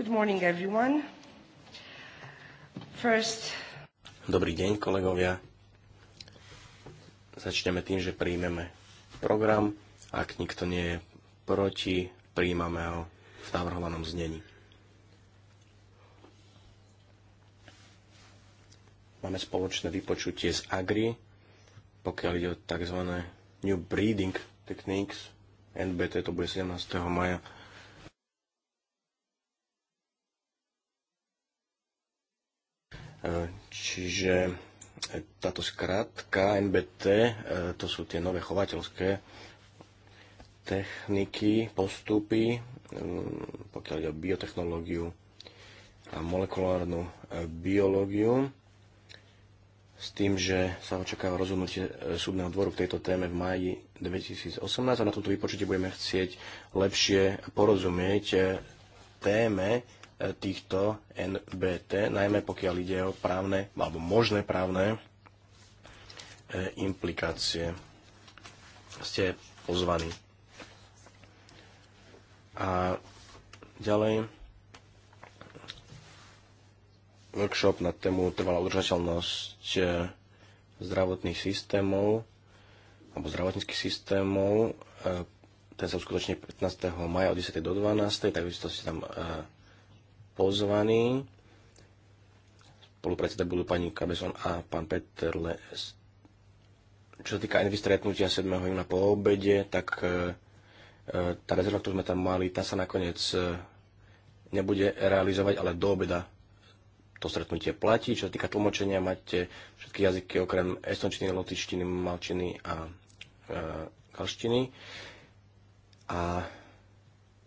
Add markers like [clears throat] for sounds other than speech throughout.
Good morning, everyone. First... Dobrý deň, kolegovia. Začneme tým, že príjmeme program. Ak nikto nie je proti, príjmame ho v navrhovanom znení. Máme spoločné vypočutie z Agri, pokiaľ ide o tzv. New Breeding Techniques. NBT to bude 17. maja Čiže e, táto skratka NBT, e, to sú tie nové chovateľské techniky, postupy, e, pokiaľ ide o biotechnológiu a molekulárnu biológiu, s tým, že sa očakáva rozhodnutie súdneho dvoru k tejto téme v máji 2018 a na tomto vypočutí budeme chcieť lepšie porozumieť téme, týchto NBT, najmä pokiaľ ide o právne alebo možné právne e, implikácie. Ste pozvaní. A ďalej workshop na tému trvalá udržateľnosť e, zdravotných systémov alebo zdravotníckých systémov. E, ten sa uskutoční 15. maja od 10. do 12. Takisto si tam pozvaní. Spolupredseda budú pani Kabeson a pán Peter Les. Čo sa týka envy stretnutia 7. júna po obede, tak e, e, tá rezerva, ktorú sme tam mali, tá sa nakoniec e, nebude realizovať, ale do obeda to stretnutie platí. Čo sa týka tlmočenia, máte všetky jazyky okrem estončiny, lotičtiny, malčiny a e, A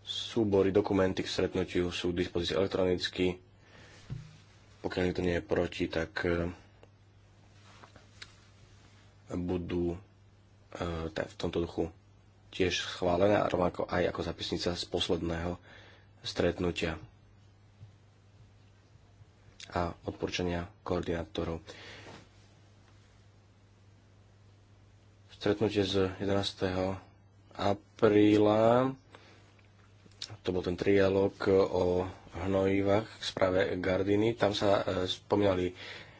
súbory, dokumenty k stretnutiu sú k dispozícii elektronicky. Pokiaľ nikto nie je proti, tak eh, budú eh, v tomto duchu tiež schválené a rovnako aj ako zapisnica z posledného stretnutia a odporúčania koordinátorov. Stretnutie z 11. apríla to bol ten trialog e, o hnojivách v správe Gardiny. Tam sa e, spomínali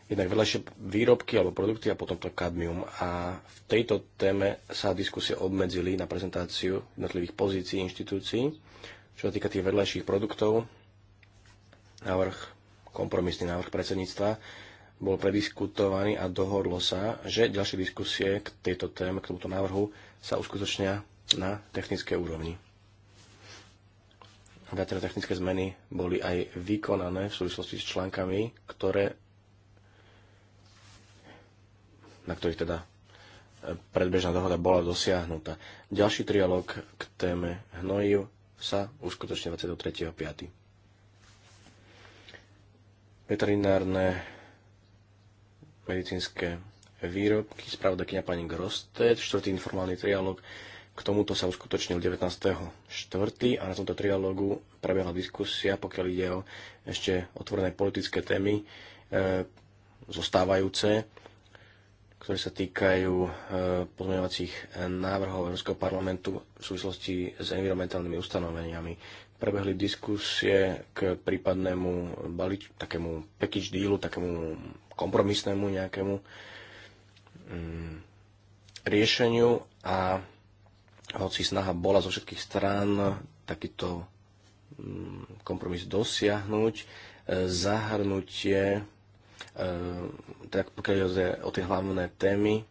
jednak vedľajšie výrobky alebo produkty a potom to kadmium. A v tejto téme sa diskusie obmedzili na prezentáciu jednotlivých pozícií inštitúcií. Čo sa týka tých vedľajších produktov, návrh, kompromisný návrh predsedníctva bol prediskutovaný a dohodlo sa, že ďalšie diskusie k tejto téme, k tomuto návrhu sa uskutočnia na technické úrovni. Viaceré technické zmeny boli aj vykonané v súvislosti s článkami, ktoré, na ktorých teda e, predbežná dohoda bola dosiahnutá. Ďalší trialog k téme hnojiv sa uskutoční 23.5. Veterinárne medicínske výrobky, spravodajkynia pani Grostet, štvrtý informálny trialog k tomuto sa uskutočnil 19.4. a na tomto trialógu prebehla diskusia, pokiaľ ide o ešte otvorené politické témy e, zostávajúce, ktoré sa týkajú e, pozmeňovacích návrhov Európskeho parlamentu v súvislosti s environmentálnymi ustanoveniami. Prebehli diskusie k prípadnému balič, takému package dealu, takému kompromisnému nejakému mm, riešeniu a hoci snaha bola zo všetkých strán takýto mm, kompromis dosiahnuť, e, zahrnutie, e, tak teda pokiaľ je o tie hlavné témy, e,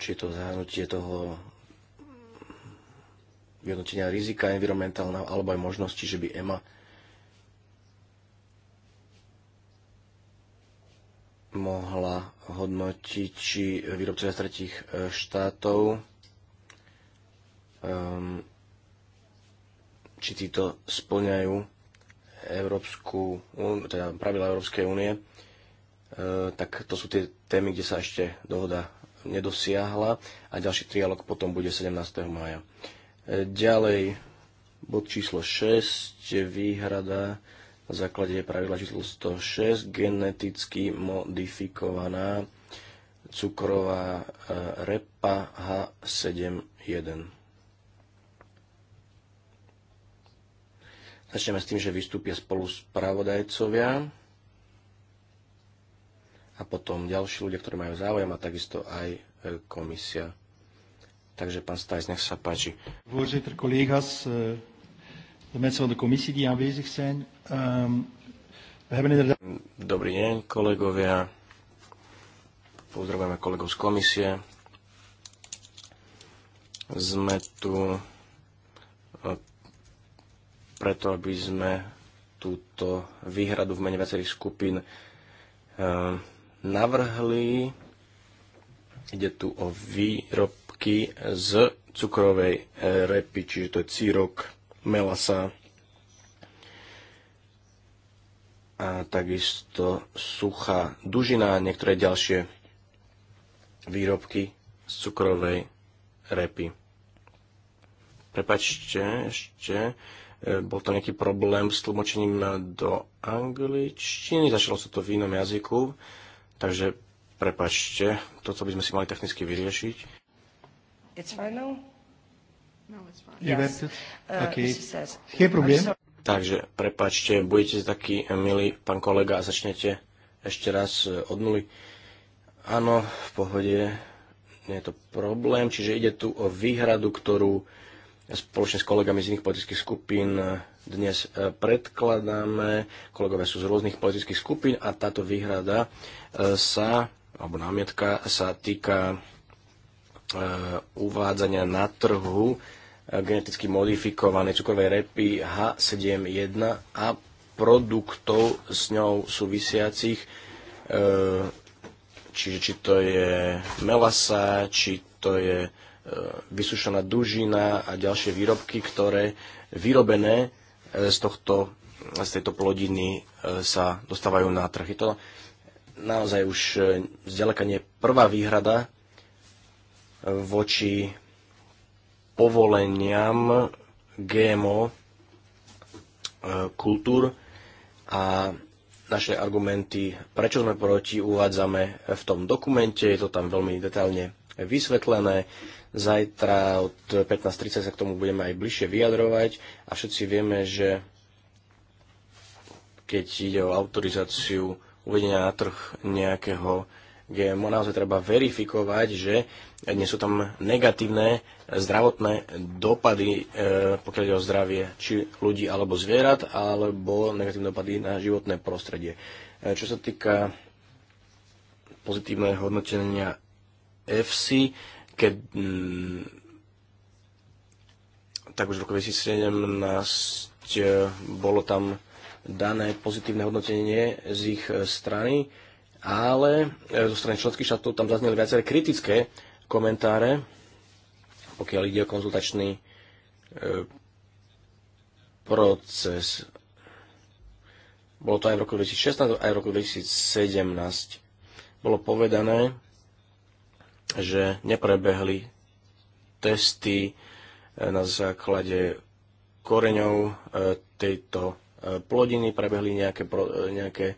či je to zahrnutie toho vyhodnotenia rizika environmentálneho alebo aj možnosti, že by EMA mohla hodnotiť, či výrobcovia z tretich e, štátov um, či títo splňajú Európsku, teda pravidla Európskej únie, e, tak to sú tie témy, kde sa ešte dohoda nedosiahla a ďalší trialog potom bude 17. maja. E, ďalej, bod číslo 6, výhrada na základe pravidla číslo 106 geneticky modifikovaná cukrová e, repa H71. Začneme s tým, že vystúpia spolu spravodajcovia a potom ďalší ľudia, ktorí majú záujem a takisto aj e, komisia. Takže pán Stajs, nech sa páči. Voorzitter, kolegas, e, de mensen van de commissie die aanwezig zijn. Um, we hebben inderdaad... Dobrý deň, kolegovia. Pozdravujeme kolegov z komisie. Sme tu e, preto, aby sme túto výhradu v mene viacerých skupín e, navrhli. Ide tu o výrobky z cukrovej repy, čiže to je cirok Melasa a takisto suchá dužina a niektoré ďalšie výrobky z cukrovej repy. Prepačte, ešte e, bol to nejaký problém s tlmočením do angličtiny, začalo sa to v inom jazyku, takže prepačte, toto by sme si mali technicky vyriešiť. It's final. No, uh, Takže, prepačte, budete taký eh, milý pán kolega a začnete ešte raz eh, od nuly. Áno, v pohode, nie je to problém, čiže ide tu o výhradu, ktorú spoločne s kolegami z iných politických skupín eh, dnes predkladáme. Kolegovia sú z rôznych politických skupín a táto výhrada sa, alebo námietka sa týka uvádzania na trhu geneticky modifikované cukrovej repy H71 a produktov s ňou súvisiacich, e, čiže či to je melasa, či to je e, vysušená dužina a ďalšie výrobky, ktoré vyrobené e, z, tohto, z tejto plodiny sa dostávajú na trh. Je to naozaj už zďaleka nie prvá výhrada voči povoleniam GMO e, kultúr a naše argumenty, prečo sme proti, uvádzame v tom dokumente, je to tam veľmi detailne vysvetlené. Zajtra od 15.30 sa k tomu budeme aj bližšie vyjadrovať a všetci vieme, že keď ide o autorizáciu uvedenia na trh nejakého GMO, naozaj treba verifikovať, že E, nie sú tam negatívne zdravotné dopady, e, pokiaľ ide o zdravie či ľudí alebo zvierat, alebo negatívne dopady na životné prostredie. E, čo sa týka pozitívneho hodnotenia FC, keď mm, tak už v roku 2017 bolo tam dané pozitívne hodnotenie z ich strany, ale zo strany členských štátov tam zazneli viaceré kritické komentáre, pokiaľ ide o konzultačný e, proces. Bolo to aj v roku 2016, aj v roku 2017. Bolo povedané, že neprebehli testy e, na základe koreňov e, tejto plodiny, prebehli nejaké, nejaké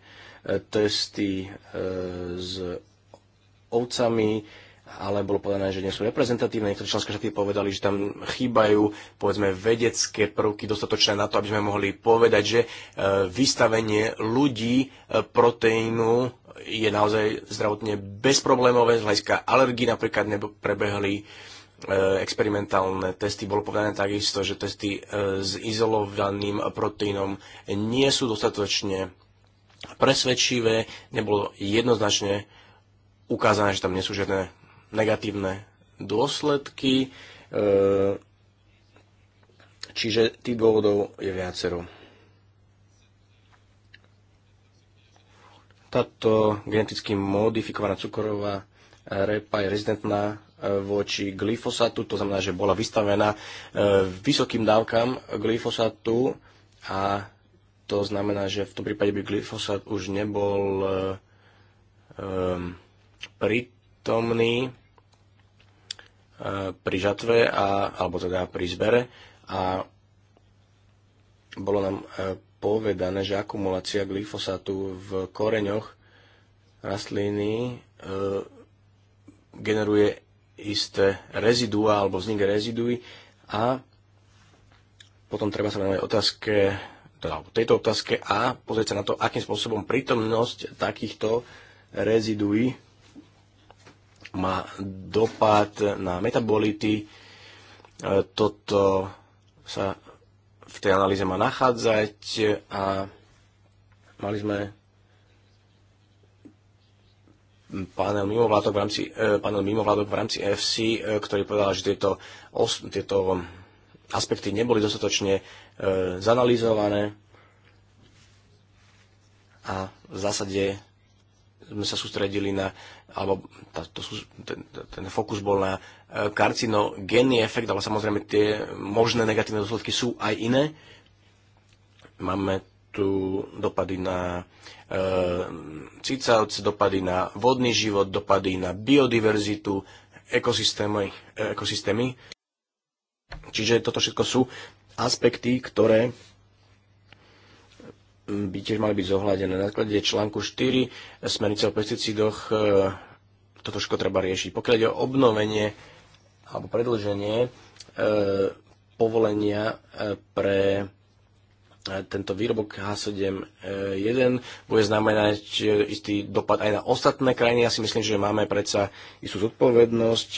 testy s ovcami, ale bolo povedané, že nie sú reprezentatívne. Niektoré členské štáty povedali, že tam chýbajú povedzme vedecké prvky dostatočné na to, aby sme mohli povedať, že e, vystavenie ľudí e, proteínu je naozaj zdravotne bezproblémové. Z hľadiska alergí napríklad prebehli e, experimentálne testy. Bolo povedané takisto, že testy s izolovaným proteínom nie sú dostatočne presvedčivé, nebolo jednoznačne ukázané, že tam nie sú žiadne negatívne dôsledky, e, čiže tých dôvodov je viacero. Táto geneticky modifikovaná cukorová repa je rezidentná e, voči glyfosátu, to znamená, že bola vystavená e, vysokým dávkam glyfosátu a to znamená, že v tom prípade by glyfosát už nebol um, prítomný E, pri žatve, a, alebo teda pri zbere a bolo nám e, povedané, že akumulácia glyfosátu v koreňoch rastliny e, generuje isté rezidua alebo vznik reziduí a potom treba sa venovať otázke, teda tejto otázke a pozrieť sa na to, akým spôsobom prítomnosť takýchto reziduí má dopad na metabolity. E, toto sa v tej analýze má nachádzať a mali sme panel mimovládok v rámci, e, panel mimovládok v rámci FC, e, ktorý povedal, že tieto, os, tieto aspekty neboli dostatočne zanalýzované a v zásade sme sa sústredili na, alebo tá, to, ten, ten fokus bol na e, karcinogénny efekt, ale samozrejme tie možné negatívne dôsledky sú aj iné. Máme tu dopady na e, cicavce, dopady na vodný život, dopady na biodiverzitu, ekosystémy, e, ekosystémy. Čiže toto všetko sú aspekty, ktoré by tiež mali byť zohľadené. Na základe článku 4 smernice o pesticídoch e, toto všetko treba riešiť. Pokiaľ ide o obnovenie alebo predlženie e, povolenia e, pre e, tento výrobok H7.1 bude znamenať istý dopad aj na ostatné krajiny. Ja si myslím, že máme predsa istú zodpovednosť.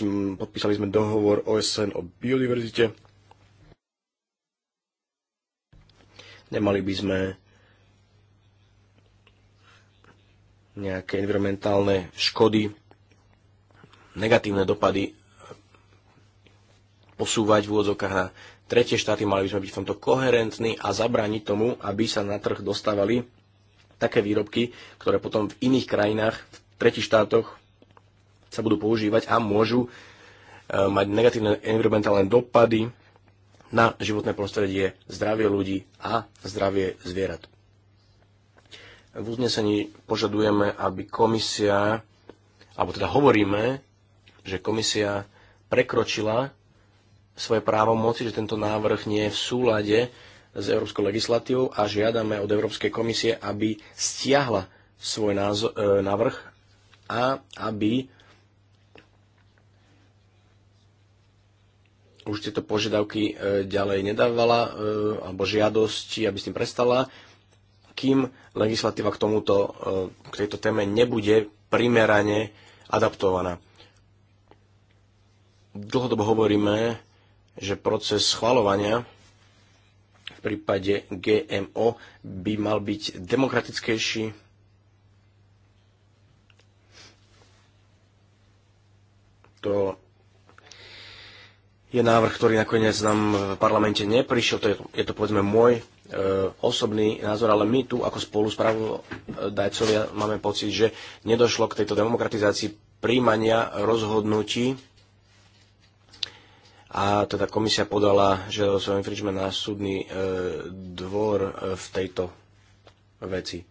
Podpísali sme dohovor OSN o biodiverzite. Nemali by sme nejaké environmentálne škody, negatívne dopady posúvať v úvodzovkách na tretie štáty, mali by sme byť v tomto koherentní a zabrániť tomu, aby sa na trh dostávali také výrobky, ktoré potom v iných krajinách, v tretich štátoch sa budú používať a môžu e, mať negatívne environmentálne dopady na životné prostredie, zdravie ľudí a zdravie zvierat. V uznesení požadujeme, aby komisia, alebo teda hovoríme, že komisia prekročila svoje právomoci, že tento návrh nie je v súlade s európskou legislatívou a žiadame od Európskej komisie, aby stiahla svoj názor, e, návrh a aby už tieto požiadavky e, ďalej nedávala e, alebo žiadosti, aby s tým prestala kým legislatíva k tomuto, e, k tejto téme nebude primerane adaptovaná. Dlhodobo hovoríme, že proces schvalovania v prípade GMO by mal byť demokratickejší, to je návrh, ktorý nakoniec nám v parlamente neprišiel, to je, je to povedzme môj E, osobný názor, ale my tu ako spolu spravodajcovia e, máme pocit, že nedošlo k tejto demokratizácii príjmania rozhodnutí a teda komisia podala žiadosť o infringement na súdny e, dvor e, v tejto veci.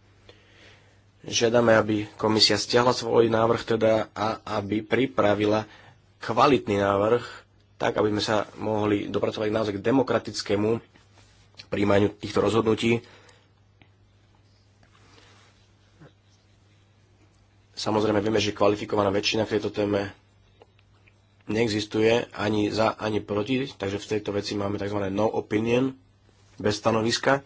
Žiadame, aby komisia stiahla svoj návrh teda a aby pripravila kvalitný návrh, tak aby sme sa mohli dopracovať naozaj k demokratickému príjmaniu týchto rozhodnutí. Samozrejme vieme, že kvalifikovaná väčšina k tejto téme neexistuje ani za, ani proti, takže v tejto veci máme tzv. no opinion, bez stanoviska.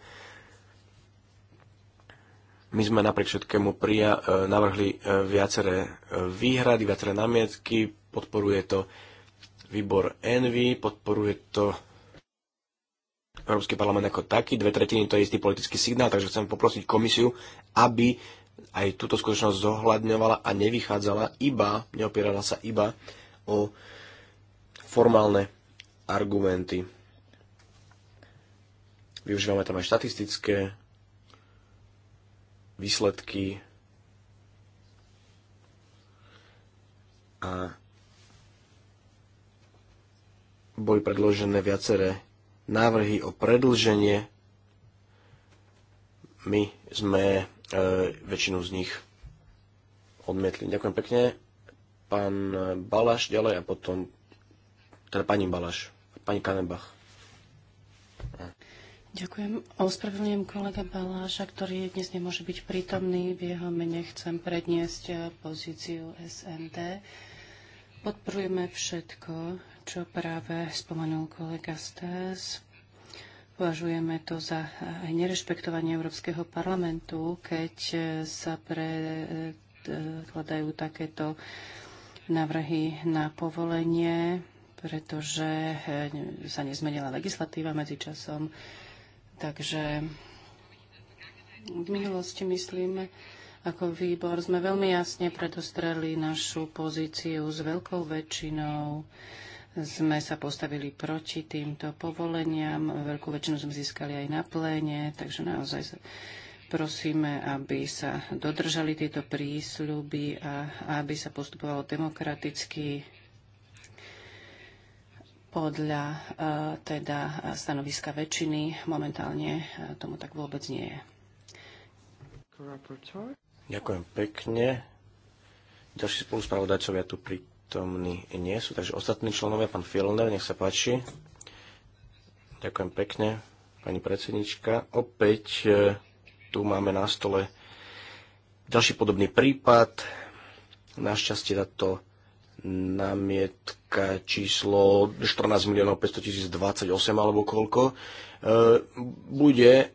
My sme napriek všetkému prija- e, navrhli e, viaceré e, výhrady, viaceré namietky, podporuje to výbor Envy, podporuje to Európsky parlament ako taký. Dve tretiny to je istý politický signál, takže chcem poprosiť komisiu, aby aj túto skutočnosť zohľadňovala a nevychádzala iba, neopierala sa iba o formálne argumenty. Využívame tam aj štatistické výsledky a boli predložené viaceré návrhy o predlženie. My sme e, väčšinu z nich odmietli. Ďakujem pekne. Pán e, Balaš ďalej a potom teda pani Balaš, pani Kanebach. Ďakujem. Ospravedlňujem kolega Baláša, ktorý dnes nemôže byť prítomný. V jeho mene chcem predniesť e, pozíciu SND Podporujeme všetko, čo práve spomenul kolega Stas. Považujeme to za eh, aj nerešpektovanie Európskeho parlamentu, keď eh, sa predkladajú takéto návrhy na povolenie, pretože eh, sa nezmenila legislatíva medzičasom. Takže v minulosti, myslím, ako výbor sme veľmi jasne predostreli našu pozíciu s veľkou väčšinou. Sme sa postavili proti týmto povoleniam. Veľkú väčšinu sme získali aj na pléne, takže naozaj prosíme, aby sa dodržali tieto prísľuby a aby sa postupovalo demokraticky podľa e, teda stanoviska väčšiny. Momentálne e, tomu tak vôbec nie je. Ďakujem pekne. Ďalší spoluspravodajcovia tu prítomní nie sú, takže ostatní členovia, pán Fielner, nech sa páči. Ďakujem pekne, pani predsednička. Opäť e, tu máme na stole ďalší podobný prípad. Našťastie táto namietka číslo 14 miliónov 500 028 alebo koľko, e, bude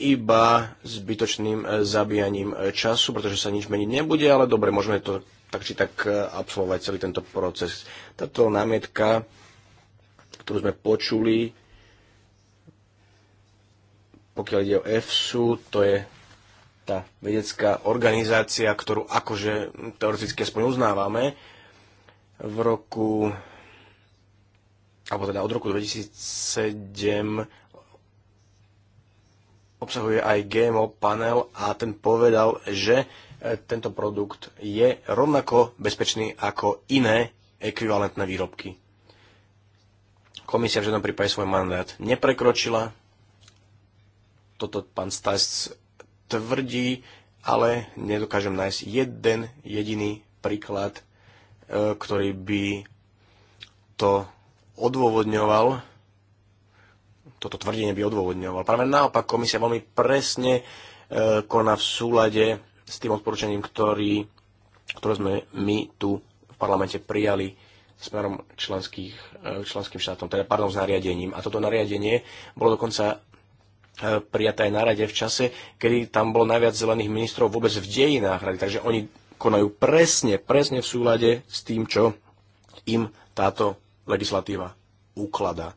iba zbytočným e, zabíjaním e, času, pretože sa nič meniť nebude, ale dobre, môžeme to tak či tak e, absolvovať celý tento proces. Táto námietka, ktorú sme počuli, pokiaľ ide o EFSU, to je tá vedecká organizácia, ktorú akože teoreticky aspoň uznávame, v roku, alebo teda od roku 2007 obsahuje aj GMO panel a ten povedal, že e, tento produkt je rovnako bezpečný ako iné ekvivalentné výrobky. Komisia v žiadnom prípade svoj mandát neprekročila. Toto pán Stas tvrdí, ale nedokážem nájsť jeden jediný príklad, e, ktorý by to odôvodňoval toto tvrdenie by odôvodňoval. Práve naopak, komisia veľmi presne e, koná v súlade s tým odporúčaním, ktorý, ktoré sme my tu v parlamente prijali smerom členských, e, členským štátom, teda pardon, s nariadením. A toto nariadenie bolo dokonca e, prijaté aj na rade v čase, kedy tam bolo najviac zelených ministrov vôbec v dejinách rady. Takže oni konajú presne, presne v súlade s tým, čo im táto legislatíva ukladá.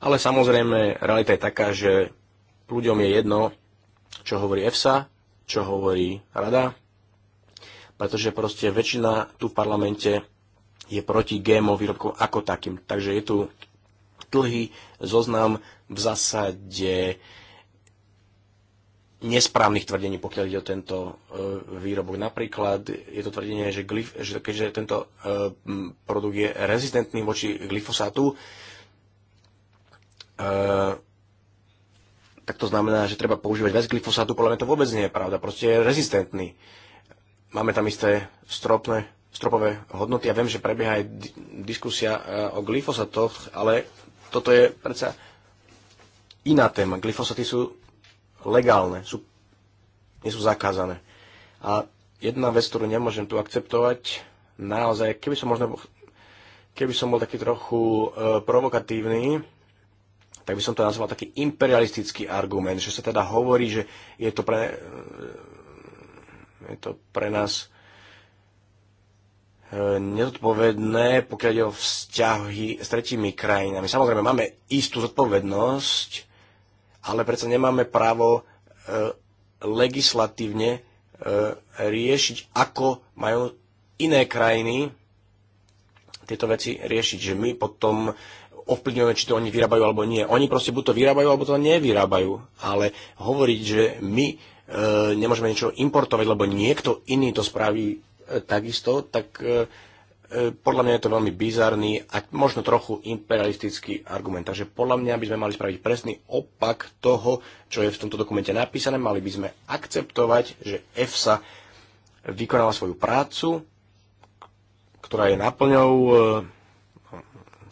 Ale samozrejme, realita je taká, že ľuďom je jedno, čo hovorí EFSA, čo hovorí Rada, pretože proste väčšina tu v parlamente je proti GMO výrobkom ako takým. Takže je tu dlhý zoznam v zásade nesprávnych tvrdení, pokiaľ ide o tento e, výrobok. Napríklad je to tvrdenie, že, glif, že keďže tento e, produkt je rezistentný voči glyfosátu, Eh, tak to znamená, že treba používať viac glyfosátu, podľa mňa to vôbec nie je pravda, proste je rezistentný. Máme tam isté stropné, stropové hodnoty a ja viem, že prebieha aj diskusia eh, o glyfosatoch, ale toto je predsa iná téma. Glyfosaty sú legálne, sú, nie sú zakázané. A jedna vec, ktorú nemôžem tu akceptovať, naozaj, keby som možno keby som bol taký trochu e, provokatívny, tak by som to nazval taký imperialistický argument, že sa teda hovorí, že je to pre, e, je to pre nás e, nezodpovedné, pokiaľ ide o vzťahy s tretími krajinami. Samozrejme, máme istú zodpovednosť, ale predsa nemáme právo e, legislatívne riešiť, ako majú iné krajiny tieto veci riešiť. Že my potom ovplyvňujeme, či to oni vyrábajú alebo nie. Oni proste buď to vyrábajú, alebo to nevyrábajú. Ale hovoriť, že my e, nemôžeme niečo importovať, lebo niekto iný to spraví e, takisto, tak e, e, podľa mňa je to veľmi bizarný a možno trochu imperialistický argument. Takže podľa mňa by sme mali spraviť presný opak toho, čo je v tomto dokumente napísané. Mali by sme akceptovať, že EFSA vykonala svoju prácu, ktorá je naplňou. e,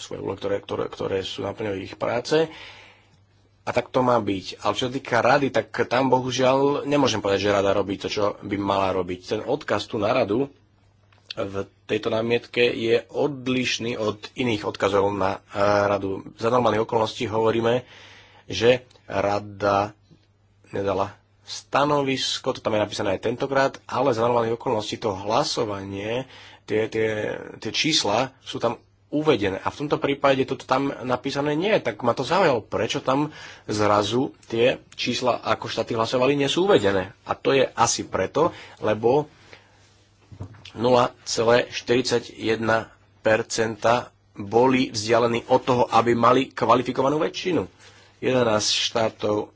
svoje úlohy, ktoré, ktoré, ktoré sú naplňujú ich práce. A tak to má byť. Ale čo sa týka rady, tak tam bohužiaľ nemôžem povedať, že rada robí to, čo by mala robiť. Ten odkaz tu na radu v tejto námietke je odlišný od iných odkazov na eh, radu. Za normálnych okolností hovoríme, že rada nedala stanovisko, to tam je napísané aj tentokrát, ale za normálnych okolností to hlasovanie, tie, tie, tie čísla sú tam uvedené. A v tomto prípade toto tam napísané nie je. Tak ma to zaujalo, prečo tam zrazu tie čísla, ako štáty hlasovali, nie sú uvedené. A to je asi preto, lebo 0,41% boli vzdialení od toho, aby mali kvalifikovanú väčšinu. 11 štátov e,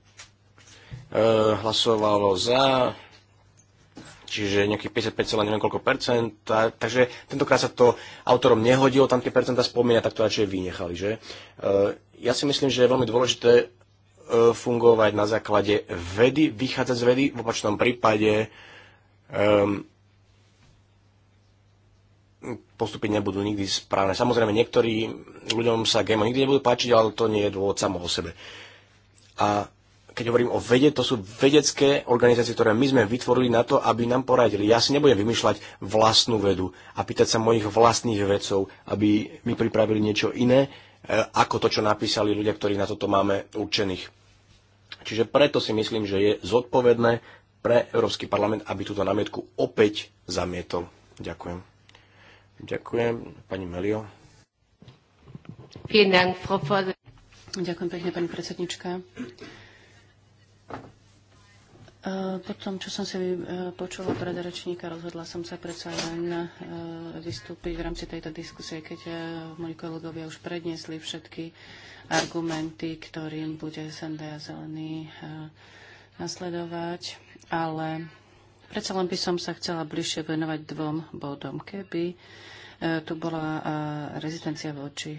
hlasovalo za, čiže nejakých 55, neviem koľko percent. A, takže tentokrát sa to autorom nehodilo, tam tie percenta spomína, tak to radšej vynechali. Že? E, ja si myslím, že je veľmi dôležité e, fungovať na základe vedy, vychádzať z vedy, v opačnom prípade um, postupy nebudú nikdy správne. Samozrejme, niektorým ľuďom sa gémo nikdy nebudú páčiť, ale to nie je dôvod samo o sebe. A keď hovorím o vede, to sú vedecké organizácie, ktoré my sme vytvorili na to, aby nám poradili. Ja si nebudem vymýšľať vlastnú vedu a pýtať sa mojich vlastných vedcov, aby mi pripravili niečo iné, e, ako to, čo napísali ľudia, ktorí na toto máme určených. Čiže preto si myslím, že je zodpovedné pre Európsky parlament, aby túto námietku opäť zamietol. Ďakujem. Ďakujem, pani Melio. Ďakujem pekne, pani predsednička. Eh, po tom, čo som si eh, počula predrečníka, rozhodla som sa predsa len eh, vystúpiť v rámci tejto diskusie, keď moji kolegovia už predniesli všetky argumenty, ktorým bude SND a Zelený nasledovať. Ale predsa len by som sa chcela bližšie venovať dvom bodom. Keby tu bola rezistencia voči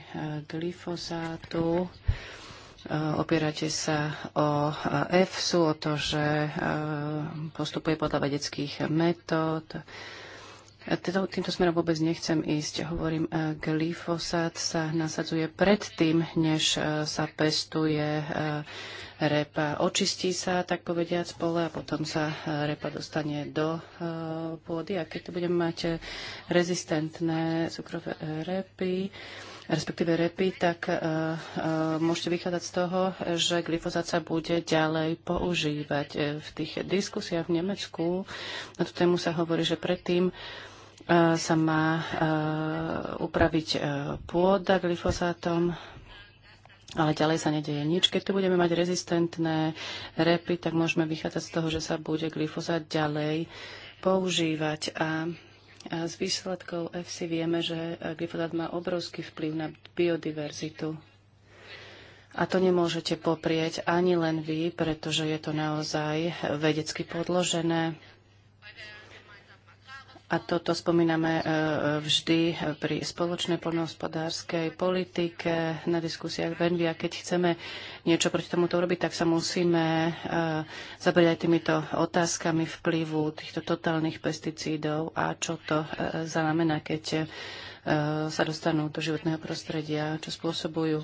glyfosátu, Eh, opierate sa o eh, EFSU, o to, že eh, postupuje podľa vedeckých metód. Týmto smerom vôbec nechcem ísť. Hovorím, glyfosát sa nasadzuje predtým, než sa pestuje repa. Očistí sa, tak povediac, pole a potom sa repa dostane do pôdy. A keď tu budeme mať rezistentné cukrové repy, respektíve repy, tak e, e, môžete vychádzať z toho, že glyfozát sa bude ďalej používať. E, v tých diskusiách v Nemecku na tú tému sa hovorí, že predtým sa má upraviť pôda glyfozátom. ale ďalej sa nedeje nič. Keď tu budeme mať rezistentné repy, tak môžeme vychádzať z toho, že sa bude glyfozát ďalej používať. A z výsledkov EFSI vieme, že e, glyfodát má obrovský vplyv na biodiverzitu. A to nemôžete poprieť ani len vy, pretože je to naozaj vedecky podložené. A toto spomíname e, vždy pri spoločnej poľnohospodárskej politike, na diskusiách Venvia. Keď chceme niečo proti tomuto urobiť, tak sa musíme e, zabrieť aj týmito otázkami vplyvu týchto totálnych pesticídov a čo to e, znamená, keď sa dostanú do životného prostredia, čo spôsobujú.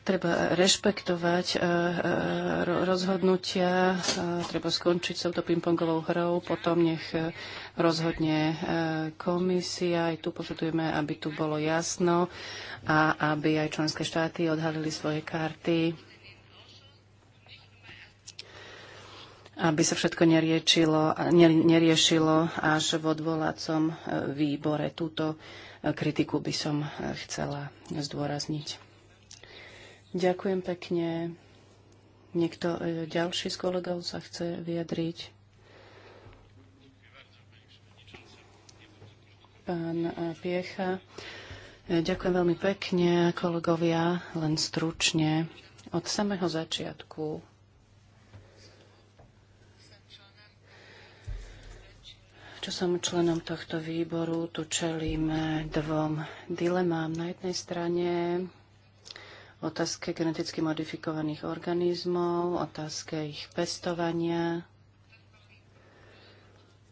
Treba rešpektovať e, e, rozhodnutia, e, treba skončiť s touto pingpongovou hrou, potom nech rozhodne komisia. Aj tu požadujeme, aby tu bolo jasno a aby aj členské štáty odhalili svoje karty, aby sa všetko neriečilo, neriešilo až v odvolacom výbore. Túto kritiku by som chcela zdôrazniť. Ďakujem pekne. Niekto e, ďalší z kolegov sa chce vyjadriť? Pán e, Piecha. E, ďakujem veľmi pekne, kolegovia, len stručne. Od samého začiatku čo som členom tohto výboru, tu čelíme dvom dilemám. Na jednej strane otázke geneticky modifikovaných organizmov, otázke ich pestovania.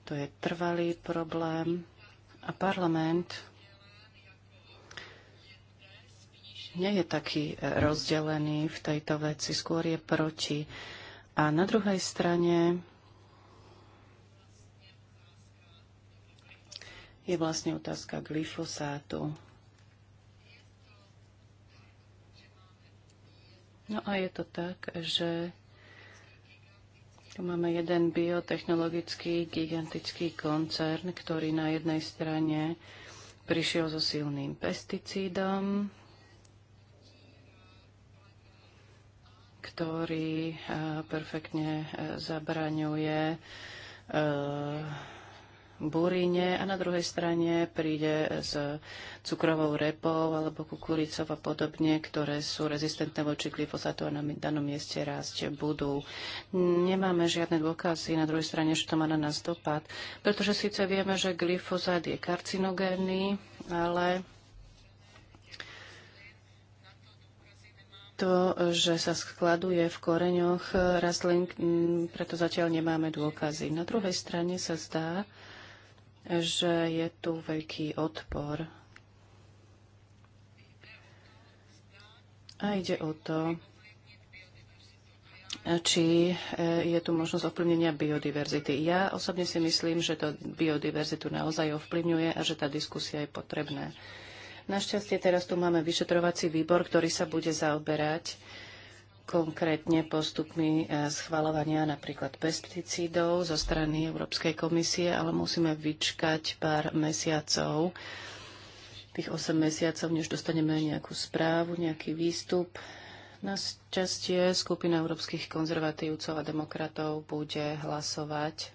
To je trvalý problém. A parlament nie je taký e, rozdelený v tejto veci, skôr je proti. A na druhej strane je vlastne otázka glyfosátu. No a je to tak, že tu máme jeden biotechnologický gigantický koncern, ktorý na jednej strane prišiel so silným pesticídom, ktorý eh, perfektne eh, zabraňuje eh, burine a na druhej strane príde s cukrovou repou alebo kukuricou a podobne, ktoré sú rezistentné voči glyfosátu a na danom mieste rásť budú. Nemáme žiadne dôkazy na druhej strane, že to má na nás dopad, pretože síce vieme, že glyfosát je karcinogénny, ale to, že sa skladuje v koreňoch rastlín, mm, preto zatiaľ nemáme dôkazy. Na druhej strane sa zdá, že je tu veľký odpor. A ide o to, či e, je tu možnosť ovplyvnenia biodiverzity. Ja osobne si myslím, že to biodiverzitu naozaj ovplyvňuje a že tá diskusia je potrebná. Našťastie teraz tu máme vyšetrovací výbor, ktorý sa bude zaoberať konkrétne postupmi e, schvalovania napríklad pesticídov zo strany Európskej komisie, ale musíme vyčkať pár mesiacov, tých 8 mesiacov, než dostaneme nejakú správu, nejaký výstup. Na šťastie skupina európskych konzervatívcov a demokratov bude hlasovať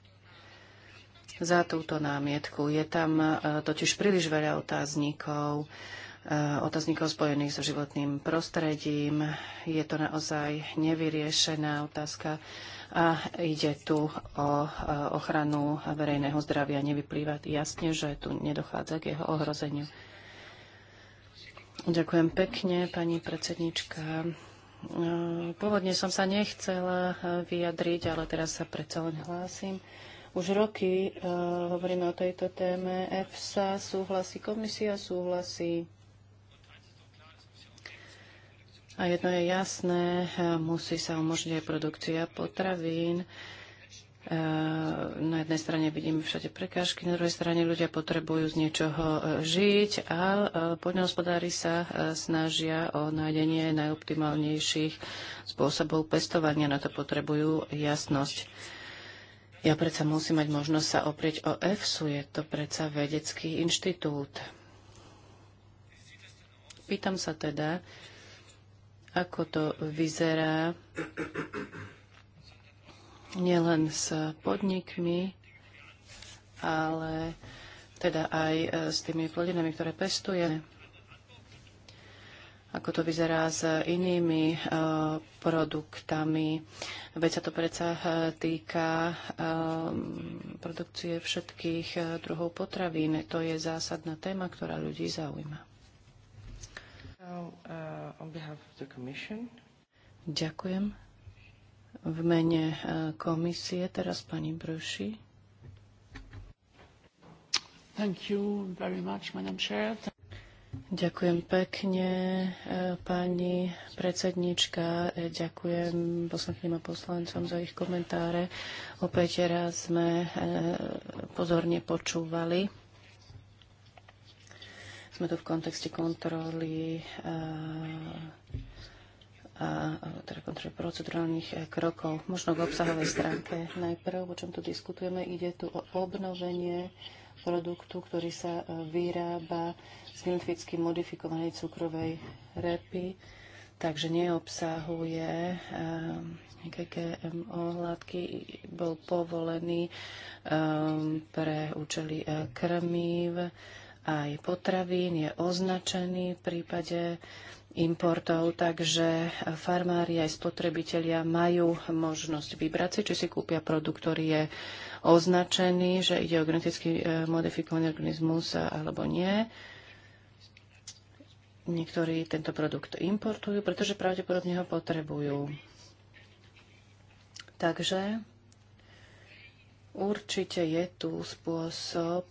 za túto námietku. Je tam e, totiž príliš veľa otáznikov. Eh, otáznikov spojených so životným prostredím. Je to naozaj nevyriešená otázka a ide tu o eh, ochranu verejného zdravia. Nevyplýva jasne, že tu nedochádza k jeho ohrozeniu. Ďakujem pekne, pani predsednička. Eh, pôvodne som sa nechcela vyjadriť, ale teraz sa predsa len hlásim. Už roky uh, hovoríme o tejto téme. EFSA súhlasí, komisia súhlasí. A jedno je jasné, e, musí sa umožniť aj produkcia potravín. E, na jednej strane vidíme všade prekážky, na druhej strane ľudia potrebujú z niečoho e, žiť a poľnohospodári sa snažia o nájdenie najoptimálnejších spôsobov pestovania. Na to potrebujú jasnosť. Ja predsa musím mať možnosť sa oprieť o EFSU, je to predsa vedecký inštitút. Pýtam sa teda, ako to vyzerá nielen s podnikmi, ale teda aj e, s tými plodinami, ktoré pestujeme. Ako to vyzerá s inými e, produktami. Veď sa to predsa e, týka produkcie všetkých druhov potravín. To je zásadná téma, ktorá ľudí zaujíma. Uh, Ďakujem. V mene uh, komisie teraz pani Bruši. Ďakujem pekne, uh, pani predsednička. Ďakujem poslankyním a poslancom za ich komentáre. Opäť raz sme pozorne počúvali sme tu v kontexte kontroly eh, a teda kontroly procedurálnych eh, krokov. Možno k obsahovej stránke najprv, o čom tu diskutujeme, ide tu o obnovenie produktu, ktorý sa eh, vyrába z geneticky modifikovanej cukrovej repy, takže neobsahuje nejaké GMO látky, bol povolený pre účely krmív aj potravín je označený v prípade importov, takže farmári aj spotrebitelia majú možnosť vybrať si, či si kúpia produkt, ktorý je označený, že ide o geneticky e, modifikovaný organizmus alebo nie. Niektorí tento produkt importujú, pretože pravdepodobne ho potrebujú. Takže určite je tu spôsob,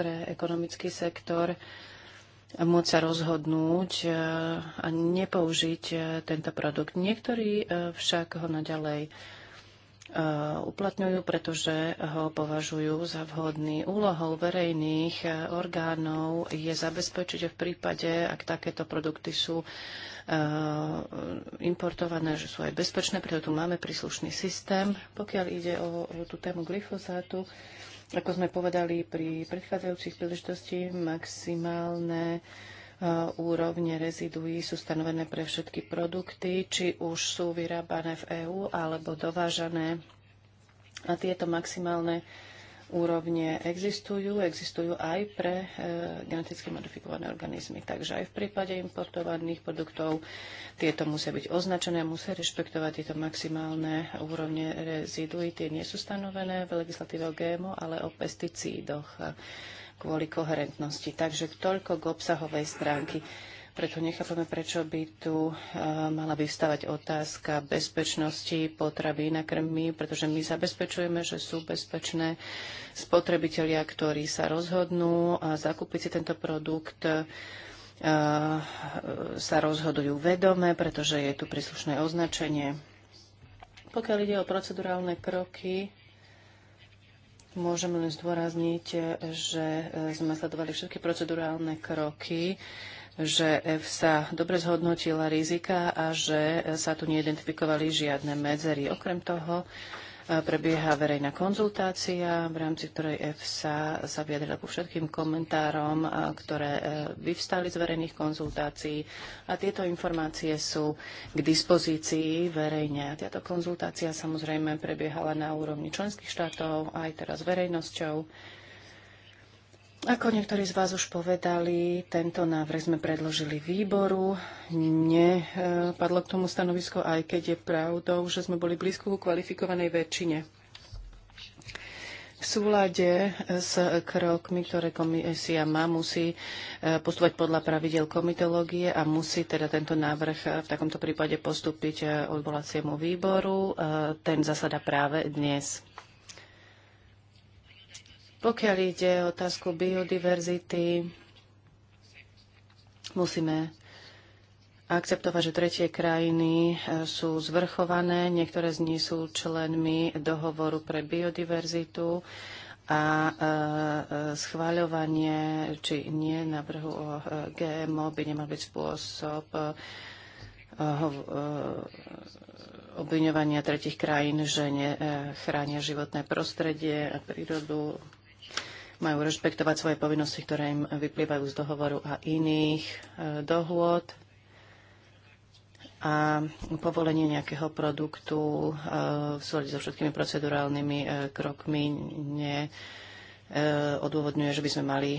pre ekonomický sektor môcť sa rozhodnúť e, a nepoužiť e, tento produkt. Niektorí e, však ho naďalej uplatňujú, pretože ho považujú za vhodný. Úlohou verejných orgánov je zabezpečiť, že v prípade, ak takéto produkty sú importované, že sú aj bezpečné, preto tu máme príslušný systém. Pokiaľ ide o tú tému glyfosátu, ako sme povedali pri predchádzajúcich príležitosti, maximálne e, úrovne reziduí sú stanovené pre všetky produkty, či už sú vyrábané v EÚ alebo dovážané. A tieto maximálne úrovne existujú, existujú aj pre e, geneticky modifikované organizmy. Takže aj v prípade importovaných produktov tieto musia byť označené, musia rešpektovať tieto maximálne úrovne reziduí. Tie nie sú stanovené v legislatíve o GMO, ale o pesticídoch e, kvôli koherentnosti. Takže toľko k obsahovej stránky. Preto nechápame, prečo by tu e, mala vystávať otázka bezpečnosti potravy na krmy, pretože my zabezpečujeme, že sú bezpečné spotrebitelia, ktorí sa rozhodnú a zakúpiť si tento produkt e, e, sa rozhodujú vedome, pretože je tu príslušné označenie. Pokiaľ ide o procedurálne kroky, môžem len zdôrazniť, že sme sledovali všetky procedurálne kroky že sa dobre zhodnotila rizika a že sa tu neidentifikovali žiadne medzery. Okrem toho e, prebieha verejná konzultácia, v rámci ktorej EFSA sa vyjadrila ku všetkým komentárom, e, ktoré e, vyvstali z verejných konzultácií a tieto informácie sú k dispozícii verejne. Táto konzultácia samozrejme prebiehala na úrovni členských štátov aj teraz verejnosťou ako niektorí z vás už povedali, tento návrh sme predložili výboru. Nepadlo k tomu stanovisko, aj keď je pravdou, že sme boli blízko ku kvalifikovanej väčšine. V súlade s krokmi, ktoré komisia má, musí e, postúvať podľa pravidel komitológie a musí teda tento návrh e, v takomto prípade postúpiť e, odvolaciemu výboru. Ten zasada práve dnes. Pokiaľ ide o otázku biodiverzity, musíme akceptovať, že tretie krajiny e, sú zvrchované, niektoré z nich sú členmi dohovoru pre biodiverzitu a e, e, schváľovanie či nie návrhu o GMO by nemal byť spôsob obviňovania tretich krajín, že nechránia životné prostredie a prírodu majú rešpektovať svoje povinnosti, ktoré im vyplývajú z dohovoru a iných e, dohôd a povolenie nejakého produktu e, v súlade so všetkými procedurálnymi e, krokmi ne odôvodňuje, že by sme mali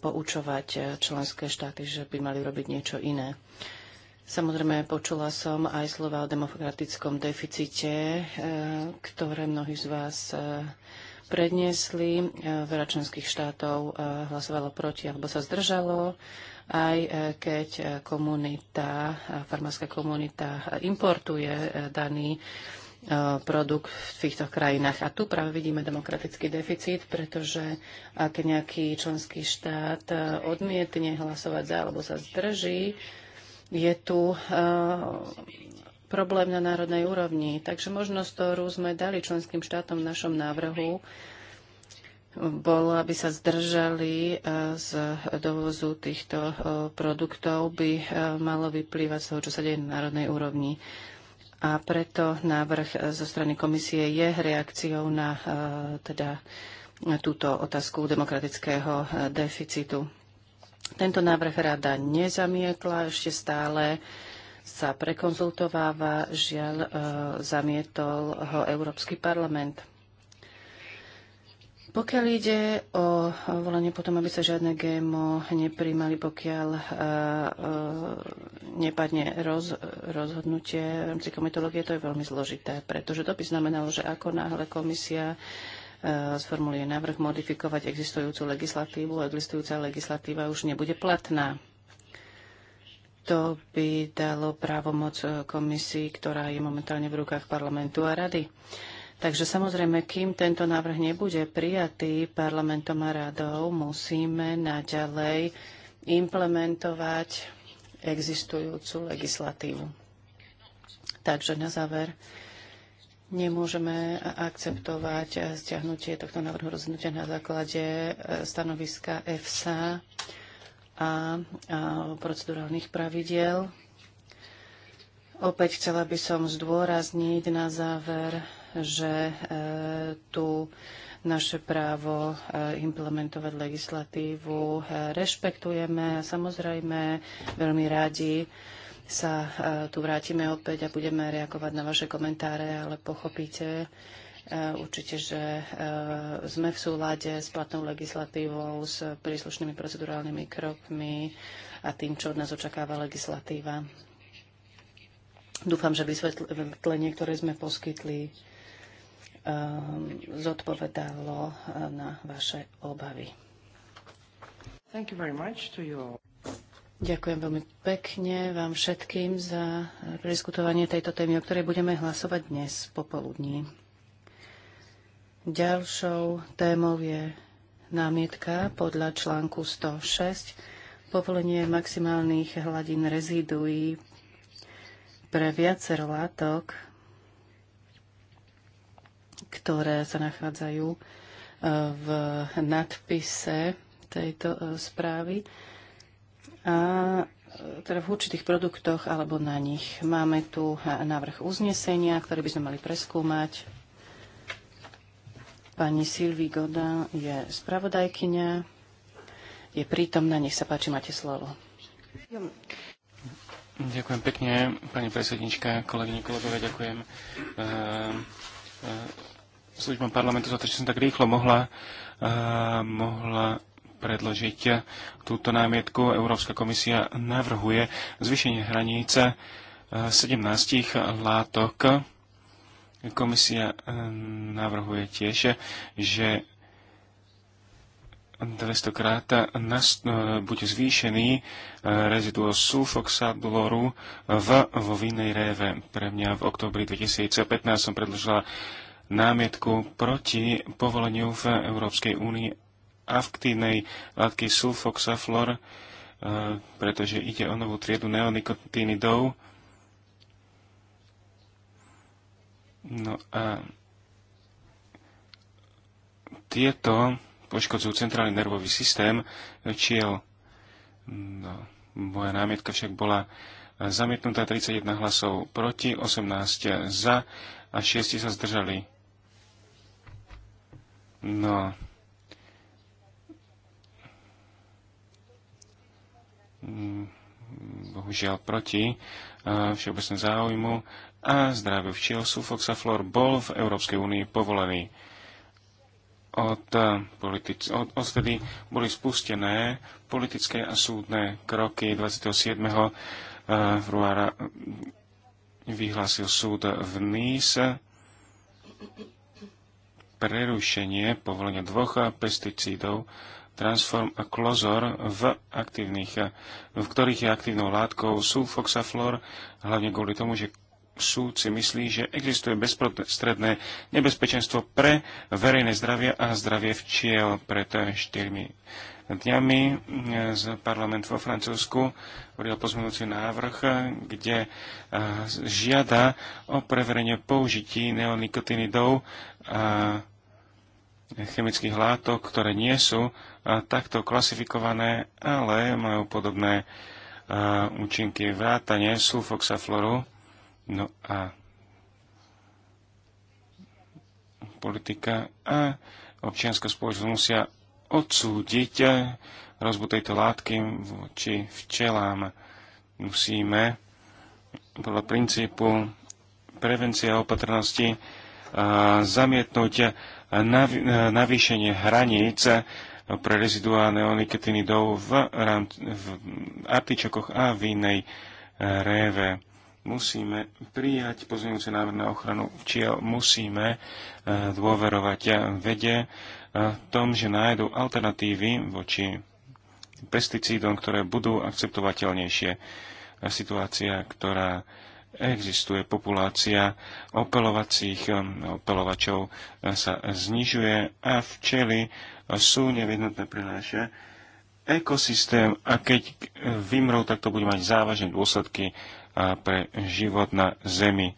poučovať členské štáty, že by mali robiť niečo iné. Samozrejme, počula som aj slova o demokratickom deficite, ktoré mnohí z vás predniesli. E, veľa členských štátov e, hlasovalo proti alebo sa zdržalo, aj e, keď komunita, farmárska komunita importuje daný produkt v týchto krajinách. A tu práve vidíme demokratický deficit, pretože ak nejaký členský štát odmietne hlasovať za alebo sa zdrží, je tu problém na národnej úrovni. Takže možnosť, ktorú sme dali členským štátom v našom návrhu, bolo, aby sa zdržali e, z dovozu týchto e, produktov, by e, malo vyplývať z toho, čo sa deje na národnej úrovni. A preto návrh zo strany komisie je reakciou na teda, túto otázku demokratického deficitu. Tento návrh rada nezamietla, ešte stále sa prekonzultováva, žiaľ e, zamietol ho Európsky parlament. Pokiaľ ide o volanie potom, aby sa žiadne GMO nepríjmali, pokiaľ e, e, nepadne roz, rozhodnutie v rámci komitológie, to je veľmi zložité, pretože to by znamenalo, že ako náhle komisia sformuluje návrh modifikovať existujúcu legislatívu, existujúca legislatíva už nebude platná. To by dalo právomoc komisii, ktorá je momentálne v rukách parlamentu a rady. Takže samozrejme, kým tento návrh nebude prijatý parlamentom a radou, musíme naďalej implementovať existujúcu legislatívu. Takže na záver nemôžeme akceptovať stiahnutie tohto návrhu rozhodnutia na základe stanoviska EFSA a, a procedurálnych pravidiel. Opäť chcela by som zdôrazniť na záver, že e, tu naše právo e, implementovať legislatívu e, rešpektujeme a samozrejme veľmi radi sa e, tu vrátime opäť a budeme reagovať na vaše komentáre, ale pochopíte, Eh, určite, že eh, sme v súlade s platnou legislatívou, s príslušnými procedurálnymi krokmi a tým, čo od nás očakáva legislatíva. Dúfam, že vysvetlenie, ktoré sme poskytli, eh, zodpovedalo na vaše obavy. Thank you very much to you all. Ďakujem veľmi pekne vám všetkým za prediskutovanie tejto témy, o ktorej budeme hlasovať dnes popoludní. Ďalšou témou je námietka podľa článku 106 povolenie maximálnych hladín reziduí pre viacero látok, ktoré sa nachádzajú e, v nadpise tejto e, správy a e, teda v určitých produktoch alebo na nich. Máme tu návrh uznesenia, ktorý by sme mali preskúmať Pani Sylvie Godin je spravodajkyňa, je prítomná, nech sa páči, máte slovo. Ďakujem pekne, pani predsednička, kolegyne, kolegovia, ďakujem uh, uh, službám parlamentu za to, že som tak rýchlo mohla, uh, mohla predložiť túto námietku. Európska komisia navrhuje zvýšenie hranice 17 látok Komisia eh, navrhuje tiež, že 200 krát eh, bude zvýšený eh, reziduo sulfoxabloru v, vo vinnej réve. Pre mňa v oktobri 2015 som predložila námietku proti povoleniu v Európskej únii aktívnej látky sulfoxaflor, pretože ide o novú triedu neonikotinidov, No a tieto poškodzujú centrálny nervový systém čiel. No, moja námietka však bola zamietnutá 31 hlasov proti, 18 za a 6 sa zdržali. No. Mm, bohužiaľ proti všeobecnému záujmu a zdravý včiel sulfoxaflor bol v Európskej únii povolený. Od, eh, politic- od, odtedy boli spustené politické a súdne kroky 27. februára eh, mm, vyhlásil súd v Nice prerušenie povolenia dvoch pesticídov transform a klozor v aktívnych, v ktorých je aktívnou látkou sulfoxaflor, hlavne kvôli tomu, že súd si myslí, že existuje bezprostredné nebezpečenstvo pre verejné zdravie a zdravie včiel pred štyrmi dňami eh, z parlament vo Francúzsku prijal pozmenujúci návrh, kde eh, žiada o preverenie použití neonikotinidov a chemických látok, ktoré nie sú eh, takto klasifikované, ale majú podobné účinky vrátane sulfoxafloru No a politika a občianská spoločnosť musia odsúdiť eh, rozbu tejto látky voči včelám. Musíme podľa princípu prevencie a opatrnosti eh, zamietnúť eh, navýšenie hraníc pre reziduá neonikotínidov v, v artičokoch a v inej réve musíme prijať pozmeňujúce návrh na ochranu včiel, musíme e, dôverovať vede e, v tom, že nájdú alternatívy voči pesticídom, ktoré budú akceptovateľnejšie. Situácia, ktorá existuje, populácia opelovacích e, opelovačov sa znižuje a včely sú nevyhnutné pre naše ekosystém a keď vymrú, tak to bude mať závažné dôsledky a pre život na Zemi.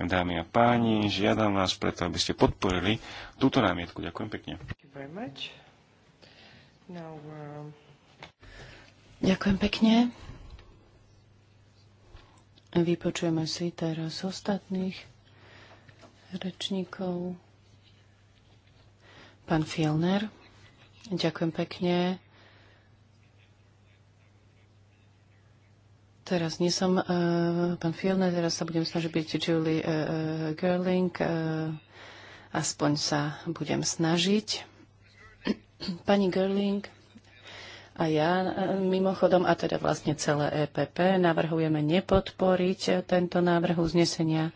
Dámy a páni, žiadam vás preto, aby ste podporili túto námietku. Ďakujem pekne. Um, ďakujem pekne. Vypočujeme si teraz ostatných rečníkov. Pán Fielner, ďakujem pekne. Teraz nie som uh, pán Fielner, teraz sa budem snažiť byť Julie uh, e, e, Girling. Uh, aspoň sa budem snažiť. [clears throat] Pani Girling a ja mimochodom, a teda vlastne celé EPP, navrhujeme nepodporiť tento návrh uznesenia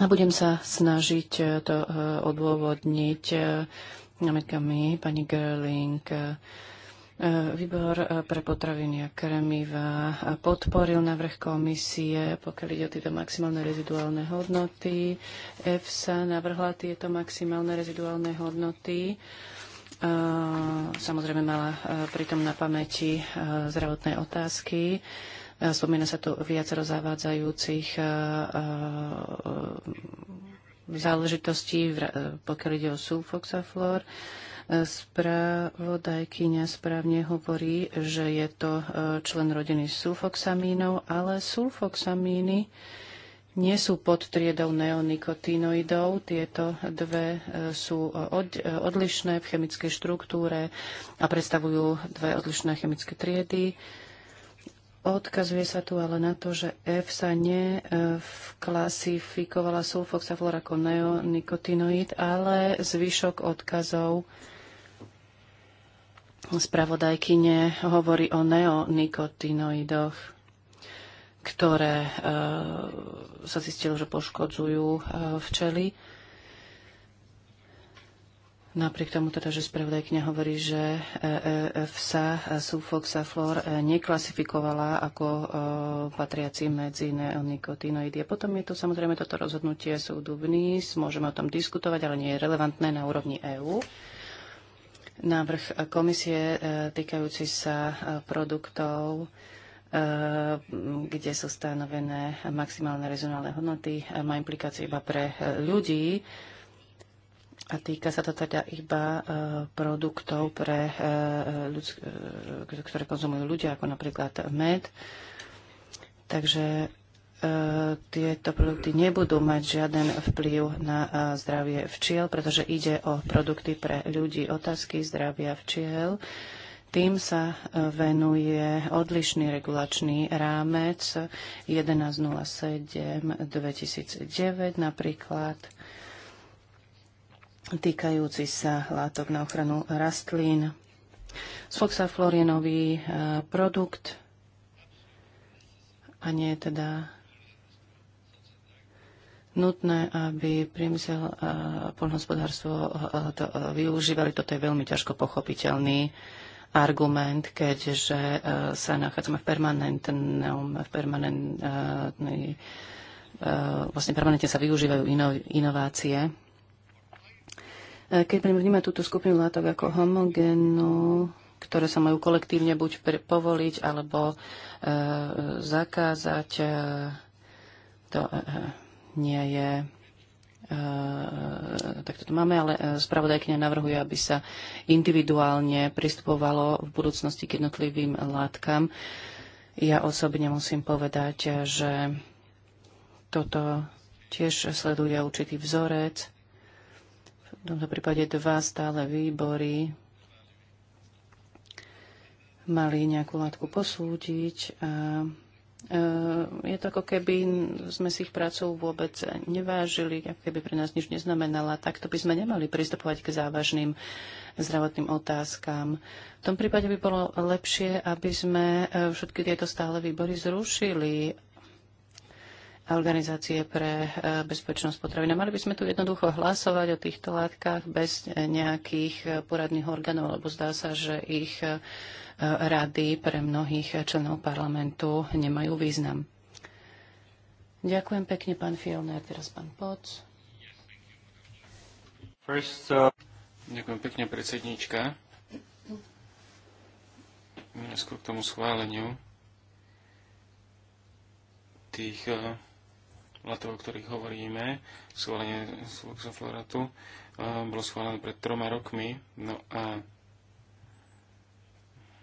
a budem sa snažiť to uh, odôvodniť uh, námetkami pani Girling. Uh, E, výbor e, pre potraviny a kremiva e, podporil návrh komisie, pokiaľ ide o tieto maximálne reziduálne hodnoty. EFSA navrhla tieto maximálne reziduálne hodnoty. Samozrejme mala pritom na pamäti zdravotné otázky. Spomína sa tu viacero zavádzajúcich záležitostí, pokiaľ ide o sulfoxaflor. flor Spravodajkyňa správne hovorí, že je to e, člen rodiny sulfoxamínov, ale sulfoxamíny nie sú pod triedou neonikotinoidov. Tieto dve e, sú e, odlišné v chemickej štruktúre a predstavujú dve odlišné chemické triedy. Odkazuje sa tu ale na to, že F sa neklasifikovala sulfoxaflor ako neonikotinoid, ale zvyšok odkazov spravodajkyne hovorí o neonikotinoidoch, ktoré e, sa zistilo, že poškodzujú e, včely. Napriek tomu teda, že spravodajkňa hovorí, že EFSA e, e, sulfoxaflor e, neklasifikovala ako patriaci medzi neonikotinoidy. A potom je to samozrejme toto rozhodnutie súdu v NIS, môžeme o tom diskutovať, ale nie je relevantné na úrovni EÚ. EU Návrh komisie e, týkajúci sa e, produktov, e, kde sú stanovené maximálne rezonálne hodnoty, má implikácie iba pre ľudí, a týka sa to teda iba produktov, pre, ľud- ktoré konzumujú ľudia, ako napríklad med. Takže E, tieto produkty nebudú mať žiaden vplyv na e, zdravie včiel, pretože ide o produkty pre ľudí. Otázky zdravia včiel. Tým sa e, venuje odlišný regulačný rámec 1107-2009 napríklad týkajúci sa látok na ochranu rastlín. Sfoxaflorienový produkt a nie teda nutné, aby priemysel a poľnohospodárstvo e, to e, využívali. Toto je veľmi ťažko pochopiteľný argument, keďže e, sa nachádzame v permanentnom, v permanentnej, vlastne permanentne sa využívajú ino, inovácie. Keď vníma túto skupinu látok ako homogénu, ktoré sa majú kolektívne buď povoliť alebo zakázať, to nie je e, tak toto máme, ale e, spravodajkňa navrhuje, aby sa individuálne pristupovalo v budúcnosti k jednotlivým látkam. Ja osobne musím povedať, že toto tiež sleduje určitý vzorec. V tomto prípade dva stále výbory mali nejakú látku posúdiť a Eh, je to ako keby sme si ich prácu vôbec nevážili, ako keby pre nás nič neznamenala. tak to by sme nemali pristupovať k závažným zdravotným otázkam. V tom prípade by bolo lepšie, aby sme eh, všetky tieto stále výbory zrušili organizácie pre eh, bezpečnosť potravín. mali by sme tu jednoducho hlasovať o týchto látkach bez nejakých poradných orgánov, lebo zdá sa, že ich rady pre mnohých členov parlamentu nemajú význam. Ďakujem pekne, pán Fielner, teraz pán Poc. First, uh... Ďakujem pekne, predsedníčka. Neskôr k tomu schváleniu tých uh, letov, o ktorých hovoríme, schválenie Luxofloratu, uh, bolo schválené pred troma rokmi. No a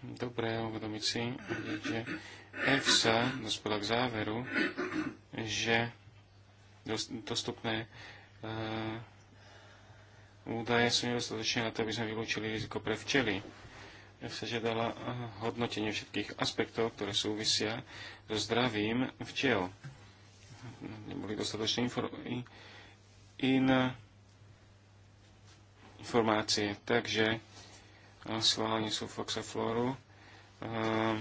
dobré uvedomiť si, že EFSA dospela k záveru, že dostupné eh, údaje sú nedostatočné na to, aby sme vylúčili riziko pre včely. EFSA žiadala eh, hodnotenie všetkých aspektov, ktoré súvisia so zdravím včel. Neboli dostatočné infor- in informácie, takže schválenie sulfoxaflóru ehm,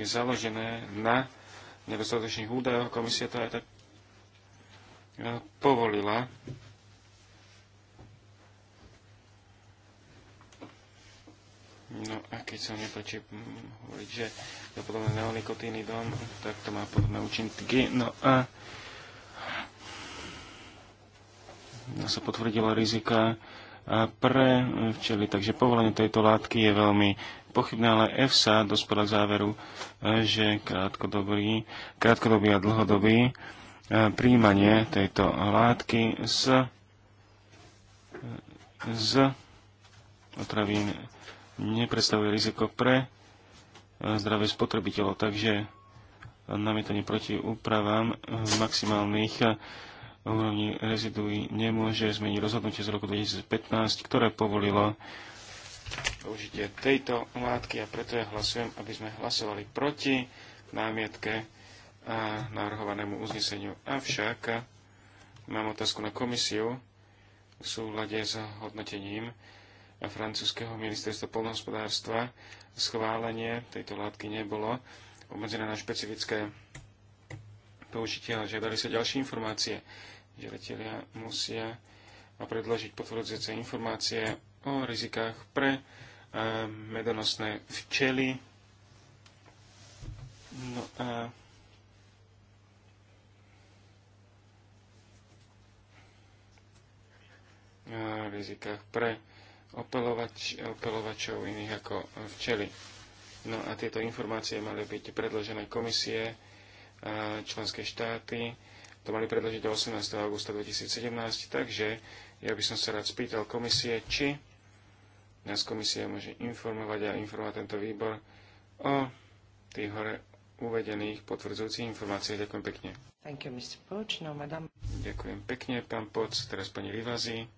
je založené na nedostatočných údajoch. Komisia to aj tak e, povolila. No a keď sa nepačí hovoriť, že to podobné neonikotinidom, tak to má podobné účinky. No a sa potvrdila rizika pre e, včely. Takže povolenie tejto látky je veľmi pochybné, ale EFSA dospela k záveru, e, že krátkodobý, krátkodobý a dlhodobý e, príjmanie tejto látky z, z otravín nepredstavuje riziko pre zdravie spotrebiteľov. Takže namietanie proti úpravám maximálnych úrovni reziduí nemôže zmeniť rozhodnutie z roku 2015, ktoré povolilo použitie tejto látky a preto ja hlasujem, aby sme hlasovali proti námietke a navrhovanému uzneseniu. Avšak mám otázku na komisiu v súhľade s hodnotením francúzského ministerstva polnohospodárstva schválenie tejto látky nebolo obmedzené na špecifické použiteľa. Žiadali sa ďalšie informácie. Žiadatelia musia predložiť potvrdzujúce informácie o rizikách pre eh, medonosné včely. No a eh, rizikách pre opelovač, opelovačov iných ako včely. No a tieto informácie mali byť predložené komisie členské štáty to mali predložiť do 18. augusta 2017, takže ja by som sa rád spýtal komisie, či nás komisia môže informovať a informovať tento výbor o tých hore uvedených potvrdzujúcich informáciách. Ďakujem pekne. Thank you, Mr. Poč. No, madam. Ďakujem pekne, pán Poc, teraz pani Rivazi.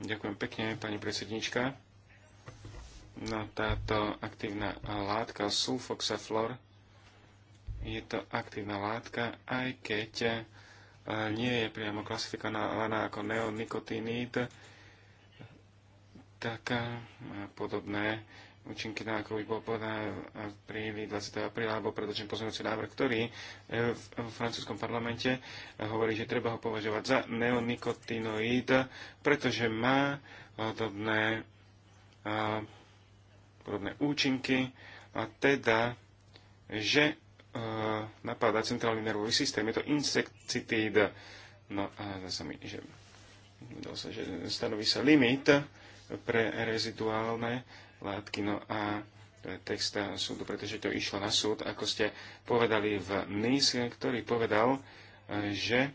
Ďakujem pekne, pani predsednička. No, táto aktívna látka sulfoxaflor je to aktívna látka, aj keď e, nie je priamo klasifikovaná ako neonikotinid, tak má e, podobné účinky na ako by bol podané v 20. apríla, alebo predložím pozmeňujúci návrh, ktorý e, v francúzskom parlamente hovorí, že treba ho považovať za neonikotinoid, pretože má podobné, podobné účinky a teda, že Eh, napáda centrálny nervový systém. Je to insektitíd. No a zase mi, že, sa, že stanoví sa limit pre reziduálne látky. No a text súdu, pretože to išlo na súd, ako ste povedali v NIS, ktorý povedal, eh, že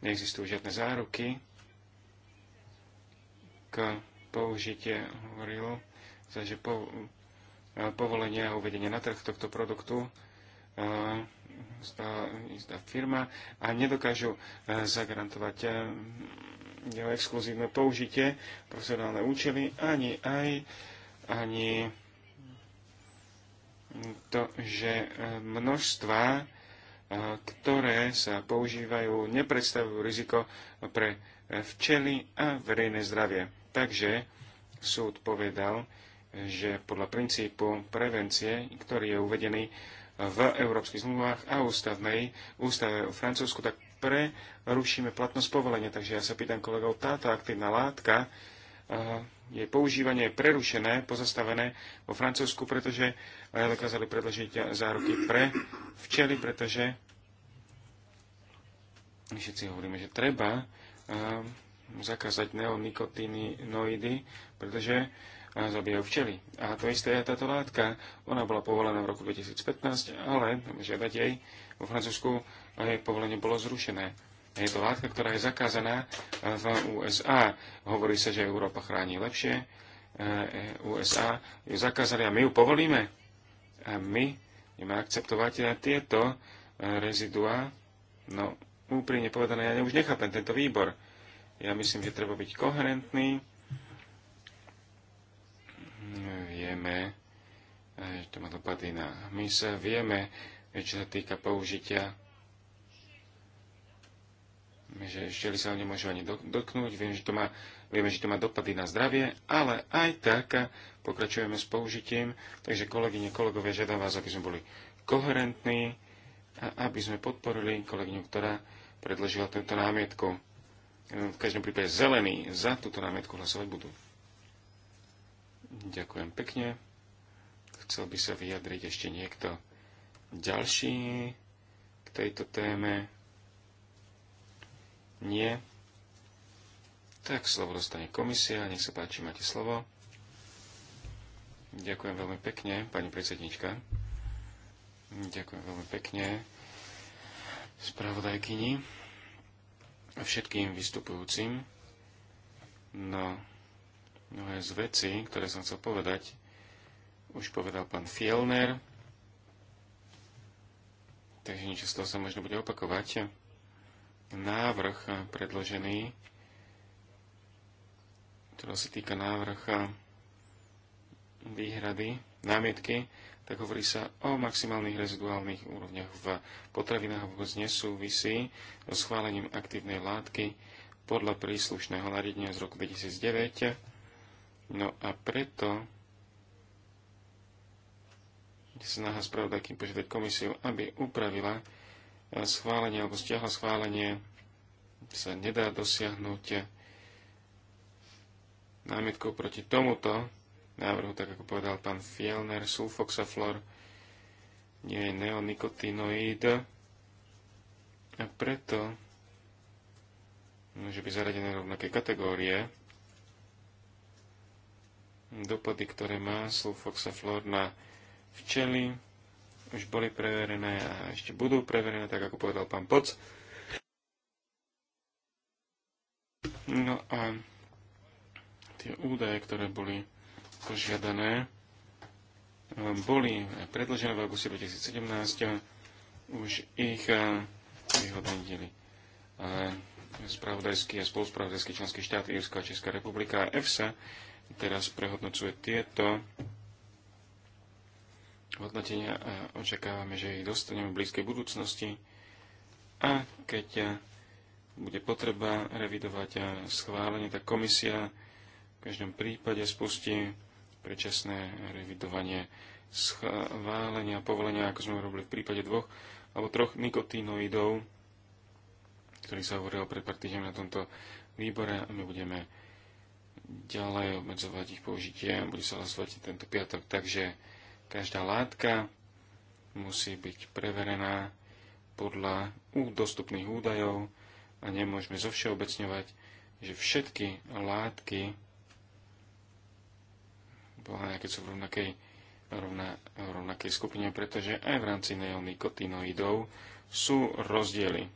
neexistujú žiadne záruky k použitie, hovoril, že po, eh, povolenie a uvedenie na trh tohto produktu istá, istá firma a nedokážu e, zagarantovať e, jeho exkluzívne použitie, profesionálne účely, ani aj ani to, že e, množstva, ktoré sa používajú, nepredstavujú riziko pre včely a verejné zdravie. Takže súd povedal, že podľa princípu prevencie, ktorý je uvedený v európskych zmluvách a ústavnej ústave o Francúzsku, tak prerušíme platnosť povolenia. Takže ja sa pýtam kolegov, táto aktívna látka, eh, je používanie je prerušené, pozastavené vo Francúzsku, pretože eh, dokázali predložiť záruky pre včely, pretože všetci hovoríme, že treba eh, zakázať neonikotinoidy, pretože zabíjajú včely. A to isté je táto látka. Ona bola povolená v roku 2015, ale žiadať jej vo Francúzsku jej povolenie bolo zrušené. Je to látka, ktorá je zakázaná e, v USA. Hovorí sa, že Európa chráni lepšie. E, USA ju zakázali a my ju povolíme. A my ideme akceptovať tieto e, rezidua. No, úprimne povedané, ja už nechápem tento výbor. Ja myslím, že treba byť koherentný vieme, eh, že to má dopady na mysle, vieme, eh, čo sa týka použitia, že ešte sa nemôžu ani dotknúť, vieme, že to má, vieme, že to má dopady na zdravie, ale aj tak eh, pokračujeme s použitím, takže kolegyne, kolegovia, žiadam vás, aby sme boli koherentní a aby sme podporili kolegyňu, ktorá predložila túto námietku. V každom prípade zelení za túto námietku hlasovať budú. Ďakujem pekne. Chcel by sa vyjadriť ešte niekto ďalší k tejto téme. Nie. Tak slovo dostane komisia. Nech sa páči, máte slovo. Ďakujem veľmi pekne, pani predsednička. Ďakujem veľmi pekne spravodajkyni a všetkým vystupujúcim. No, mnohé z veci, ktoré som chcel povedať, už povedal pán Fielner, takže niečo z toho sa možno bude opakovať. Návrh predložený, ktorý sa týka návrha výhrady, námietky, tak hovorí sa o maximálnych reziduálnych úrovniach v potravinách vôbec nesúvisí so schválením aktívnej látky podľa príslušného nariadenia z roku 2009 No a preto snaha spravodajky požiadať komisiu, aby upravila e, schválenie alebo stiahla schválenie sa nedá dosiahnuť námietkou proti tomuto návrhu, tak ako povedal pán Fielner, sulfoxaflor nie je neonikotinoid a preto môže no, byť zaradené rovnaké kategórie dopady, ktoré má sulfoxaflor na včely, už boli preverené a ešte budú preverené, tak ako povedal pán Poc. No a tie údaje, ktoré boli požiadané, um, boli predložené v auguste 2017, už ich uh, vyhodnotili. spravodajský a spolupravodajský členský štát Írska a Česká republika a EFSA teraz prehodnocuje tieto hodnotenia a očakávame, že ich dostaneme v blízkej budúcnosti. A keď bude potreba revidovať a schválenie, tak komisia v každom prípade spustí predčasné revidovanie schválenia, a povolenia, ako sme robili v prípade dvoch alebo troch nikotinoidov, ktorý sa hovoril pred pár na tomto výbore a my budeme ďalej obmedzovať ich použitie a bude sa hlasovať tento piatok. Takže každá látka musí byť preverená podľa dostupných údajov a nemôžeme zovšeobecňovať, že všetky látky pohľadne, keď sú v rovnakej, rovna, rovnakej skupine, pretože aj v rámci neonikotinoidov sú rozdiely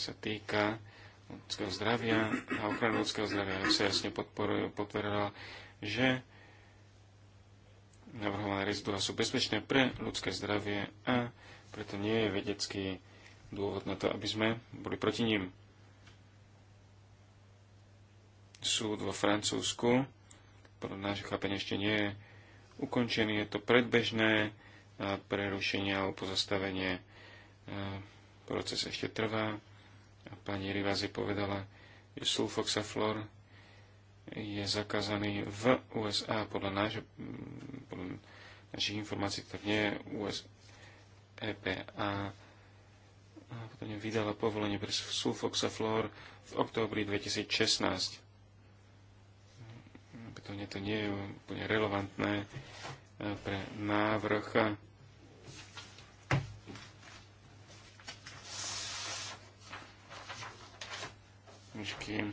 sa týka ľudského zdravia a ochrany ľudského zdravia. Ja sa jasne potvrdila, že navrhované rezidua sú bezpečné pre ľudské zdravie a preto nie je vedecký dôvod na to, aby sme boli proti ním. Súd vo Francúzsku, podľa nášho chápenia ešte nie je ukončený, je to predbežné prerušenie alebo pozastavenie. E, proces ešte trvá Pani Rivazi povedala, že sulfoxaflor je zakázaný v USA. Podľa, náš, mm, podľa našich informácií to nie je US, EPA potom vydala povolenie pre sulfoxaflor v októbri 2016. Potom to nie je úplne relevantné e, pre návrh knižky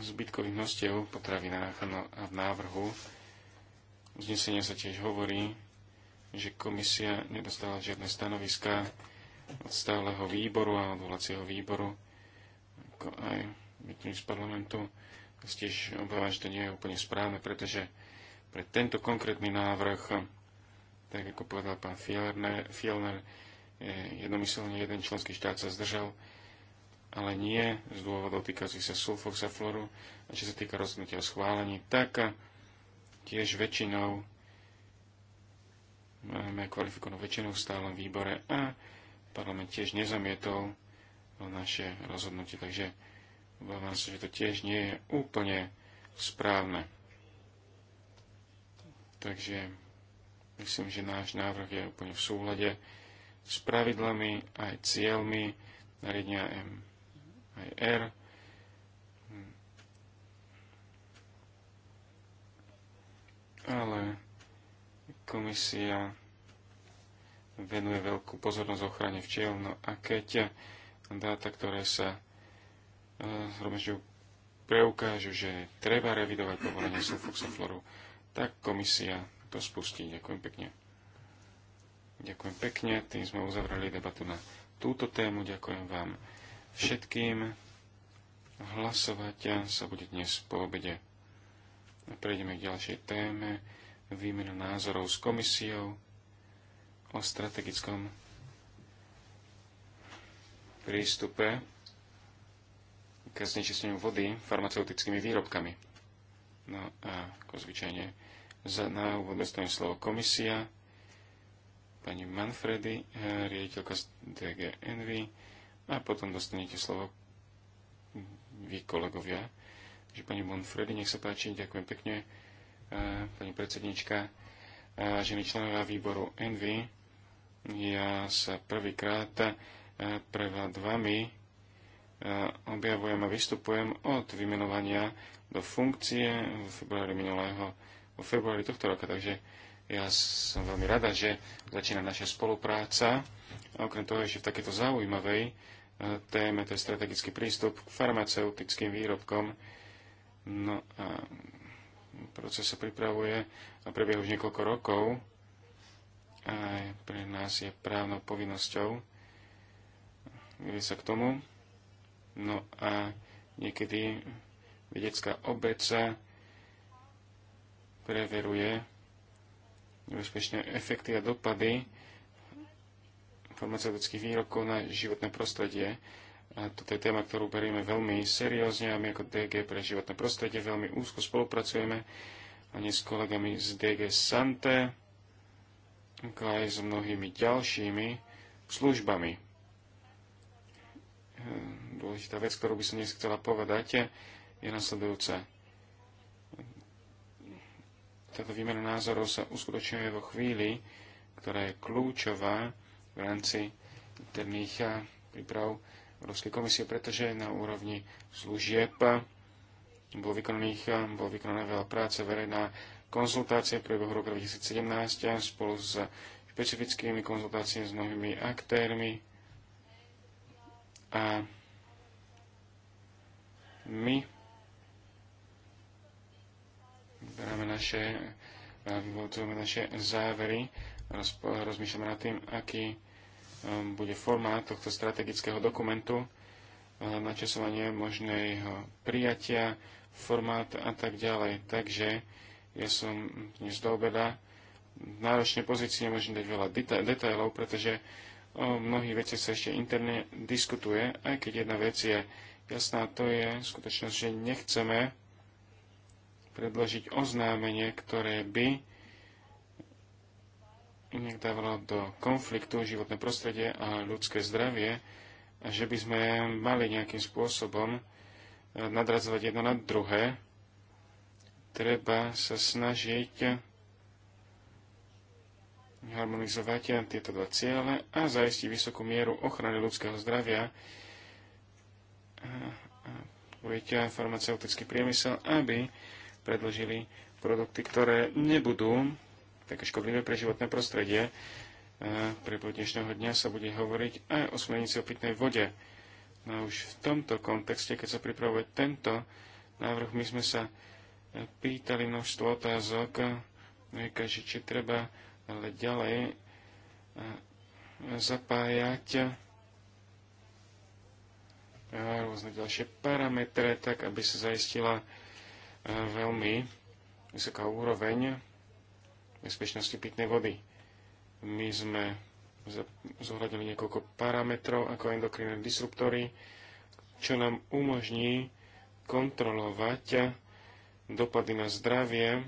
zbytkových množstiev potravinách a v návrhu uznesenia sa tiež hovorí, že komisia nedostala žiadne stanoviska od stáleho výboru a odvolacieho výboru, ako aj z parlamentu. Tiež obávam, že to nie je úplne správne, pretože pre tento konkrétny návrh, tak ako povedal pán Fielner, Fielner eh, jednomyselne jeden členský štát sa zdržal, ale nie z dôvodov týkajúcich sa sulfoxafloru. A čo sa týka rozhodnutia o schválení, tak eh, tiež väčšinou máme kvalifikovanú väčšinu v stálom výbore a parlament tiež nezamietol naše rozhodnutie, takže obávam sa, že to tiež nie je úplne správne. Takže myslím, že náš návrh je úplne v súhľade s pravidlami aj cieľmi nariadenia M aj R. Ale komisia venuje veľkú pozornosť ochrane včiel. No a keď dáta, ktoré sa e, hromažďujú, preukážu, že treba revidovať povolenie sulfoxofloru, tak komisia to spustí. Ďakujem pekne. Ďakujem pekne, tým sme uzavreli debatu na túto tému. Ďakujem vám všetkým. Hlasovať sa bude dnes po obede. Prejdeme k ďalšej téme. Výmena názorov s komisiou o strategickom prístupe k znečisteniu vody farmaceutickými výrobkami. No a ako zvyčajne za, na úvod dostane slovo komisia, pani Manfredy, eh, riaditeľka z a potom dostanete slovo vy kolegovia. Takže pani Monfredy, nech sa páči, ďakujem pekne. E, pani predsednička, ženy členová výboru Envy, ja sa prvýkrát e, pre vami e, objavujem a vystupujem od vymenovania do funkcie v februári minulého, v februári tohto roka, takže ja som veľmi rada, že začína naša spolupráca. A okrem toho ešte v takéto zaujímavej téme, to je strategický prístup k farmaceutickým výrobkom. No a proces sa pripravuje a prebieha už niekoľko rokov. A pre nás je právnou povinnosťou vyvie sa k tomu. No a niekedy vedecká obec sa preveruje nebezpečné efekty a dopady farmaceutických výrokov na životné prostredie. A toto je téma, ktorú berieme veľmi seriózne a my ako DG pre životné prostredie veľmi úzko spolupracujeme a nie s kolegami z DG Sante, ako aj s mnohými ďalšími službami. Ehm, dôležitá vec, ktorú by som dnes chcela povedať, je nasledujúca. Táto výmena názorov sa uskutočňuje vo chvíli, ktorá je kľúčová v rámci interných eh, príprav Európskej komisie, pretože na úrovni služieb eh, bolo, vykonaných, eh, bolo vykonané veľa práce, verejná konzultácia pre roku 2017 spolu s špecifickými konzultáciami s mnohými aktérmi a my vyberáme naše, naše závery, roz, rozmýšľame nad tým, aký Um, bude forma tohto strategického dokumentu, uh, načasovanie možného prijatia, formát a tak ďalej. Takže ja som dnes do obeda v náročnej pozícii nemôžem dať veľa deta- detailov, pretože o mnohých veciach sa ešte interne diskutuje, aj keď jedna vec je jasná, to je skutočnosť, že nechceme predložiť oznámenie, ktoré by nejak dávalo do konfliktu životné prostredie a ľudské zdravie, a že by sme mali nejakým spôsobom e, nadrazovať jedno na druhé. Treba sa snažiť harmonizovať tieto dva ciele a zaistiť vysokú mieru ochrany ľudského zdravia budete farmaceutický priemysel, aby predložili produkty, ktoré nebudú také škodlivé pre životné prostredie. E, pre dnešného dňa sa bude hovoriť aj o smernici o pitnej vode. No a už v tomto kontexte, keď sa pripravuje tento návrh, my sme sa pýtali množstvo otázok, že no či treba ale ďalej e, zapájať e, rôzne ďalšie parametre, tak aby sa zaistila veľmi vysoká úroveň bezpečnosti pitnej vody. My sme zohľadili niekoľko parametrov ako endokrinné disruptory, čo nám umožní kontrolovať dopady na zdravie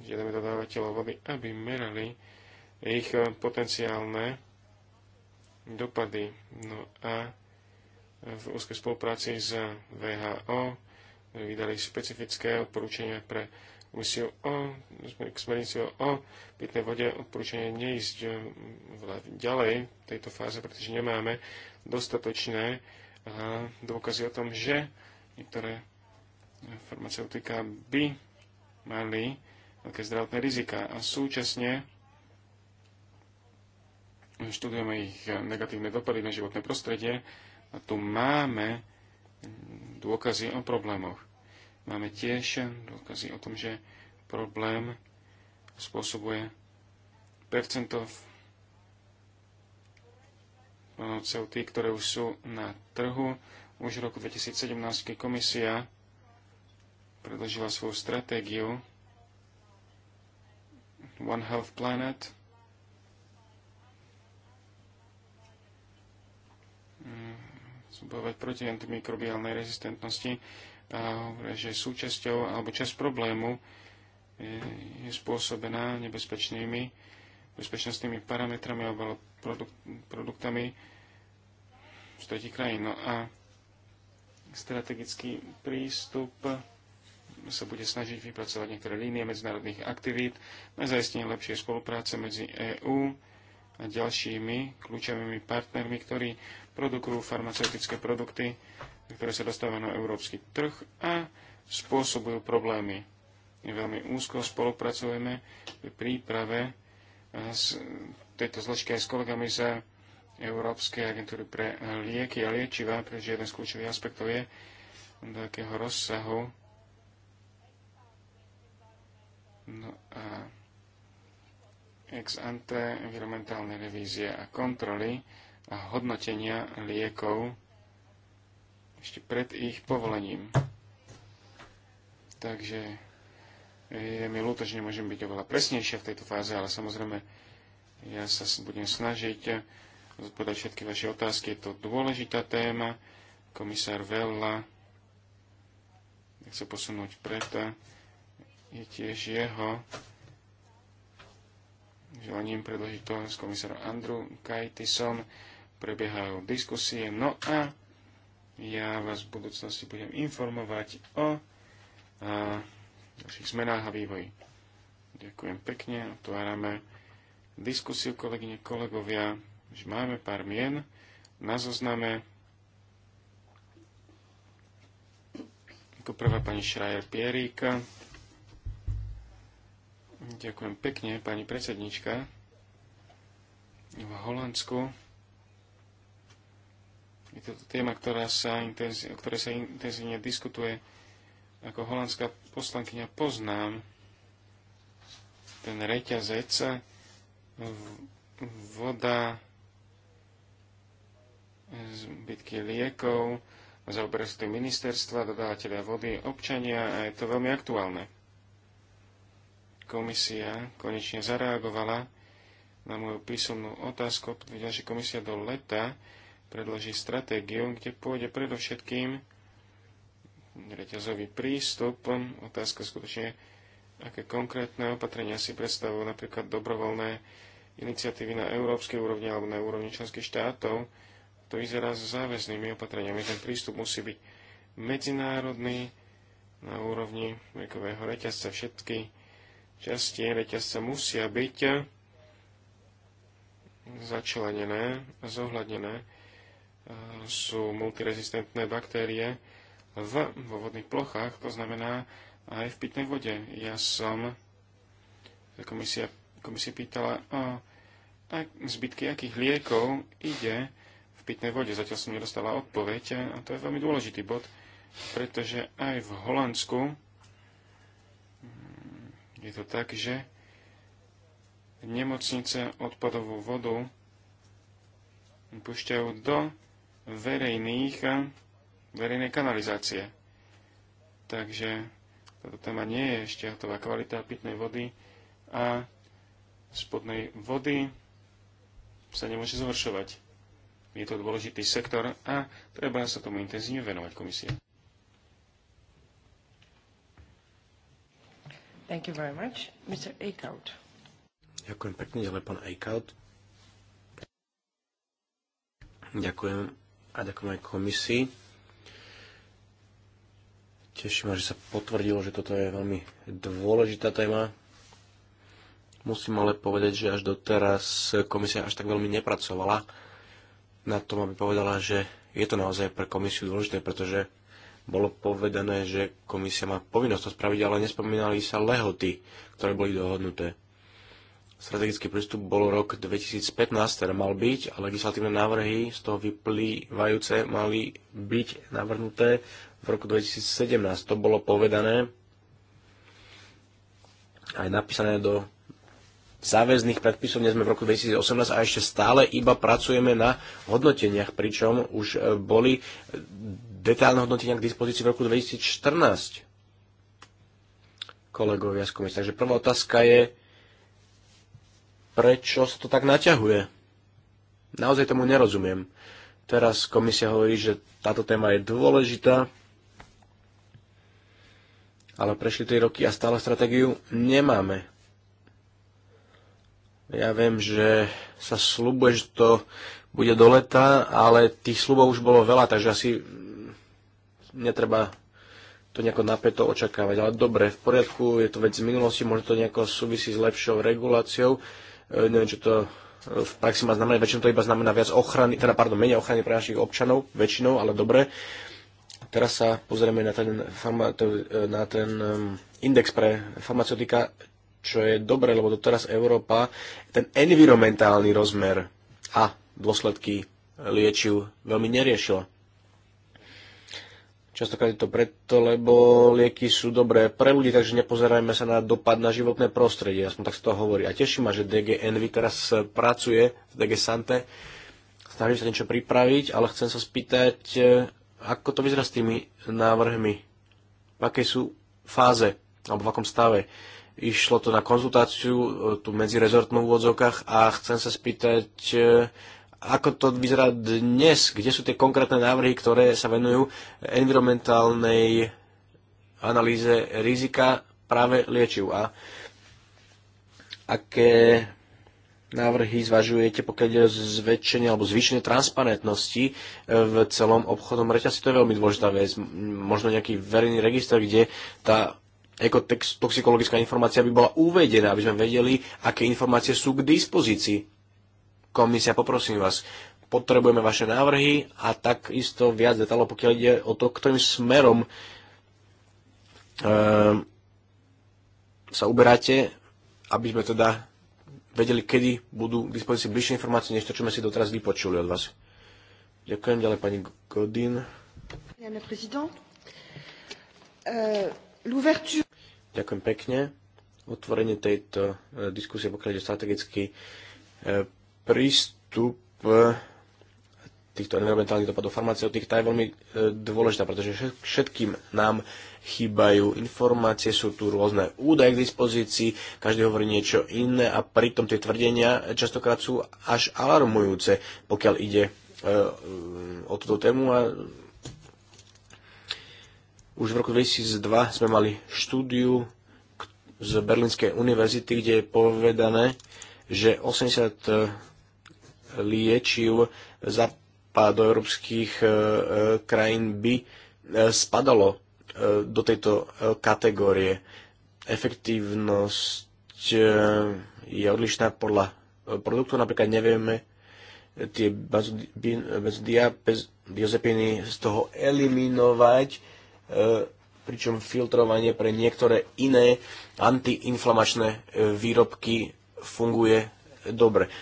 žiadame dodávateľov vody, aby merali ich potenciálne dopady. No a v úzkej spolupráci s VHO vydali špecifické odporúčania pre komisiu o, k smernici o pitnej vode odporúčanie neísť e, ďalej v tejto fáze, pretože nemáme dostatočné e, dôkazy o tom, že niektoré farmaceutika by mali veľké zdravotné rizika a súčasne študujeme ich negatívne dopady na životné prostredie a tu máme dôkazy o problémoch. Máme tiež dôkazy o tom, že problém spôsobuje percento tých, ktoré už sú na trhu. Už v roku 2017, keď komisia predložila svoju stratégiu One Health Planet, mm, bojovať proti antimikrobiálnej rezistentnosti, že súčasťou alebo časť problému je spôsobená nebezpečnými bezpečnostnými parametrami alebo produktami z tretich krajín. No a strategický prístup sa bude snažiť vypracovať niektoré línie medzinárodných aktivít na zaistenie lepšej spolupráce medzi EÚ a ďalšími kľúčovými partnermi, ktorí produkujú farmaceutické produkty ktoré sa dostávajú na európsky trh a spôsobujú problémy. My veľmi úzko spolupracujeme pri príprave z tejto zložky aj s kolegami z Európskej agentúry pre lieky a liečiva, pretože jeden z kľúčových aspektov je, do akého rozsahu no a ex ante environmentálne revízie a kontroly a hodnotenia liekov ešte pred ich povolením. Takže eh, je mi ľúto, že nemôžem byť oveľa presnejšia v tejto fáze, ale samozrejme ja sa budem snažiť eh, zodpovedať všetky vaše otázky. Je to dôležitá téma. Komisár Vella chce posunúť preto. Eh, je tiež jeho želaním predložiť to s komisárom Andrew Kajtisom. Prebiehajú diskusie. No a ja vás v budúcnosti budem informovať o našich zmenách a vývoji. Ďakujem pekne, otvárame diskusiu, kolegyne, kolegovia. Už máme pár mien na zozname. Ako prvá pani Šrajer Pieríka. Ďakujem pekne, pani predsednička. V Holandsku je to téma, ktorá sa intenzí, o ktorej sa intenzívne diskutuje. Ako holandská poslankyňa poznám ten reťazec voda, zbytky liekov, zaoberajú sa tu ministerstva, dodávateľia vody, občania a je to veľmi aktuálne. Komisia konečne zareagovala na moju písomnú otázku, že komisia do leta predloží stratégiu, kde pôjde predovšetkým reťazový prístup. Otázka skutočne, aké konkrétne opatrenia si predstavujú napríklad dobrovoľné iniciatívy na európskej úrovni alebo na úrovni členských štátov. To vyzerá s záväznými opatreniami. Ten prístup musí byť medzinárodný na úrovni vekového reťazca. Všetky časti reťazca musia byť začlenené a zohľadnené sú multirezistentné baktérie v, vo vodných plochách, to znamená aj v pitnej vode. Ja som komisia, komisia pýtala o a zbytky akých liekov ide v pitnej vode. Zatiaľ som nedostala odpoveď a to je veľmi dôležitý bod, pretože aj v Holandsku mm, je to tak, že nemocnice odpadovú vodu púšťajú do verejných, verejnej kanalizácie. Takže táto téma nie je ešte hotová kvalita pitnej vody a spodnej vody sa nemôže zhoršovať. Je to dôležitý sektor a treba sa tomu intenzívne venovať komisie. Thank you very much. Mr. Eichhout. Ďakujem pekne, ďalej pán Eichhout. Ďakujem a ďakujem aj komisii. Teším ma, že sa potvrdilo, že toto je veľmi dôležitá téma. Musím ale povedať, že až doteraz komisia až tak veľmi nepracovala na tom, aby povedala, že je to naozaj pre komisiu dôležité, pretože bolo povedané, že komisia má povinnosť to spraviť, ale nespomínali sa lehoty, ktoré boli dohodnuté strategický prístup bol rok 2015, teda mal byť, a legislatívne návrhy z toho vyplývajúce mali byť navrhnuté v roku 2017. To bolo povedané aj napísané do záväzných predpisov. Dnes sme v roku 2018 a ešte stále iba pracujeme na hodnoteniach, pričom už e, boli detálne hodnotenia k dispozícii v roku 2014 kolegovia z komisie. Takže prvá otázka je, prečo sa to tak naťahuje. Naozaj tomu nerozumiem. Teraz komisia hovorí, že táto téma je dôležitá, ale prešli 3 roky a stále stratégiu nemáme. Ja viem, že sa slubuje, že to bude do leta, ale tých slubov už bolo veľa, takže asi netreba to nejako napäto očakávať. Ale dobre, v poriadku, je to vec z minulosti, možno to nejako súvisí s lepšou reguláciou. E, neviem, čo to e, v praxi má znamená, väčšinou to iba znamená viac ochrany, teda pardon, menej ochrany pre našich občanov, väčšinou, ale dobre. Teraz sa pozrieme na ten, e, na ten index pre farmaceutika, čo je dobre, lebo doteraz Európa ten environmentálny rozmer a dôsledky liečiv veľmi neriešila. Častokrát je to preto, lebo lieky sú dobré pre ľudí, takže nepozerajme sa na dopad na životné prostredie, aspoň tak sa to hovorí. A teší ma, že DG Envy teraz pracuje v DG Sante, snaží sa niečo pripraviť, ale chcem sa spýtať, eh, ako to vyzerá s tými návrhmi, v akej sú fáze, alebo v akom stave. Išlo to na konzultáciu, eh, tu medzirezortnú v odzokách, a chcem sa spýtať, eh, ako to vyzerá dnes, kde sú tie konkrétne návrhy, ktoré sa venujú environmentálnej analýze rizika práve liečiv a aké návrhy zvažujete, pokiaľ ide zväčšenie alebo zvýšenie transparentnosti v celom obchodnom reťazci. To je veľmi dôležitá vec. Možno nejaký verejný register, kde tá ekotoxikologická informácia by bola uvedená, aby sme vedeli, aké informácie sú k dispozícii komisia, poprosím vás, potrebujeme vaše návrhy a takisto viac detálov, pokiaľ ide o to, ktorým smerom e, sa uberáte, aby sme teda vedeli, kedy budú k dispozícii bližšie informácie, než to, čo sme si doteraz vypočuli od vás. Ďakujem ďalej pani Godin. Euh, Ďakujem pekne. Otvorenie tejto e, diskusie, pokiaľ ide strategický e, prístup e, týchto environmentálnych dopadov farmaceutík, tá je veľmi e, dôležitá, pretože všetkým nám chýbajú informácie, sú tu rôzne údaje k dispozícii, každý hovorí niečo iné a pritom tie tvrdenia častokrát sú až alarmujúce, pokiaľ ide e, o túto tému a už v roku 2002 sme mali štúdiu z Berlínskej univerzity, kde je povedané, že 80 liečiv európskych e, e, krajín by e, spadalo do tejto kategórie. Efektívnosť je odlišná podľa produktov, napríklad nevieme tie benzodiazepiny z toho eliminovať, pričom filtrovanie pre niektoré iné antiinflamačné výrobky funguje dobre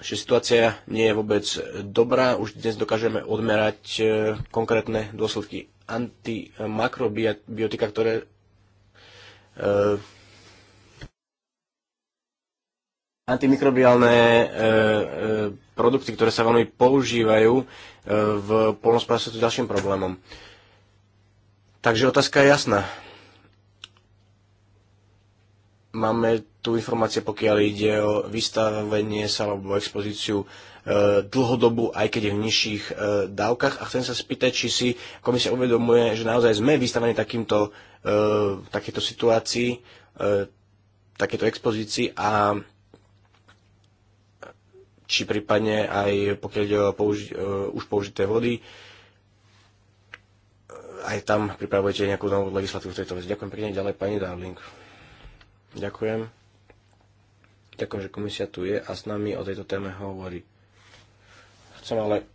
že situácia nie je vôbec dobrá. Už dnes dokážeme odmerať e, konkrétne dôsledky antimakrobiotika, ktoré e, antimikrobiálne e, produkty, ktoré sa veľmi používajú v polnospodárstve sú ďalším problémom. Takže otázka je jasná. Máme tu informácie, pokiaľ ide o vystavenie sa alebo expozíciu e, dlhodobu, aj keď je v nižších e, dávkach. A chcem sa spýtať, či si komisia uvedomuje, že naozaj sme vystavení takýmto, e, takéto situácii, takéto expozícii a či prípadne aj pokiaľ ide o použi- už použité vody, aj tam pripravujete nejakú novú legislatívu v tejto veci. Ďakujem pekne, ďalej pani Darling. Ďakujem. Ďakujem, že komisia tu je a s nami o tejto téme hovorí. Chcem ale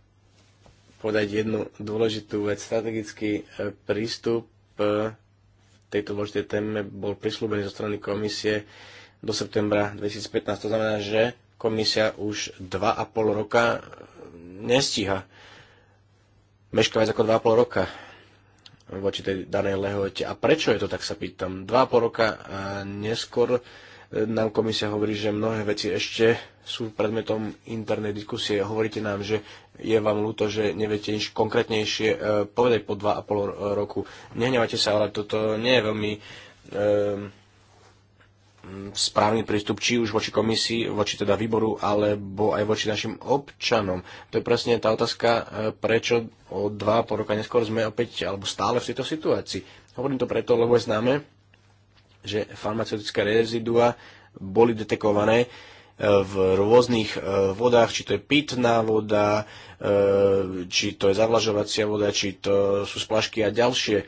povedať jednu dôležitú vec. Strategický e, prístup e, tejto dôležitej téme bol prislúbený zo strany komisie do septembra 2015. To znamená, že komisia už 2,5 roka nestíha. Meška viac ako 2,5 roka voči tej danej lehote. A prečo je to tak, sa pýtam. Dva po roka e, neskôr e, nám komisia hovorí, že mnohé veci ešte sú predmetom internej diskusie. Hovoríte nám, že je vám ľúto, že neviete nič konkrétnejšie e, povedať po dva a pol roku. Nehnevate sa, ale toto nie je veľmi um, správny prístup, či už voči komisii, voči teda výboru, alebo aj voči našim občanom. To je presne tá otázka, e, prečo o dva, po roka neskôr sme opäť, alebo stále v tejto situácii. Hovorím to preto, lebo je známe, že farmaceutické rezidua boli detekované e, v rôznych e, vodách, či to je pitná voda, či to je zavlažovacia voda, či to sú splašky a ďalšie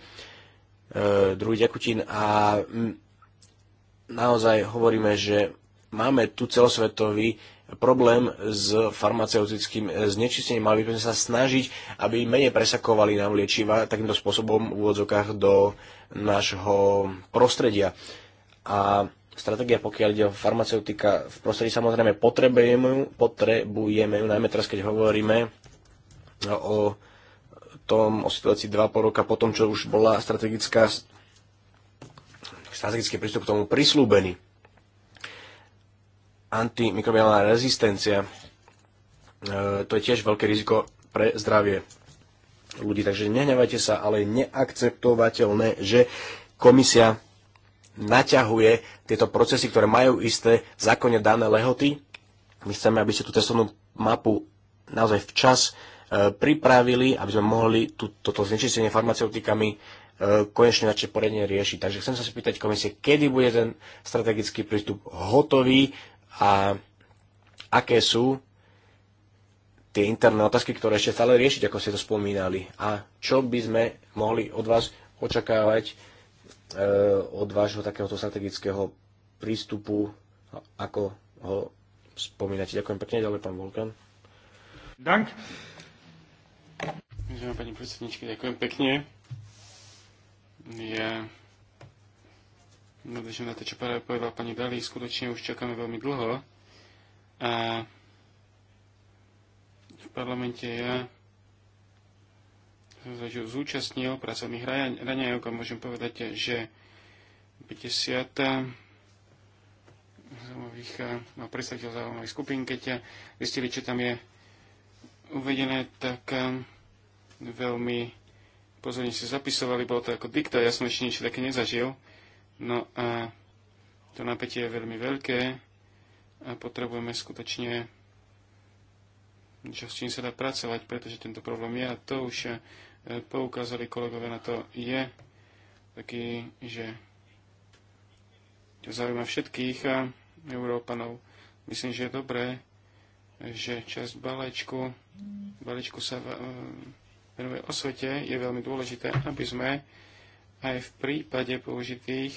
druhý ďakutín a naozaj hovoríme, že máme tu celosvetový problém s farmaceutickým znečistením. Mali by sme sa snažiť, aby menej presakovali nám liečiva takýmto spôsobom v úvodzokách do nášho prostredia. A stratégia, pokiaľ ide o farmaceutika v prostredí, samozrejme potrebujeme ju, potrebujeme ju, najmä teraz, keď hovoríme o tom, o situácii 2,5 roka po tom, čo už bola strategická strategický prístup k tomu prislúbený. Antimikrobiálna rezistencia, e, to je tiež veľké riziko pre zdravie ľudí. Takže nehnevajte sa, ale neakceptovateľné, že komisia naťahuje tieto procesy, ktoré majú isté zákonne dané lehoty. My chceme, aby ste tú testovnú mapu naozaj včas e, pripravili, aby sme mohli tú, toto znečistenie farmaceutikami E, konečne začne poriadne riešiť. Takže chcem sa spýtať komisie, kedy bude ten strategický prístup hotový a aké sú tie interné otázky, ktoré ešte stále riešiť, ako ste to spomínali. A čo by sme mohli od vás očakávať e, od vášho takéhoto strategického prístupu, ako ho spomínate. Ďakujem pekne, ďalej pán Volkan. Dank. Ďakujem pani predsedničky, ďakujem pekne je nadväžne na to, čo práve povedala pani Dali, skutočne už čakáme veľmi dlho a v parlamente ja som zúčastnil pracovných raňajok a môžem povedať, že 50 zaujímavých a no, predstaviteľ zaujímavých skupín, keď zistili, čo tam je uvedené, tak um, veľmi pozorne si zapisovali, bolo to ako dikta, ja som ešte niečo také nezažil. No a to napätie je veľmi veľké a potrebujeme skutočne niečo, s čím sa dá pracovať, pretože tento problém je a to už e, poukázali kolegovia na to je taký, že to zaujíma všetkých a e, Európanov. Myslím, že je dobré, že časť balečku, balečku sa venujú osvete, je veľmi dôležité, aby sme aj v prípade použitých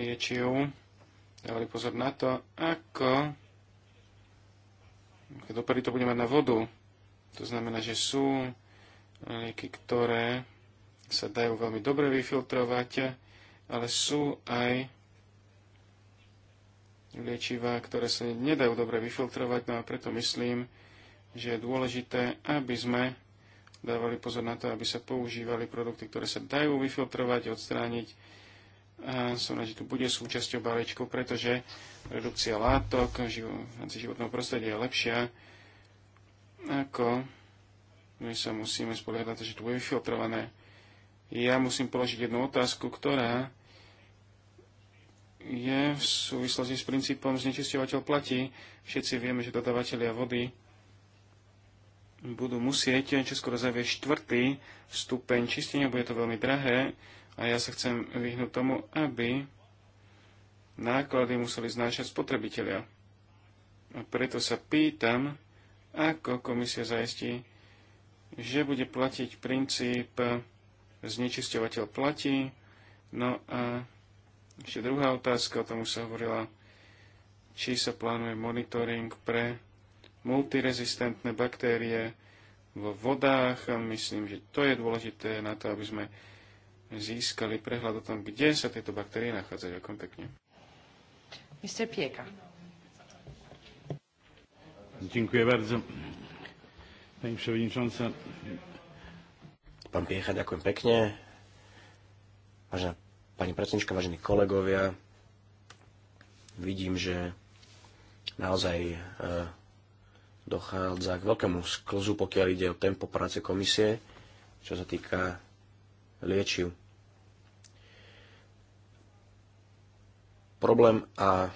liečiv dávali pozor na to, ako dopady to bude mať na vodu. To znamená, že sú lieky, ktoré sa dajú veľmi dobre vyfiltrovať, ale sú aj liečivá, ktoré sa nedajú dobre vyfiltrovať, no a preto myslím, že je dôležité, aby sme dávali pozor na to, aby sa používali produkty, ktoré sa dajú vyfiltrovať, odstrániť. A som rád, že tu bude súčasťou balíčku, pretože redukcia látok v rámci životného prostredia je lepšia, ako my sa musíme spoliehať že tu bude vyfiltrované. Ja musím položiť jednu otázku, ktorá je v súvislosti s princípom znečisťovateľ platí. Všetci vieme, že dodávateľia vody budú musieť čoskoro zaviesť štvrtý stupeň čistenia, bude to veľmi drahé a ja sa chcem vyhnúť tomu, aby náklady museli znášať spotrebitelia. A preto sa pýtam, ako komisia zajistí, že bude platiť princíp znečisťovateľ platí. No a ešte druhá otázka, o tom už sa hovorila, či sa plánuje monitoring pre multirezistentné baktérie vo vodách. A myslím, že to je dôležité na to, aby sme získali prehľad o tom, kde sa tieto baktérie nachádzajú. Ďakujem pekne. Mr. Pieka. Ďakujem bardzo. Pani przewodnicząca. Pán Piecha, ďakujem pekne. Vážená pani predsednička, vážení kolegovia, vidím, že naozaj e, dochádza k veľkému sklzu, pokiaľ ide o tempo práce komisie, čo sa týka liečiv. Problém a,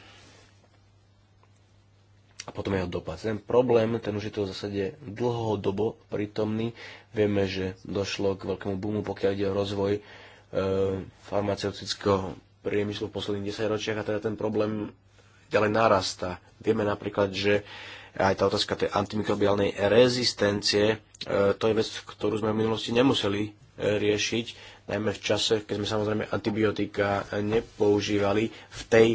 a potom jeho dopad. Ten problém, ten už je to v zásade dlhodobo prítomný. Vieme, že došlo k veľkému boomu, pokiaľ ide o rozvoj e, farmaceutického priemyslu v posledných 10 ročiach a teda ten problém ďalej narasta. Vieme napríklad, že e, aj tá otázka tej antimikrobiálnej rezistencie, e, to je vec, ktorú sme v minulosti nemuseli e, riešiť, najmä v čase, keď sme samozrejme antibiotika nepoužívali v tej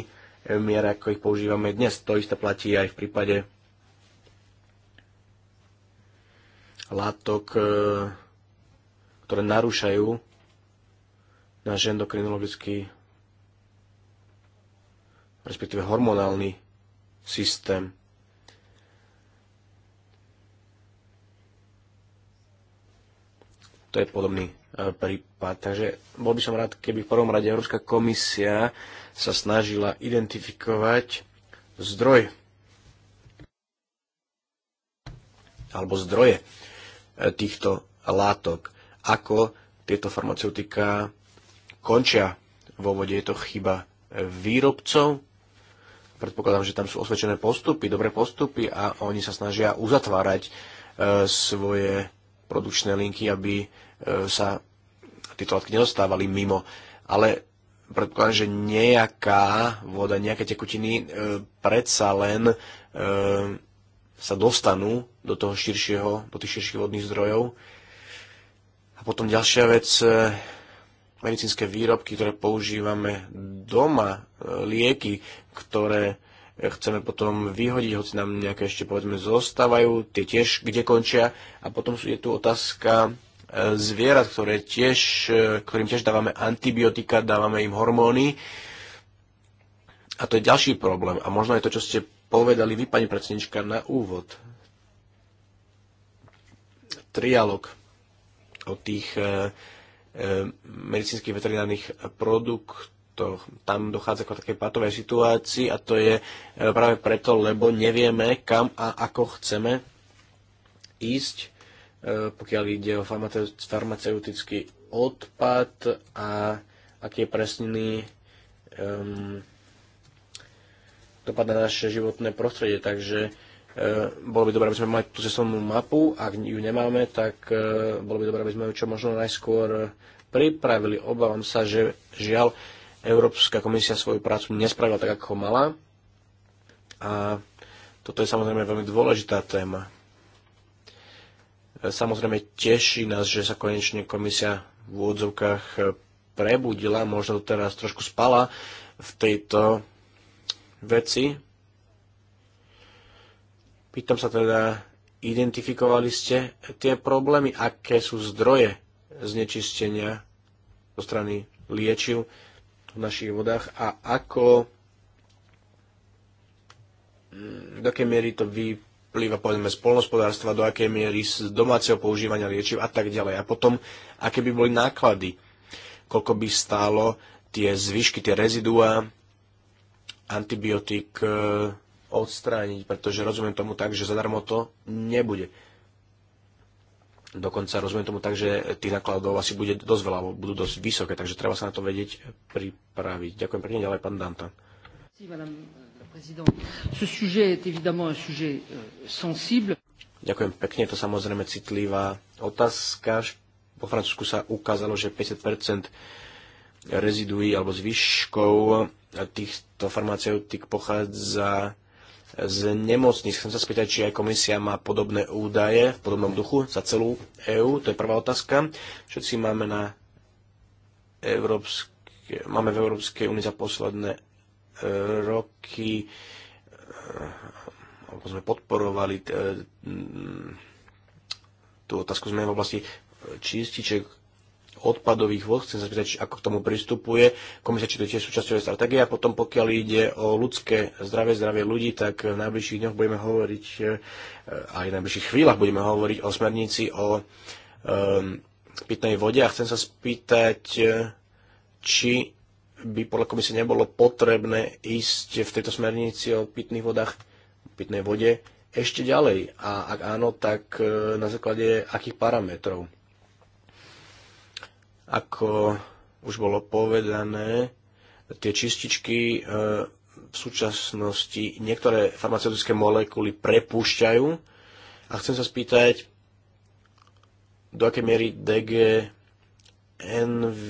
miere, ako ich používame dnes. To isté platí aj v prípade látok, e, ktoré narúšajú náš endokrinologický respektíve hormonálny systém. to je podobný e, prípad. Takže bol by som rád, keby v prvom rade Európska komisia sa snažila identifikovať zdroj alebo zdroje e, týchto látok, ako tieto farmaceutika končia vo vode. Je to chyba výrobcov, predpokladám, že tam sú osvedčené postupy, dobré postupy a oni sa snažia uzatvárať e, svoje produkčné linky, aby e, sa tieto látky nedostávali mimo. Ale predpokladám, že nejaká voda, nejaké tekutiny e, predsa len e, sa dostanú do toho širšieho, do tých širších vodných zdrojov. A potom ďalšia vec, medicínske výrobky, ktoré používame doma, lieky, ktoré chceme potom vyhodiť, hoci nám nejaké ešte povedzme zostávajú, tie tiež kde končia. A potom je tu otázka e, zvierat, ktoré tiež, e, ktorým tiež dávame antibiotika, dávame im hormóny. A to je ďalší problém. A možno je to, čo ste povedali vy, pani predsednička, na úvod. Trialog o tých e, medicínskych veterinárnych produktov to, tam dochádza k takej patovej situácii a to je e, práve preto, lebo nevieme, kam a ako chceme ísť, e, pokiaľ ide o farmaceutický odpad a aký je presný um, dopad na naše životné prostredie. Takže e, bolo by dobré, aby sme mali tú cestovnú mapu, ak ju nemáme, tak bolo by dobré, aby sme ju čo možno najskôr pripravili. Obávam sa, že žiaľ, Európska komisia svoju prácu nespravila tak, ako mala. A toto je samozrejme veľmi dôležitá téma. Samozrejme teší nás, že sa konečne komisia v úvodzovkách prebudila, možno teraz trošku spala v tejto veci. Pýtam sa teda, identifikovali ste tie problémy, aké sú zdroje znečistenia zo strany liečiv v našich vodách a ako mm, do akej miery to vyplýva povedzme z polnospodárstva, do akej miery z domáceho používania liečiv a tak ďalej. A potom, aké by boli náklady, koľko by stálo tie zvyšky, tie reziduá, antibiotík e, odstrániť, pretože rozumiem tomu tak, že zadarmo to nebude. Dokonca rozumiem tomu tak, že tých nákladov asi bude dosť veľa, budú dosť vysoké, takže treba sa na to vedieť pripraviť. Ďakujem pekne, ďalej pán Danta. Euh, Ďakujem pekne, to samozrejme citlivá otázka. Po Francúzsku sa ukázalo, že 50 reziduí alebo zvyškov týchto farmaceutík pochádza z nemocníc. Chcem sa spýtať, či aj komisia má podobné údaje v podobnom duchu za celú EÚ. To je prvá otázka. Všetci máme na Európske, máme v Európskej únii za posledné e, roky e, alebo sme podporovali e, tú otázku sme v oblasti čističek odpadových vôd. Chcem sa spýtať, ako k tomu pristupuje komisia, či to tiež súčasťou stratégie. A potom, pokiaľ ide o ľudské zdravie, zdravie ľudí, tak v najbližších dňoch budeme hovoriť, e, aj v najbližších chvíľach budeme hovoriť o smernici o um, pitnej vode. A chcem sa spýtať, e, či by podľa komisie nebolo potrebné ísť v tejto smernici o pitných vodách, pitnej vode ešte ďalej. A ak áno, tak e, na základe akých parametrov? Ako už bolo povedané, tie čističky e, v súčasnosti niektoré farmaceutické molekuly prepúšťajú a chcem sa spýtať, do akej miery DG NV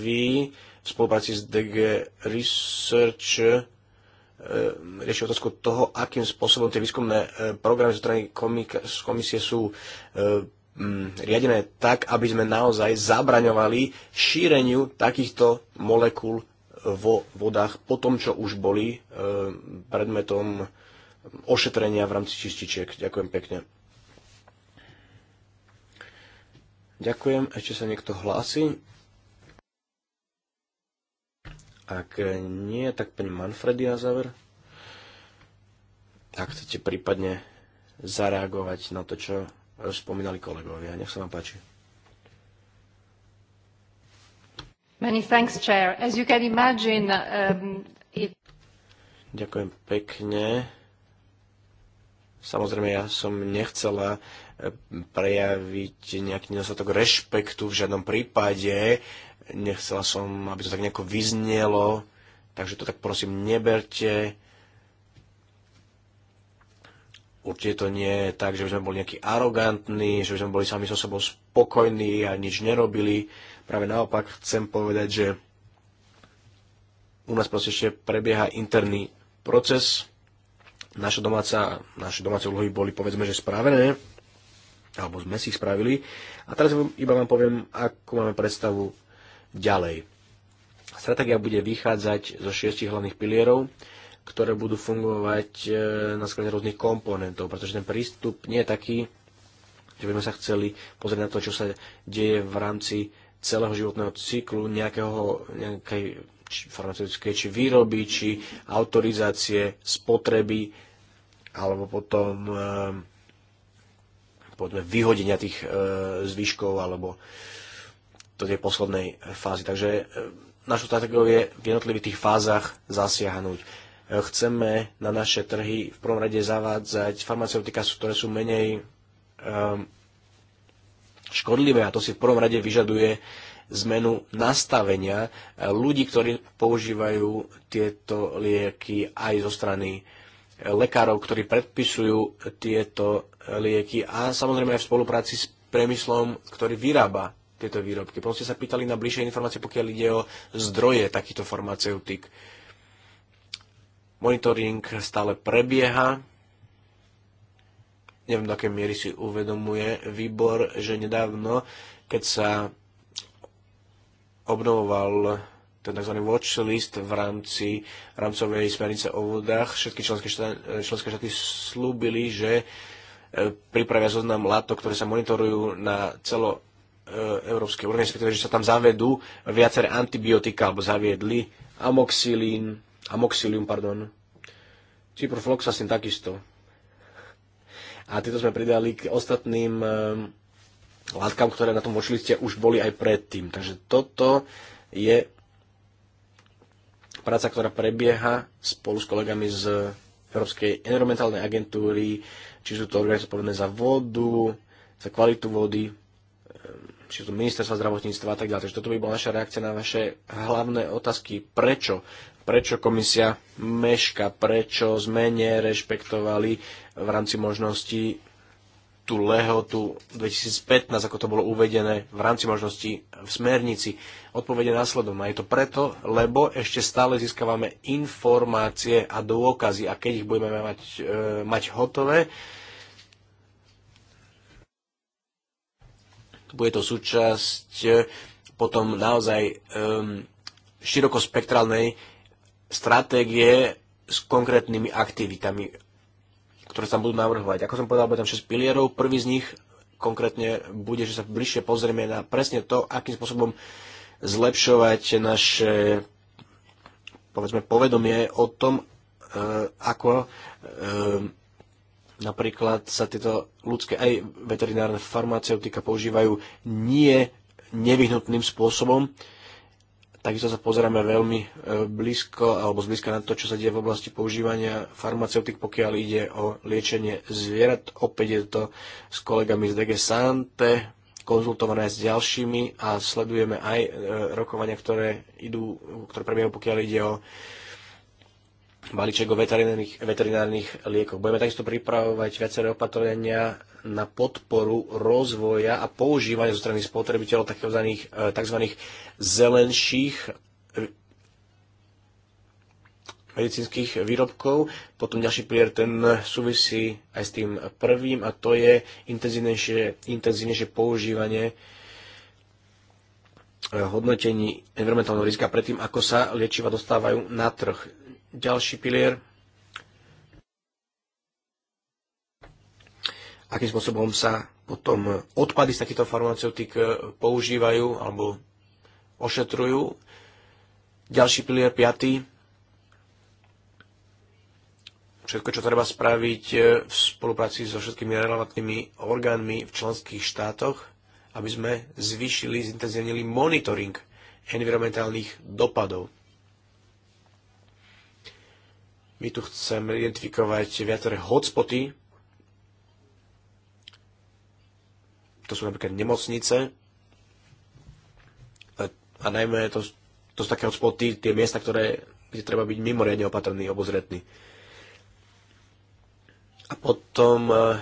v spolupráci s DG Research e, rieši otázku toho, akým spôsobom tie výskumné e, programy zo strany komisie sú Mm, riadené tak, aby sme naozaj zabraňovali šíreniu takýchto molekúl vo vodách po tom, čo už boli e, predmetom ošetrenia v rámci čističiek. Ďakujem pekne. Ďakujem. Ešte sa niekto hlási? Ak nie, tak pani Manfredy na záver. Ak chcete prípadne zareagovať na to, čo spomínali kolegovia. Nech sa vám páči. Many thanks, Chair. As you can imagine, um, it... Ďakujem pekne. Samozrejme, ja som nechcela eh, prejaviť nejaký nedostatok rešpektu v žiadnom prípade. Nechcela som, aby to tak nejako vyznelo. Takže to tak prosím neberte Určite to nie je tak, že by sme boli nejakí arogantní, že by sme boli sami so sebou spokojní a nič nerobili. Práve naopak chcem povedať, že u nás proste ešte prebieha interný proces. Naša domáca, naše domáce úlohy boli povedzme, že spravené, alebo sme si ich spravili. A teraz iba vám poviem, ako máme predstavu ďalej. Stratégia bude vychádzať zo šiestich hlavných pilierov ktoré budú fungovať e, na sklade rôznych komponentov, pretože ten prístup nie je taký, že by sme sa chceli pozrieť na to, čo sa deje v rámci celého životného cyklu nejakého, nejakej či farmaceutickej či výroby, či autorizácie, spotreby, alebo potom e, povedzme, vyhodenia tých e, zvyškov alebo do tej poslednej fázy. Takže e, našou strategiou je v jednotlivých tých fázach zasiahnuť chceme na naše trhy v prvom rade zavádzať farmaceutika, ktoré sú menej ehm, škodlivé a to si v prvom rade vyžaduje zmenu nastavenia eh, ľudí, ktorí používajú tieto lieky aj zo strany eh, lekárov, ktorí predpisujú tieto eh, lieky a samozrejme aj v spolupráci s priemyslom, ktorý vyrába tieto výrobky. Potom sa pýtali na bližšie informácie, pokiaľ ide o zdroje takýchto farmaceutík. Uh, Monitoring stále prebieha. Neviem, do akej miery si uvedomuje výbor, že nedávno, keď sa obnovoval ten tzv. watchlist v rámci rámcovej smernice o vodách. Všetky členské štáty, členské štáty slúbili, že e, pripravia zoznam látok, ktoré sa monitorujú na celo e, európskej úrovni, respektíve, že sa tam zavedú viaceré antibiotika, alebo zaviedli amoxilín, amoxilium, pardon. Ciprofloxacin takisto. A tieto sme pridali k ostatným eh, látkam, ktoré na tom vočiliste už boli aj predtým. Takže toto je práca, ktorá prebieha spolu s kolegami z Európskej environmentálnej agentúry, či sú to organizácie povedné za vodu, za kvalitu vody, eh, či sú to ministerstva zdravotníctva a tak ďalej. Takže toto by bola naša reakcia na vaše hlavné otázky, prečo prečo komisia meška, prečo sme nerešpektovali v rámci možnosti tú lehotu 2015, ako to bolo uvedené v rámci možností v smernici. Odpovede následom. A Je to preto, lebo ešte stále získavame informácie a dôkazy a keď ich budeme mať, e, mať hotové, bude to súčasť e, potom naozaj e, širokospektrálnej stratégie s konkrétnymi aktivitami, ktoré sa tam budú navrhovať. Ako som povedal, bude tam 6 pilierov. Prvý z nich konkrétne bude, že sa bližšie pozrieme na presne to, akým spôsobom zlepšovať naše povedzme, povedomie o tom, e, ako e, napríklad sa tieto ľudské aj veterinárne farmaceutika používajú nie nevyhnutným spôsobom, Takisto sa pozeráme veľmi e, blízko alebo zblízka na to, čo sa deje v oblasti používania farmaceutik, pokiaľ ide o liečenie zvierat. Opäť je to s kolegami z DG Sante, konzultované s ďalšími a sledujeme aj e, rokovania, ktoré, idú, ktoré prebiehajú, pokiaľ ide o balíček o veterinárnych, veterinárnych liekoch. Budeme takisto pripravovať viaceré opatrenia na podporu rozvoja a používania zo strany spotrebiteľov tzv. E, zelenších e, medicínskych výrobkov. Potom ďalší pilier, ten súvisí aj s tým prvým a to je intenzívnejšie, intenzívnejšie používanie e, hodnotení environmentálneho rizika predtým, ako sa liečiva dostávajú na trh ďalší pilier. Akým spôsobom sa potom odpady z takýchto farmaceutík e, používajú alebo ošetrujú. Ďalší pilier, piatý. Všetko, čo treba spraviť e, v spolupráci so všetkými relevantnými orgánmi v členských štátoch, aby sme zvýšili, zintenzívnili monitoring environmentálnych dopadov my tu chceme identifikovať viaceré hotspoty. To sú napríklad nemocnice. A najmä to, to sú také hotspoty, tie miesta, ktoré, kde treba byť mimoriadne opatrný, obozretný. A potom eh,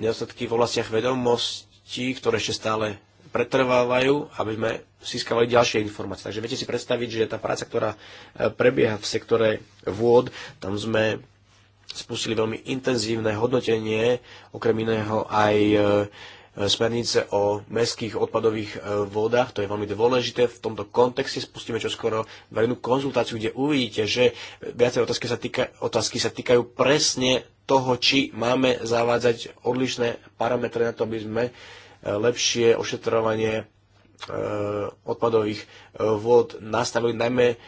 nedostatky v oblastiach vedomostí, ktoré ešte stále pretrvávajú, aby sme získavali ďalšie informácie. Takže viete si predstaviť, že tá práca, ktorá e, prebieha v sektore vôd, tam sme spustili veľmi intenzívne hodnotenie, okrem iného aj e, smernice o mestských odpadových e, vodách, to je veľmi dôležité. V tomto kontexte spustíme čoskoro verejnú konzultáciu, kde uvidíte, že viacej otázky sa, týka, otázky sa týkajú presne toho, či máme zavádzať odlišné parametre na to, aby sme uh, lepšie ošetrovanie e, odpadových e, vôd nastavili najmä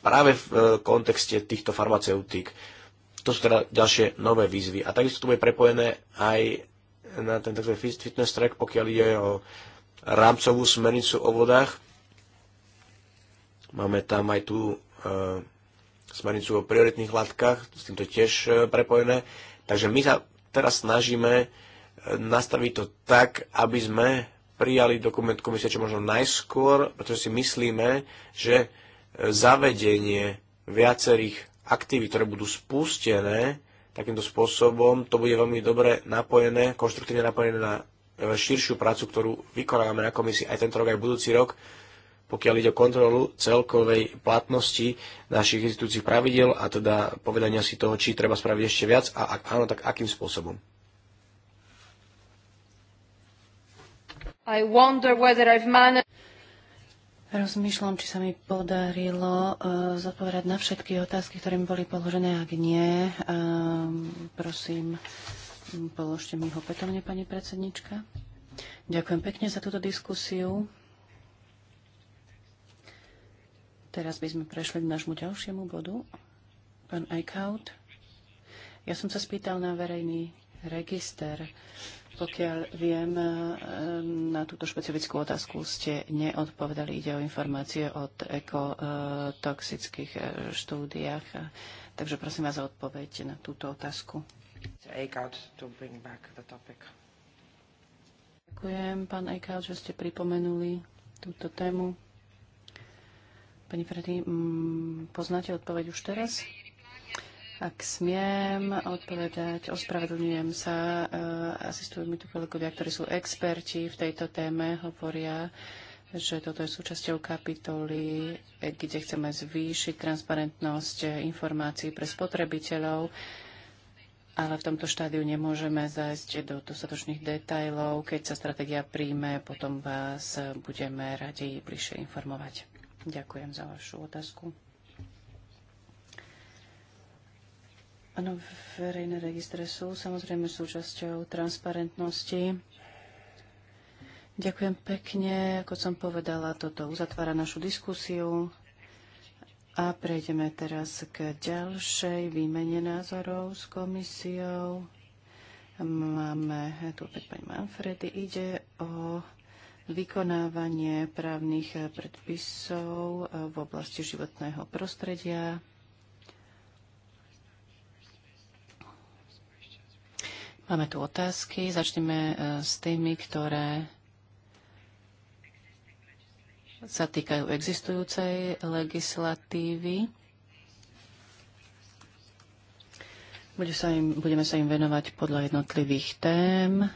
práve v e, kontexte týchto farmaceutík. To sú teda ďalšie nové výzvy. A takisto to bude prepojené aj na ten tzv. fitness track, pokiaľ ide o rámcovú smernicu o vodách. Máme tam aj tú e, smernicu o prioritných látkach, s týmto tiež prepojené. Takže my sa teraz snažíme nastaviť to tak, aby sme prijali dokument komisie čo možno najskôr, pretože si myslíme, že e, zavedenie viacerých aktivít, ktoré budú spustené takýmto spôsobom, to bude veľmi dobre napojené, konštruktívne napojené na e, širšiu prácu, ktorú vykonávame na komisii aj tento rok, aj budúci rok, pokiaľ ide o kontrolu celkovej platnosti našich institúcií pravidel a teda povedania si toho, či treba spraviť ešte viac a ak áno, tak akým spôsobom. I wonder whether I've managed... Rozmýšľam, či sa mi podarilo uh, zodpovedať na všetky otázky, ktoré mi boli položené. Ak nie, um, prosím, položte mi ho petovne, pani predsednička. Ďakujem pekne za túto diskusiu. Teraz by sme prešli k nášmu ďalšiemu bodu. Pán Eichhout, ja som sa spýtal na verejný register. Pokiaľ viem, e, na túto špecifickú otázku ste neodpovedali. Ide o informácie o ekotoxických e, štúdiách. Takže prosím vás o odpoveď na túto otázku. Ďakujem, pán Eichhout, že ste pripomenuli túto tému. Pani Freddy, poznáte odpoveď už teraz? Ak smiem odpovedať, ospravedlňujem sa. Eh, asistujú mi tu kolegovia, ktorí sú experti v tejto téme, hovoria, že toto je súčasťou kapitoly, eh, kde chceme zvýšiť transparentnosť eh, informácií pre spotrebiteľov, ale v tomto štádiu nemôžeme zajsť do dostatočných detajlov. Keď sa stratégia príjme, potom vás budeme radi bližšie informovať. Ďakujem za vašu otázku. Áno, verejné registre sú samozrejme súčasťou transparentnosti. Ďakujem pekne. Ako som povedala, toto uzatvára našu diskusiu. A prejdeme teraz k ďalšej výmene názorov s komisiou. Máme tu opäť pani Manfredy. Ide o vykonávanie právnych predpisov v oblasti životného prostredia. Máme tu otázky. Začneme e, s tými, ktoré sa týkajú existujúcej legislatívy. Bude sa im, budeme sa im venovať podľa jednotlivých tém.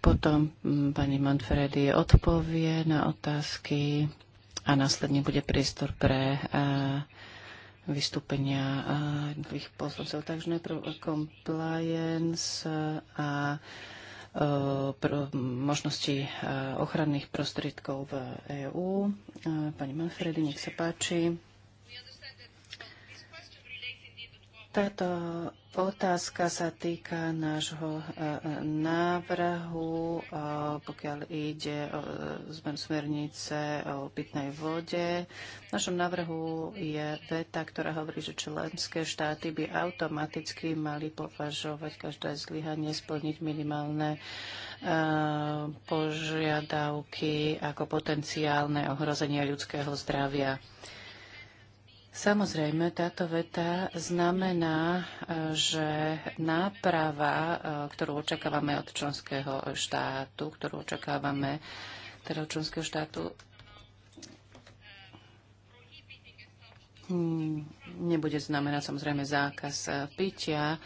Potom pani Manfredi odpovie na otázky a následne bude priestor pre uh, vystúpenia eh, jednotlivých poslancov. Takže najprv compliance a eh, možnosti eh, ochranných prostriedkov v EÚ. Pani Manfredi, nech sa páči. Táto Otázka sa týka nášho e, e, návrhu, e, pokiaľ ide o zmen smernice o pitnej vode. V našom návrhu je veta, ktorá hovorí, že členské štáty by automaticky mali považovať každé zlyhanie, splniť minimálne požiadavky ako potenciálne ohrozenie ľudského zdravia. Samozrejme, táto veta znamená, e, že náprava, e, ktorú očakávame od členského štátu, ktorú očakávame teda od členského štátu, mm, nebude znamenať samozrejme zákaz e, pitia.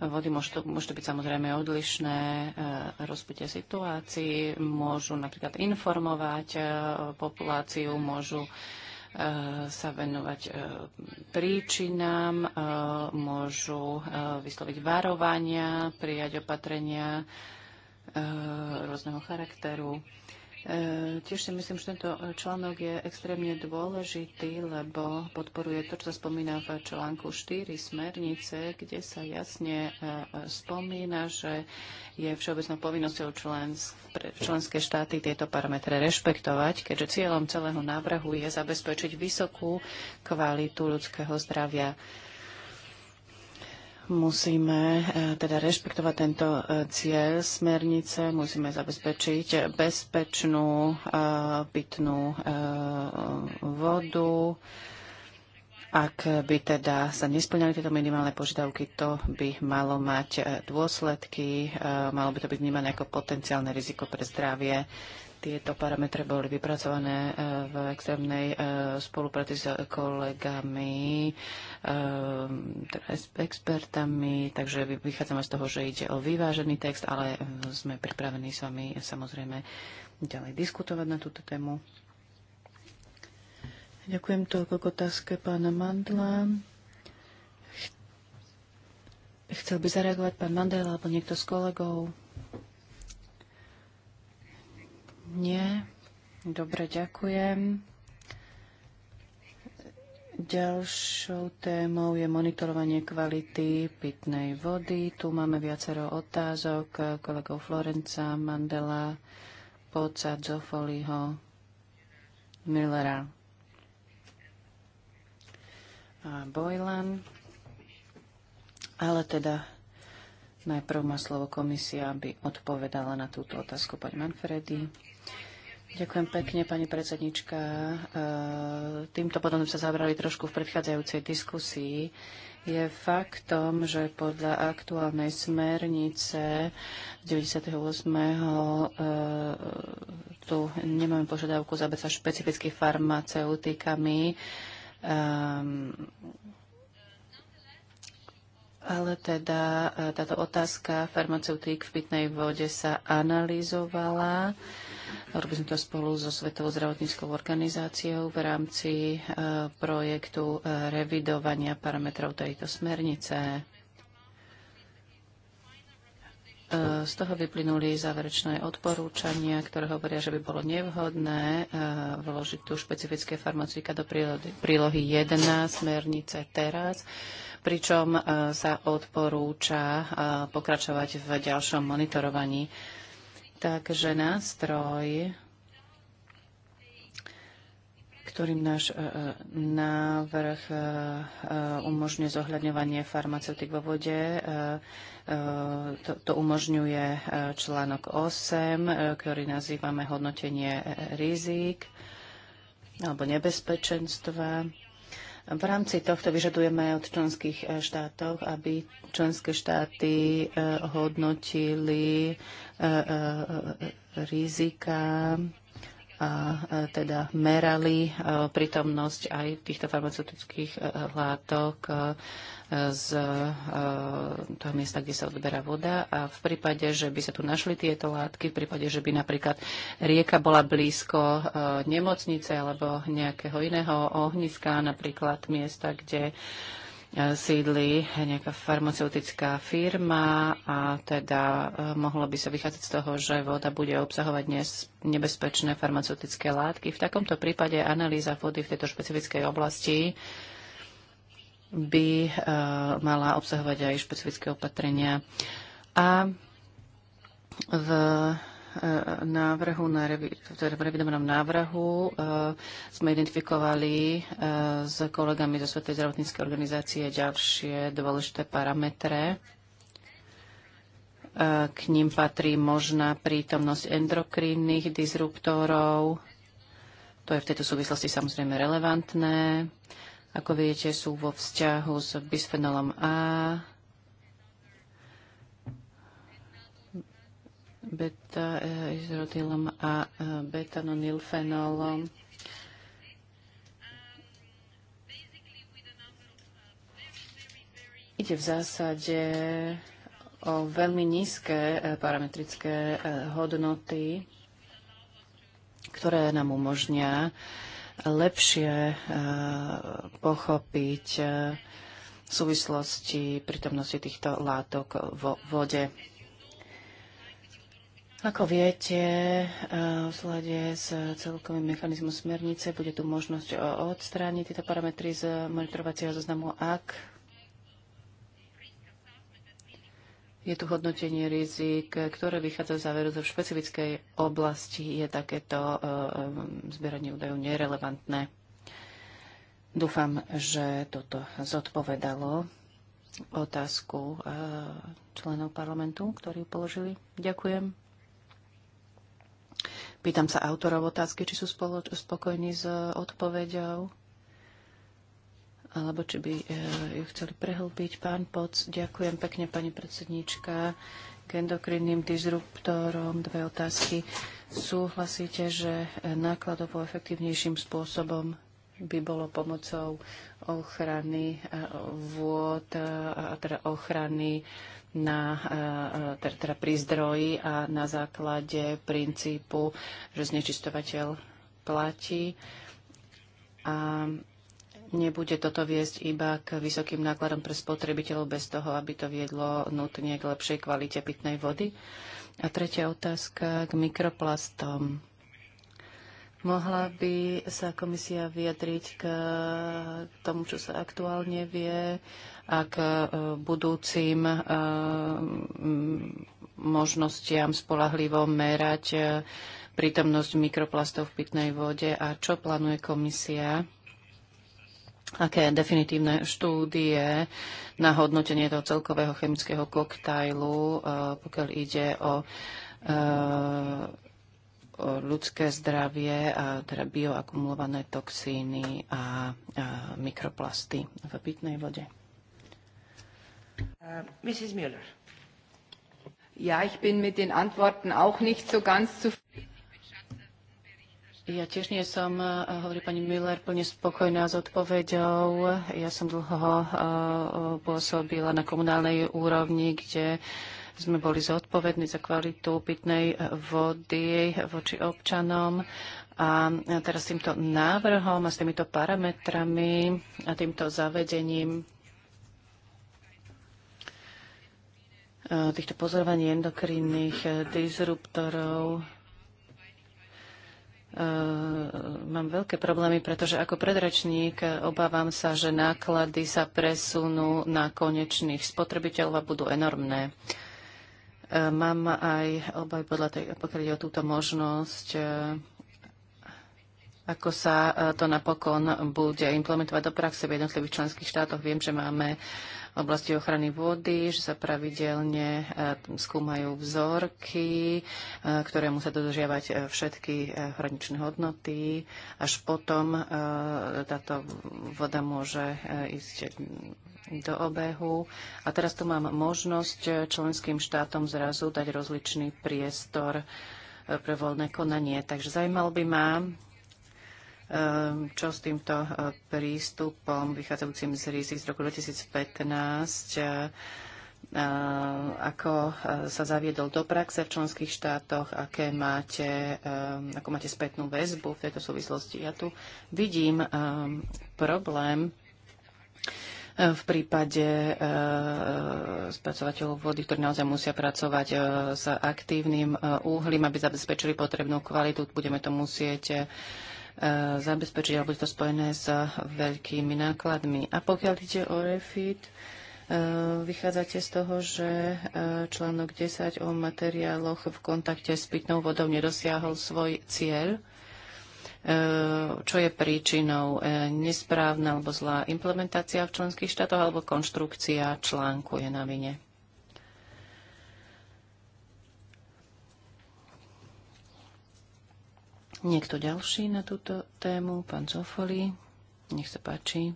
Vody môžu, to byť samozrejme odlišné, rozputie situácií, môžu napríklad informovať populáciu, môžu Eh, sa venovať eh, príčinám, eh, môžu vysloviť varovania, prijať opatrenia rôzneho charakteru. E, tiež si myslím, že tento článok je extrémne dôležitý, lebo podporuje to, čo sa spomína v článku 4 smernice, kde sa jasne e, spomína, že je všeobecnou povinnosťou pre členské štáty tieto parametre rešpektovať, keďže cieľom celého návrhu je zabezpečiť vysokú kvalitu ľudského zdravia. Musíme e, teda rešpektovať tento e, cieľ smernice, musíme zabezpečiť bezpečnú e, pitnú vodu. Ak by teda sa nesplňali tieto minimálne požiadavky, to by malo mať dôsledky, malo by to byť vnímané ako potenciálne riziko pre zdravie tieto parametre boli vypracované e, v extrémnej e, spolupráci s kolegami, e, teda expertami, takže vychádzame z toho, že ide o vyvážený text, ale sme pripravení s vami samozrejme ďalej diskutovať na túto tému. Ďakujem toľko k otázke pána Mandla. Chcel by zareagovať pán Mandel alebo niekto z kolegov? Nie. Dobre, ďakujem. Ďalšou témou je monitorovanie kvality pitnej vody. Tu máme viacero otázok kolegov Florenca, Mandela, Poca, Zofoliho, Millera a Bojlan. Ale teda najprv má slovo komisia, aby odpovedala na túto otázku pani Manfredi. Ďakujem pekne, pani predsednička. E, týmto potom sa zabrali trošku v predchádzajúcej diskusii. Je faktom, že podľa aktuálnej smernice z 98. E, tu nemáme požiadavku zabrať špecificky farmaceutikami. Ehm, ale teda e, táto otázka farmaceutík v pitnej vode sa analyzovala. Robili sme to spolu so Svetovou zdravotníckou organizáciou v rámci e, projektu e, revidovania parametrov tejto smernice. E, z toho vyplynuli záverečné odporúčania, ktoré hovoria, že by bolo nevhodné vložiť tu špecifické farmacika do prílohy 1 smernice teraz, pričom sa odporúča pokračovať v ďalšom monitorovaní. Takže nástroj, ktorým náš e, e, návrh e, umožňuje zohľadňovanie farmaceutik vo vode. To, umožňuje článok 8, ktorý nazývame hodnotenie rizik alebo nebezpečenstva. V rámci tohto vyžadujeme od členských e, štátov, aby členské štáty e, hodnotili e, rizika teda merali prítomnosť aj týchto farmaceutických e, látok e, z e, toho miesta, kde sa odberá voda. A v prípade, že by sa tu našli tieto látky, v prípade, že by napríklad rieka bola blízko nemocnice alebo nejakého iného ohniska, napríklad miesta, kde sídli nejaká farmaceutická firma a teda e, mohlo by sa vychádzať z toho, že voda bude obsahovať dnes nebezpečné farmaceutické látky. V takomto prípade analýza vody v tejto špecifickej oblasti by e, mala obsahovať aj špecifické opatrenia. A v E, návrhu, na revi- teda v revidovanom návrhu e, sme identifikovali e, s kolegami zo Svetej zdravotníckej organizácie ďalšie dôležité parametre. K ním patrí možná prítomnosť endokrinných disruptorov. To je v tejto súvislosti samozrejme relevantné. Ako viete, sú vo vzťahu s bisfenolom A, beta-izrodilom eh, a eh, betanonilfenolom. Ide v zásade o veľmi nízke eh, parametrické hodnoty, ktoré nám umožnia lepšie pochopiť súvislosti prítomnosti týchto látok vo vode. Ako viete, eh, v slade s celkovým mechanizmom smernice bude tu možnosť eh, odstrániť tieto parametry z monitorovacieho zoznamu, ak je tu hodnotenie rizik, ktoré vychádza z záveru zo špecifickej oblasti, je takéto eh, zbieranie údajov nerelevantné. Dúfam, že toto zodpovedalo otázku členov parlamentu, ktorí položili. Ďakujem. Pýtam sa autorov otázky, či sú spokojní s e, odpoveďou, alebo či by e, ju chceli prehlbiť. Pán Poc, ďakujem pekne, pani predsedníčka k endokrinným disruptorom. Dve otázky. Súhlasíte, že e, nákladovo efektívnejším spôsobom by bolo pomocou ochrany e, vôd a e, teda ochrany na, e, teda, teda pri zdroji a na základe princípu, že znečistovateľ platí. A nebude toto viesť iba k vysokým nákladom pre spotrebiteľov bez toho, aby to viedlo nutne k lepšej kvalite pitnej vody? A tretia otázka k mikroplastom. Mohla by sa komisia vyjadriť k eh, tomu, čo sa aktuálne vie a k eh, budúcim eh, možnostiam spolahlivo merať prítomnosť mikroplastov v pitnej vode a čo plánuje komisia? Aké definitívne štúdie na hodnotenie toho celkového chemického koktajlu, pokiaľ ide o ľudské zdravie, a teda bioakumulované toxíny a, mikroplasty v pitnej vode. Äh, Mrs. Müller. Ja, ich bin mit den Antworten auch nicht so ganz zufrieden. Ja tiež nie som, e, hovorí pani Miller, plne spokojná s odpoveďou. Ja som dlho e, pôsobila na komunálnej úrovni, kde uh, sme boli zodpovední za kvalitu pitnej vody voči občanom. A teraz s týmto návrhom a s týmito parametrami a týmto zavedením e, týchto pozorovaní endokrinných disruptorov e, mám veľké problémy, pretože ako predračník e, obávam sa, že náklady sa presunú na konečných spotrebiteľov a budú enormné. Mám aj obaj podľa tej, pokiaľ o túto možnosť, e, ako sa e, to napokon bude implementovať do praxe v jednotlivých členských štátoch. Viem, že máme oblasti ochrany vody, že sa pravidelne e, skúmajú vzorky, ktoré musia dodržiavať všetky hraničné hodnoty. Až potom táto voda môže ísť do obehu. A teraz tu mám možnosť členským štátom zrazu dať rozličný priestor eh, pre voľné konanie. Takže zaujímal by ma, eh, čo s týmto eh, prístupom vychádzajúcim z rizik z roku 2015, ako sa zaviedol do praxe v členských štátoch, aké máte, ako máte spätnú väzbu v tejto súvislosti. Ja tu vidím problém, v prípade eh, spracovateľov vody, ktorí naozaj musia pracovať eh, s aktívnym eh, uhlím, aby zabezpečili potrebnú kvalitu. Budeme to musieť zabezpečiť, ale bude to spojené s veľkými nákladmi. A pokiaľ ide o refit, vychádzate z toho, že článok 10 o materiáloch v kontakte s pitnou vodou nedosiahol svoj cieľ. E, čo je príčinou e, nesprávna alebo zlá implementácia v členských štátoch alebo konštrukcia článku je na vine. Niekto ďalší na túto tému? Pán Zofoli, nech sa páči.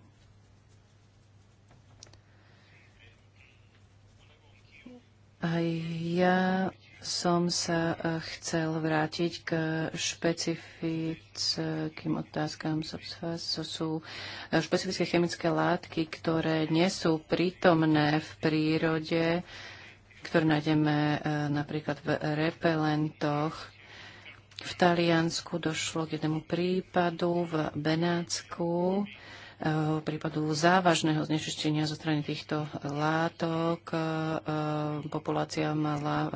Aj ja som sa e, chcel vrátiť k špecifickým otázkam To sú e, špecifické chemické látky, ktoré nie sú prítomné v prírode, ktoré nájdeme e, napríklad v repelentoch. V Taliansku došlo k jednému prípadu v Benátsku, prípadu závažného znečistenia zo strany týchto látok. Populácia mala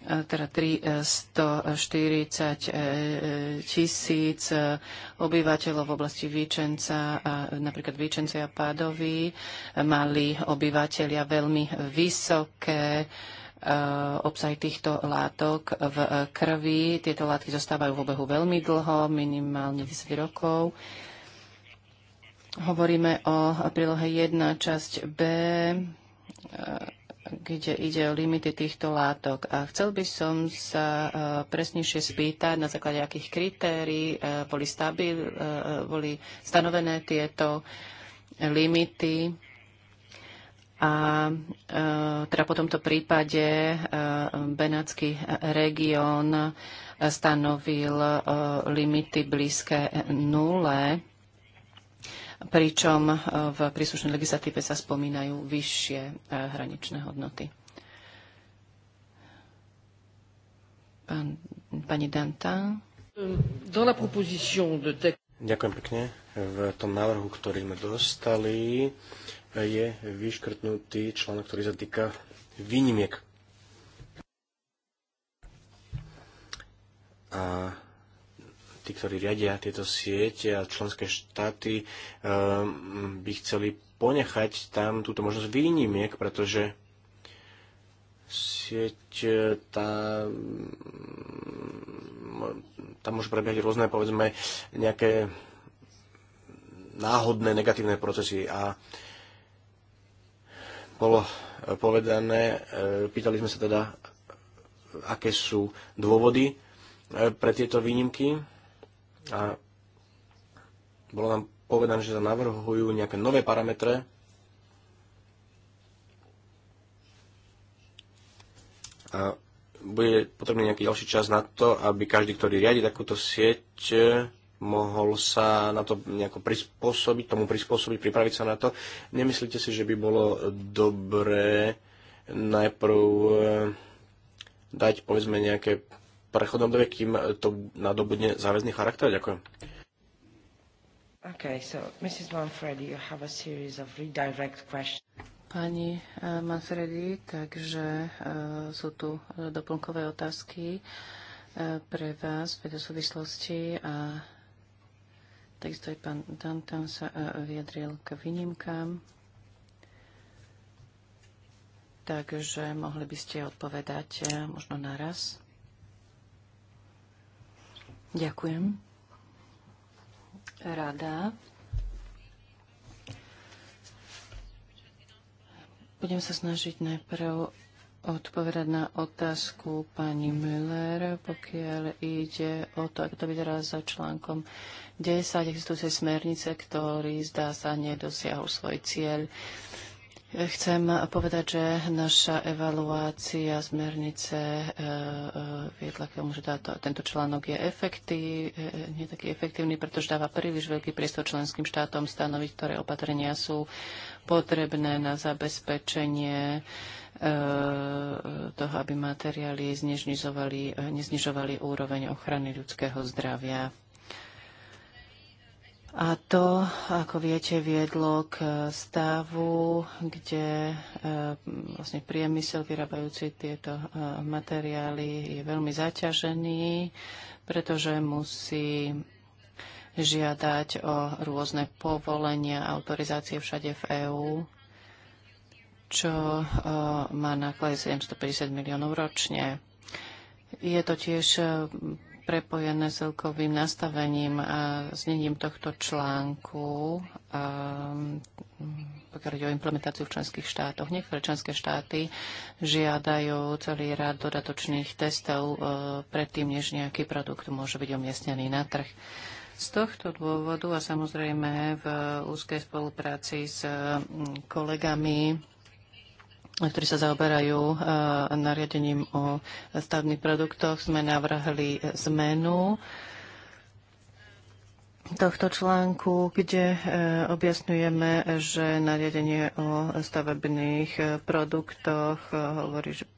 E, teda 340 e, e, tisíc obyvateľov v oblasti Výčenca, napríklad Výčenci a Pádovi, mali obyvateľia veľmi vysoké obsahy týchto látok v krvi. Tieto látky zostávajú v obehu veľmi dlho, minimálne 10 rokov. Hovoríme o prílohe 1, časť B, kde ide o limity týchto látok. A chcel by som sa e, presnejšie spýtať, na základe akých kritérií e, boli, stabil, e, boli stanovené tieto limity. A teda po tomto prípade Benátsky región stanovil limity blízke nule pričom eh, v príslušnej legislatíve sa spomínajú vyššie eh, hraničné hodnoty. Pán, pani Danta. Ďakujem pekne. V tom návrhu, ktorý sme dostali, je vyškrtnutý článok, ktorý sa týka výnimiek. A tí, ktorí riadia tieto siete a členské štáty eh, by chceli ponechať tam túto možnosť výnimiek, pretože sieť eh, tá, mm, tam môžu prebiehať rôzne, povedzme, nejaké náhodné negatívne procesy a bolo eh, povedané, pýtali sme sa teda, aké sú dôvody pre tieto výnimky a bolo nám povedané, že sa navrhujú nejaké nové parametre, a bude potrebný nejaký ďalší čas na to, aby každý, ktorý riadi takúto sieť, mohol sa na to nejako prispôsobiť, tomu prispôsobiť, pripraviť sa na to. Nemyslíte si, že by bolo dobré najprv eh, dať povedzme nejaké prechodom dobe, kým to nadobudne záväzný charakter? Ďakujem. Okay, so Mrs. Manfredi, you have a series of redirect questions. Pani eh, Manfredi, takže eh, sú tu doplnkové otázky eh, pre vás v súvislosti a takisto aj pán Dantan sa vyjadril k výnimkám. Takže mohli by ste odpovedať možno naraz. Ďakujem. Rada. Budem sa snažiť najprv odpovedať na otázku pani Müller, pokiaľ ide o to, ako to vyzerá za článkom 10 existujúcej smernice, ktorý zdá sa nedosiahol svoj cieľ. Uh, Chcem povedať, že naša evaluácia smernice e, e, viedla k tomu, že táto, tento článok je efektívny, e, nie taký efektívny, pretože dáva príliš veľký priestor členským štátom stanoviť, ktoré opatrenia sú potrebné na zabezpečenie toho, aby materiály neznižovali úroveň ochrany ľudského zdravia. A to, ako viete, viedlo k stavu, kde e, vlastne priemysel vyrábajúci tieto e, materiály je veľmi zaťažený, pretože musí žiadať o rôzne povolenia, autorizácie všade v EÚ, čo e, má náklady 750 miliónov ročne. Je to tiež prepojené s celkovým nastavením a znením tohto článku, ehm, pokiaľ ide o implementáciu v členských štátoch. Niektoré členské štáty žiadajú celý rád dodatočných testov eh, predtým, než nejaký produkt môže byť umiestnený na trh. Z tohto dôvodu a samozrejme v úzkej spolupráci s mm, kolegami ktorí sa zaoberajú e, nariadením o stavných produktoch, sme navrhli zmenu tohto článku, kde e, objasňujeme, že nariadenie o stavebných e, produktoch hovorí, že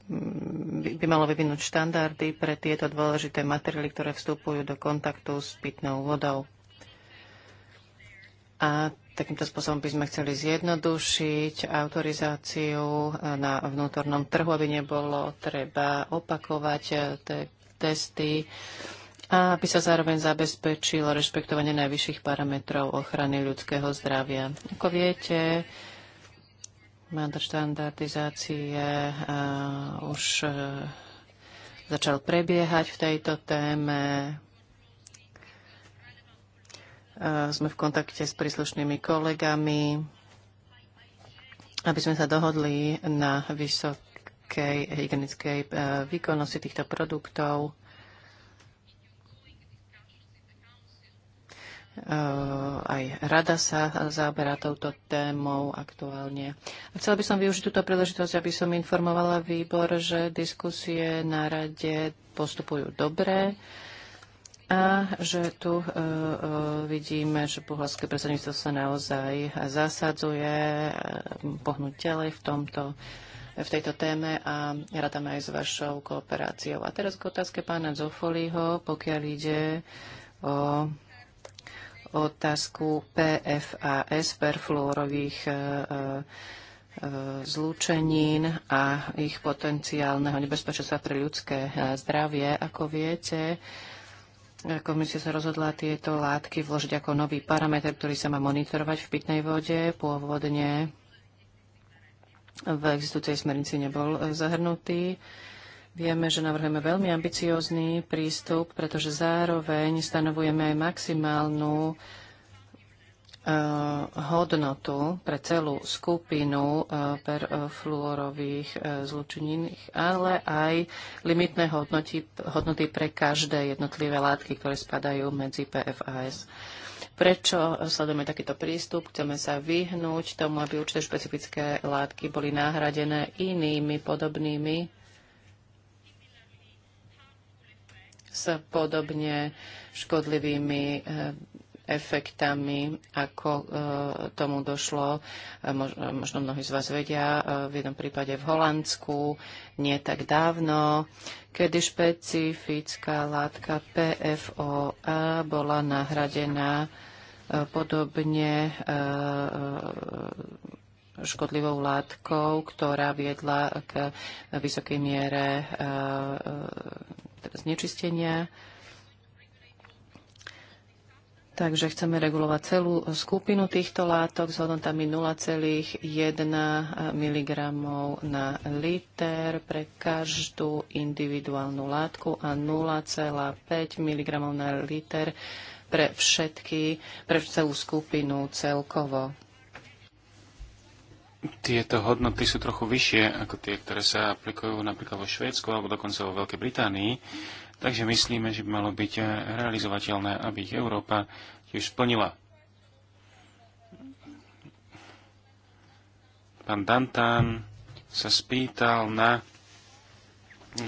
by malo vyvinúť štandardy pre tieto dôležité materiály, ktoré vstupujú do kontaktu s pitnou vodou. A takýmto spôsobom by sme chceli zjednodušiť autorizáciu na vnútornom trhu, aby nebolo treba opakovať eh, te testy a aby sa zároveň zabezpečilo rešpektovanie najvyšších parametrov ochrany ľudského zdravia. Ako viete, mandat štandardizácie eh, už eh, začal prebiehať v tejto téme. Eh, sme v kontakte s príslušnými kolegami, aby sme sa dohodli na vysokej hygienickej eh, výkonnosti týchto produktov. Eh, aj rada sa zaoberá touto témou aktuálne. chcela by som využiť túto príležitosť, aby som informovala výbor, že diskusie na rade postupujú dobre a že tu uh, e, uh, e, vidíme, že bulharské predsedníctvo sa naozaj zasadzuje, e, pohnúť ďalej v tomto v tejto téme a radáme aj s vašou kooperáciou. A teraz k otázke pána Zofoliho, pokiaľ ide o otázku PFAS, perfluorových e, zlúčenín a ich potenciálneho nebezpečenstva pre ľudské zdravie. Ako viete, Komisia sa rozhodla tieto látky vložiť ako nový parameter, ktorý sa má monitorovať v pitnej vode. Pôvodne v existujúcej smernici nebol e, zahrnutý. Vieme, že navrhujeme veľmi ambiciózny prístup, pretože zároveň stanovujeme aj maximálnu Eh, hodnotu pre celú skupinu eh, perfluorových eh, zlučenín, ale aj limitné hodnoty, hodnoty pre každé jednotlivé látky, ktoré spadajú medzi PFAS. Prečo sledujeme takýto prístup? Chceme sa vyhnúť tomu, aby určité špecifické látky boli nahradené inými podobnými s podobne škodlivými efektami, ako e, tomu došlo. E, e, možno mnohí z vás vedia, v jednom prípade v Holandsku, nie tak dávno, kedy špecifická látka PFOA bola nahradená podobne škodlivou látkou, ktorá viedla k vysokej miere teda znečistenia. Takže chceme regulovať celú skupinu týchto látok s hodnotami 0,1 mg na liter pre každú individuálnu látku a 0,5 mg na liter pre všetky, pre celú skupinu celkovo. Tieto hodnoty sú trochu vyššie ako tie, ktoré sa aplikujú napríklad vo Švédsku alebo dokonca vo Veľkej Británii Takže myslíme, že by malo byť eh, realizovateľné, aby ich Európa tiež splnila. Pán Dantán sa spýtal na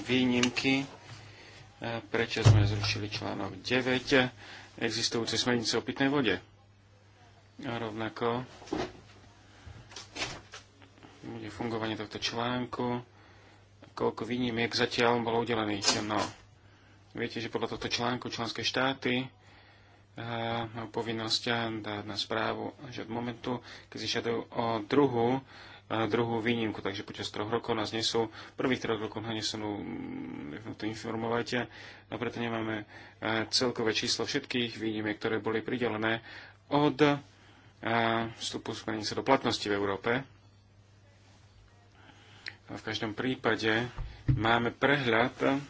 výnimky, eh, prečo sme zrušili článok 9 eh, existujúce smernice o pitnej vode. A rovnako bude fungovanie tohto článku, koľko výnimiek zatiaľ bolo udelených. No, Viete, že podľa tohto článku členské štáty uh, povinnosť dať na správu, že od momentu, keď si žiadajú o druhú, eh, druhú výnimku, takže počas troch rokov nás nesú, prvých troch rokov nás nesú, mm, to informovajte, a preto nemáme eh, celkové číslo všetkých výnimiek, ktoré boli pridelené od vstupu smernice do platnosti v Európe. A v každom prípade máme prehľad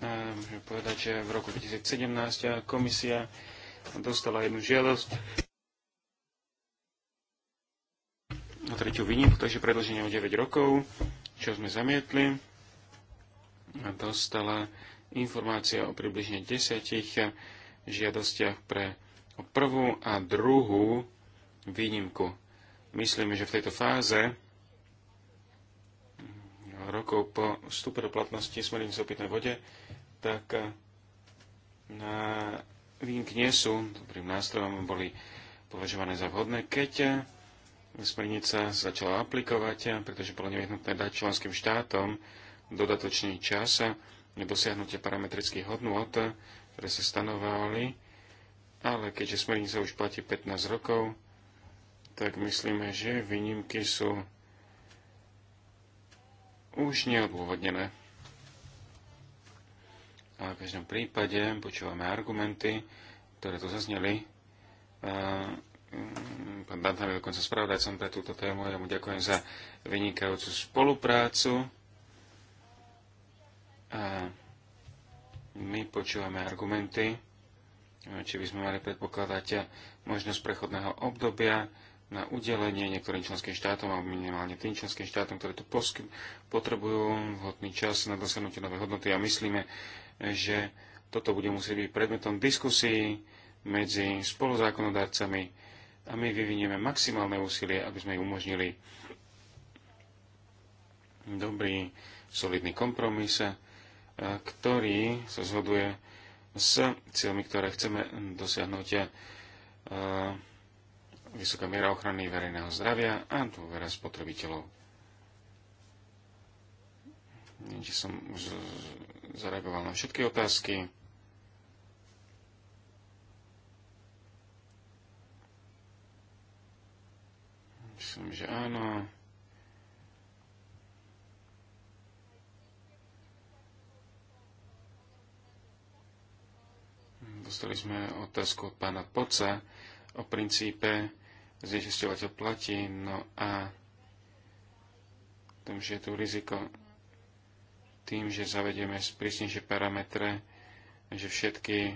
Môžem povedať, že v roku 2017 komisia dostala jednu žiadosť na tretiu výnimku, takže predlženie o 9 rokov, čo sme zamietli. A dostala informácia o približne 10 žiadostiach pre prvú a druhú výnimku. Myslíme, že v tejto fáze rokov po vstupe do platnosti smernice o pitnej vode tak eh, na výnimky nie sú dobrým nástrojom, boli považované za vhodné, keď eh, smernica začala aplikovať, eh, pretože bolo nevyhnutné dať členským štátom dodatočný čas na dosiahnutie parametrických hodnôt, ktoré sa stanovali, ale keďže smernica už platí 15 rokov, tak myslíme, že výnimky sú už neodôvodnené v každom prípade počúvame argumenty, ktoré tu zazneli. Mm, pán Dantan je dokonca spravodajcom pre túto tému. Ja mu ďakujem za vynikajúcu spoluprácu. A my počúvame argumenty, či by sme mali predpokladať možnosť prechodného obdobia na udelenie niektorým členským štátom alebo minimálne tým členským štátom, ktoré to potrebujú vhodný čas na dosiahnutie novej hodnoty a myslíme, že toto bude musieť byť predmetom diskusí medzi spoluzákonodarcami a my vyvinieme maximálne úsilie, aby sme umožnili dobrý, solidný kompromis, eh, ktorý sa zhoduje s cieľmi, ktoré chceme dosiahnuť eh, vysoká miera ochrany verejného zdravia a dôvera spotrebiteľov. Neviem, či som už zareagoval na všetky otázky. Myslím, že áno. Dostali sme otázku od pána Poca o princípe zvyšťovateľ platí, no a tom, že je tu riziko tým, že zavedieme sprísnejšie parametre, že všetky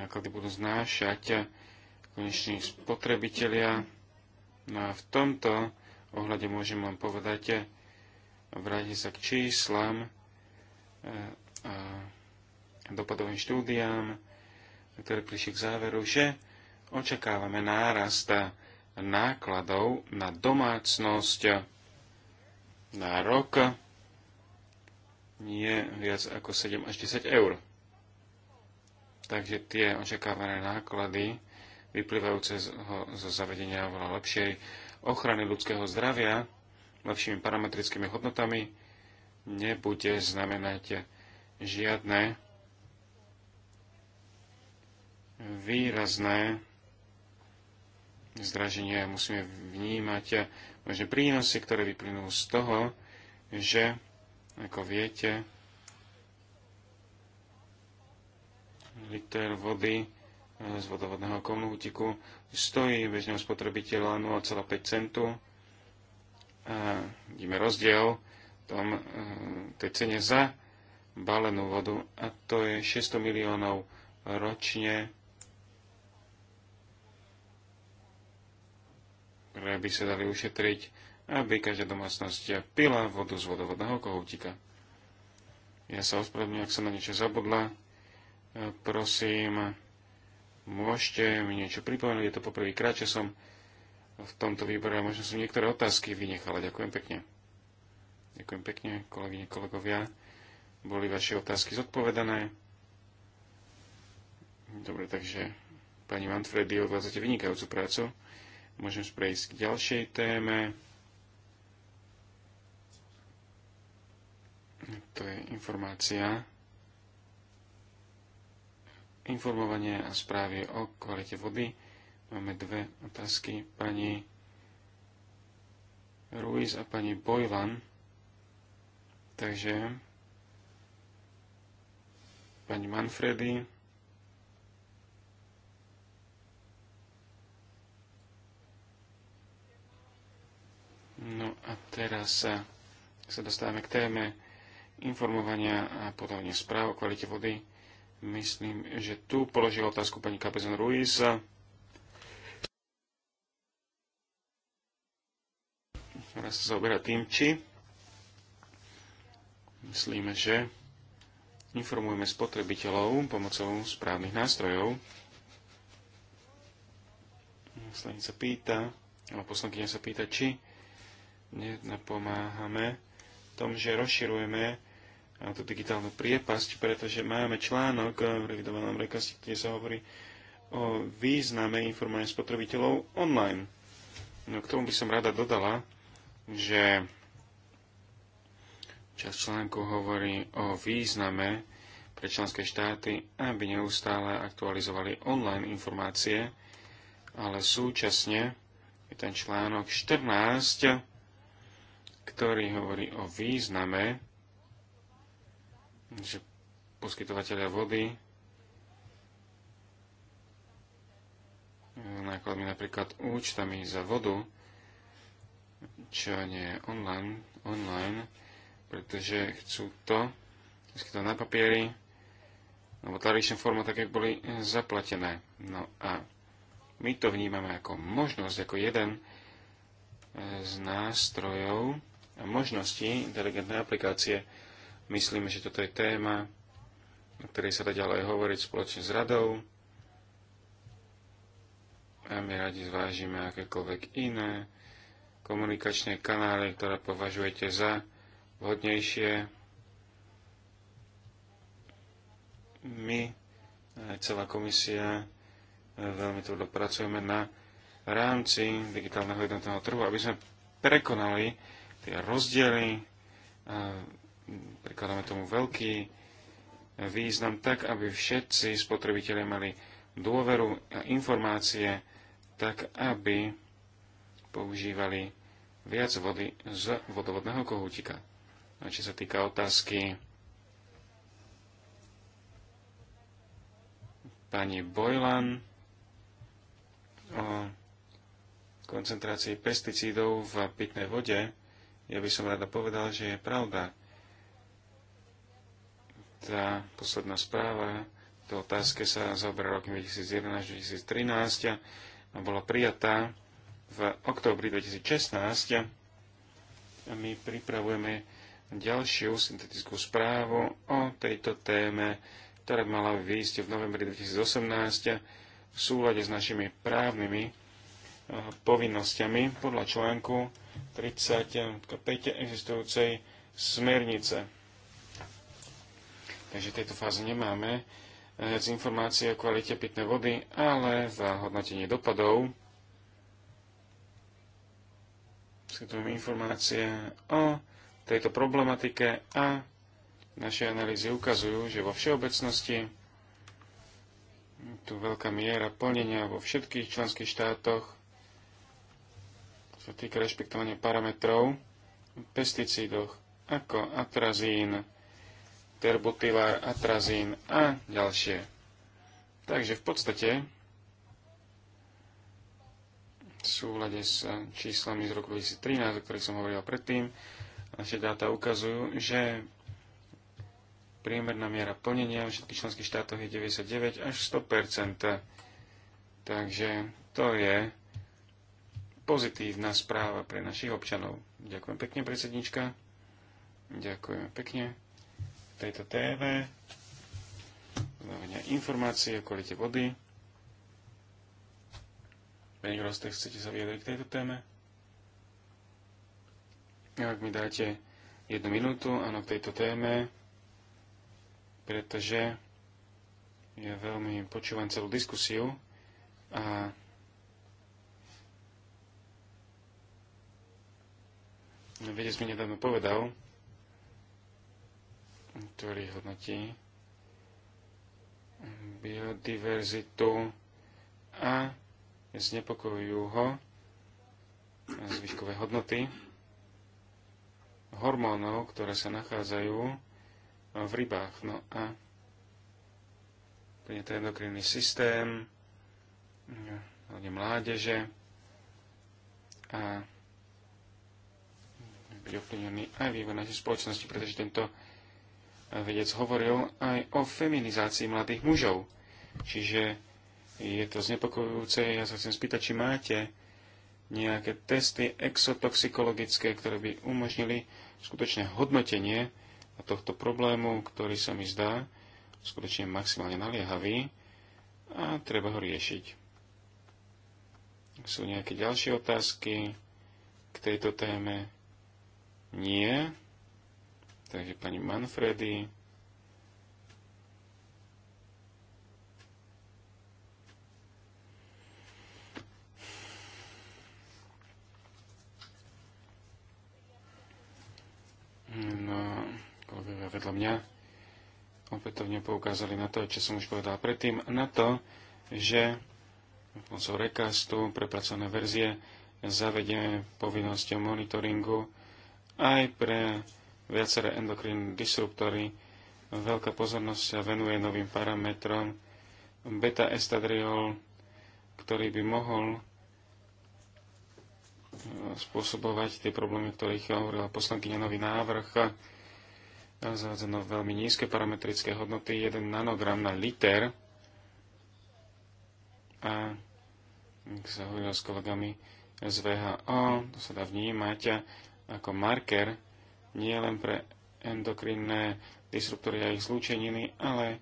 náklady budú znášať koneční spotrebitelia. No a v tomto ohľade môžem vám povedať, vrátim sa k číslam eh, a dopadovým štúdiám, ktoré prišli k záveru, že očakávame nárast nákladov na domácnosť na rok nie viac ako 7 až 10 eur. Takže tie očakávané náklady vyplývajúce zo zavedenia oveľa lepšej ochrany ľudského zdravia lepšími parametrickými hodnotami nebude znamenať žiadne výrazné zdraženie. Musíme vnímať možné prínosy, ktoré vyplynú z toho, že ako viete, liter vody eh, z vodovodného komútiku stojí bežného spotrebiteľa 0,5 centu. A vidíme rozdiel tom, eh, tej cene za balenú vodu a to je 600 miliónov ročne ktoré by sa dali ušetriť aby každá domácnosť pila vodu z vodovodného kohútika. Ja sa ospravedlňujem, ak som na niečo zabudla. E, prosím, môžete mi niečo pripomenúť. Je to krát, čo som v tomto výbore možno som niektoré otázky vynechala. Ďakujem pekne. Ďakujem pekne, kolegyne, kolegovia. Boli vaše otázky zodpovedané. Dobre, takže pani Manfredi odvádzate vynikajúcu prácu. Môžem sprejsť k ďalšej téme. to je informácia, informovanie a správy o kvalite vody. Máme dve otázky. Pani Ruiz a pani Bojlan. Takže pani Manfredy. No a teraz sa, sa dostávame k téme informovania a podávania správ o kvalite vody. Myslím, že tu položila otázku pani Kapezon Ruiz. Teraz sa zaoberá tým, či myslíme, že informujeme spotrebiteľov pomocou správnych nástrojov. Poslanec sa pýta, alebo poslankyňa sa pýta, či nepomáhame tom, že rozširujeme tú digitálnu priepasť, pretože máme článok v revidovanom rekasti, kde sa hovorí o význame informovania spotrebiteľov online. No, k tomu by som rada dodala, že časť článku hovorí o význame pre členské štáty, aby neustále aktualizovali online informácie, ale súčasne je ten článok 14, ktorý hovorí o význame, že poskytovateľia vody nákladmi napríklad účtami za vodu, čo nie je online, online pretože chcú to, to na papieri, alebo tradičná forma, tak jak boli zaplatené. No a my to vnímame ako možnosť, ako jeden z nástrojov, možnosti inteligentnej aplikácie. Myslíme, že toto je téma, o ktorej sa dá ďalej hovoriť spoločne s radou. A my radi zvážime akékoľvek iné komunikačné kanály, ktoré považujete za vhodnejšie. My, celá komisia, e, veľmi tvrdo pracujeme na rámci digitálneho jednotného trhu, aby sme prekonali tie rozdiely, prikladáme tomu veľký e, význam tak, aby všetci spotrebitelia mali dôveru a informácie, tak aby používali viac vody z vodovodného kohútika. A čo sa týka otázky pani Bojlan o koncentrácii pesticídov v pitnej vode, ja by som rada povedal, že je pravda. Tá posledná správa do otázke sa zaoberá rokom 2011-2013 a bola prijatá v októbri 2016 a my pripravujeme ďalšiu syntetickú správu o tejto téme, ktorá mala výjsť v novembri 2018 v súlade s našimi právnymi eh, povinnosťami podľa článku 35 existujúcej smernice. Takže v tejto fáze nemáme z eh, informácie o kvalite pitnej vody, ale za hodnotenie dopadov poskytujeme informácie o tejto problematike a naše analýzy ukazujú, že vo všeobecnosti tu veľká miera plnenia vo všetkých členských štátoch sa týka rešpektovania parametrov v pesticídoch ako atrazín, terbutilár, atrazín a ďalšie. Takže v podstate v súhľade s číslami z roku 2013, o ktorých som hovoril predtým, naše dáta ukazujú, že priemerná miera plnenia v všetkých členských štátoch je 99 až 100 Takže to je pozitívna správa pre našich občanov. Ďakujem pekne, predsednička. Ďakujem pekne v tejto téme. Znamenia informácie o kvalite vody. Pani Groste, chcete sa vyjadriť k tejto téme? Ak mi dáte jednu minútu, áno, k tejto téme, pretože ja veľmi počúvam celú diskusiu a No, Vedec mi nedávno povedal, ktorý hodnotí biodiverzitu a znepokojujú ho zvyškové hodnoty hormónov, ktoré sa nachádzajú v rybách. No a je to endokrinný systém, hodne mládeže a byť ovplyvnený aj vývoj našej spoločnosti, pretože tento eh, vedec hovoril aj o feminizácii mladých mužov. Čiže je to znepokojujúce. Ja sa chcem spýtať, či máte nejaké testy exotoxikologické, ktoré by umožnili skutočné hodnotenie tohto problému, ktorý sa mi zdá skutočne maximálne naliehavý a treba ho riešiť. Sú nejaké ďalšie otázky k tejto téme? Nie. Takže pani Manfredy. No, kolegovia vedľa mňa opätovne poukázali na to, čo som už povedal predtým, na to, že pomocou rekastu prepracované verzie zavedieme povinnosť monitoringu aj pre viaceré endokrinné disruptory. Veľká pozornosť sa venuje novým parametrom beta-estadriol, ktorý by mohol e, spôsobovať tie problémy, o ktorých hovorila poslankyňa nový návrh. Zavádzano veľmi nízke parametrické hodnoty, 1 nanogram na liter. A ak sa hovorila s kolegami z VHO, to sa dá vnímať ako marker nie len pre endokrinné disruptory a ich zlúčeniny, ale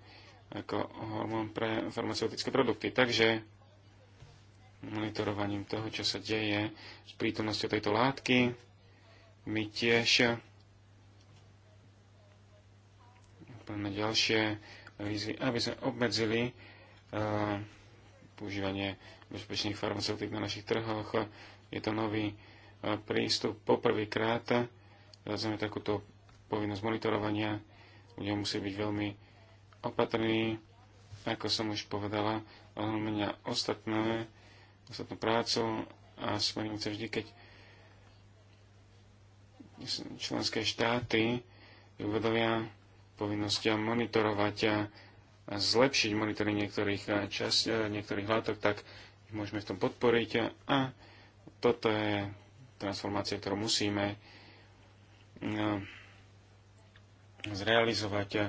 ako hormón pre farmaceutické produkty. Takže monitorovaním toho, čo sa deje s prítomnosťou tejto látky, my tiež na ďalšie výzvy, aby sme obmedzili uh, používanie bezpečných farmaceutík na našich trhoch. Je to nový prístup poprvýkrát. Zazneme takúto povinnosť monitorovania. Ľudia musí byť veľmi opatrní. Ako som už povedala, ale mňa ostatné, ostatnú prácu a smernice vždy, keď členské štáty uvedovia povinnosť monitorovať a, zlepšiť monitory niektorých, eh, časť, eh, niektorých látok, tak môžeme v tom podporiť. a toto je transformácie, ktorú musíme no, zrealizovať eh,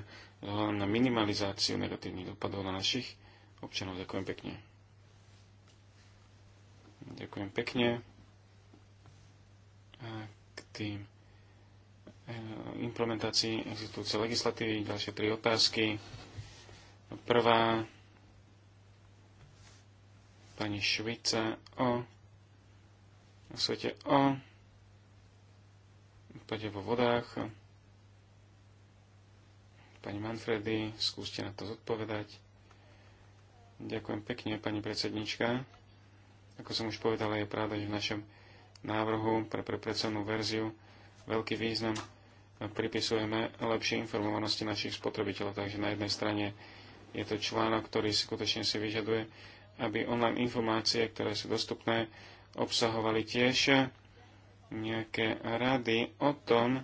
na minimalizáciu negatívnych dopadov na našich občanov. Ďakujem pekne. Ďakujem pekne. k tým eh, implementácii existujúcej legislatívy ďalšie tri otázky. Prvá pani Švica o na svete o odpade vo vodách. Pani Manfredy, skúste na to zodpovedať. Ďakujem pekne, pani predsednička. Ako som už povedala, je pravda, že v našom návrhu pre prepracovanú verziu veľký význam pripisujeme lepšie informovanosti našich spotrebiteľov. Takže na jednej strane je to článok, ktorý skutočne si vyžaduje, aby online informácie, ktoré sú dostupné, obsahovali tiež nejaké rady o tom,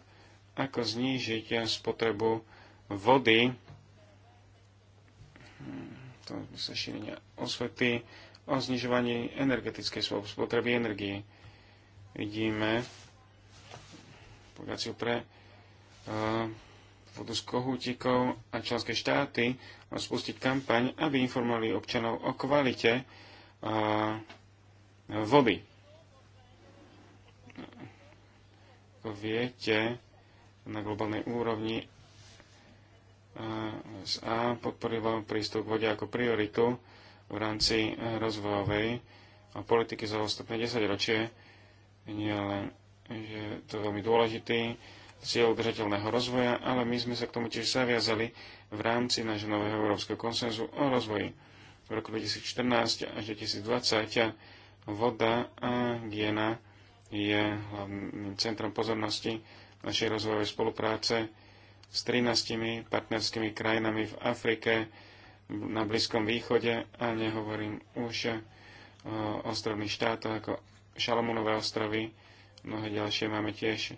ako znížiť spotrebu vody, to sa šírenia osvety, o znižovaní energetickej spotreby energii. Vidíme publikáciu pre uh, vodu z kohútikov a členské štáty spustiť kampaň, aby informovali občanov o kvalite uh, vody. Ako viete, na globálnej úrovni USA eh, podporilo prístup k vode ako prioritu v rámci eh, rozvojovej a politiky za ostatné 10 ročie. Nie len, že to je veľmi dôležitý cieľ udržateľného rozvoja, ale my sme sa k tomu tiež zaviazali v rámci nášho nového európskeho konsenzu o rozvoji. V roku 2014 až 2020 voda a hygiena je hlavným centrom pozornosti našej rozvojovej spolupráce s 13 partnerskými krajinami v Afrike, na Blízkom východe a nehovorím už o ostrovných štátoch ako Šalamúnové ostrovy. Mnohé ďalšie máme tiež e,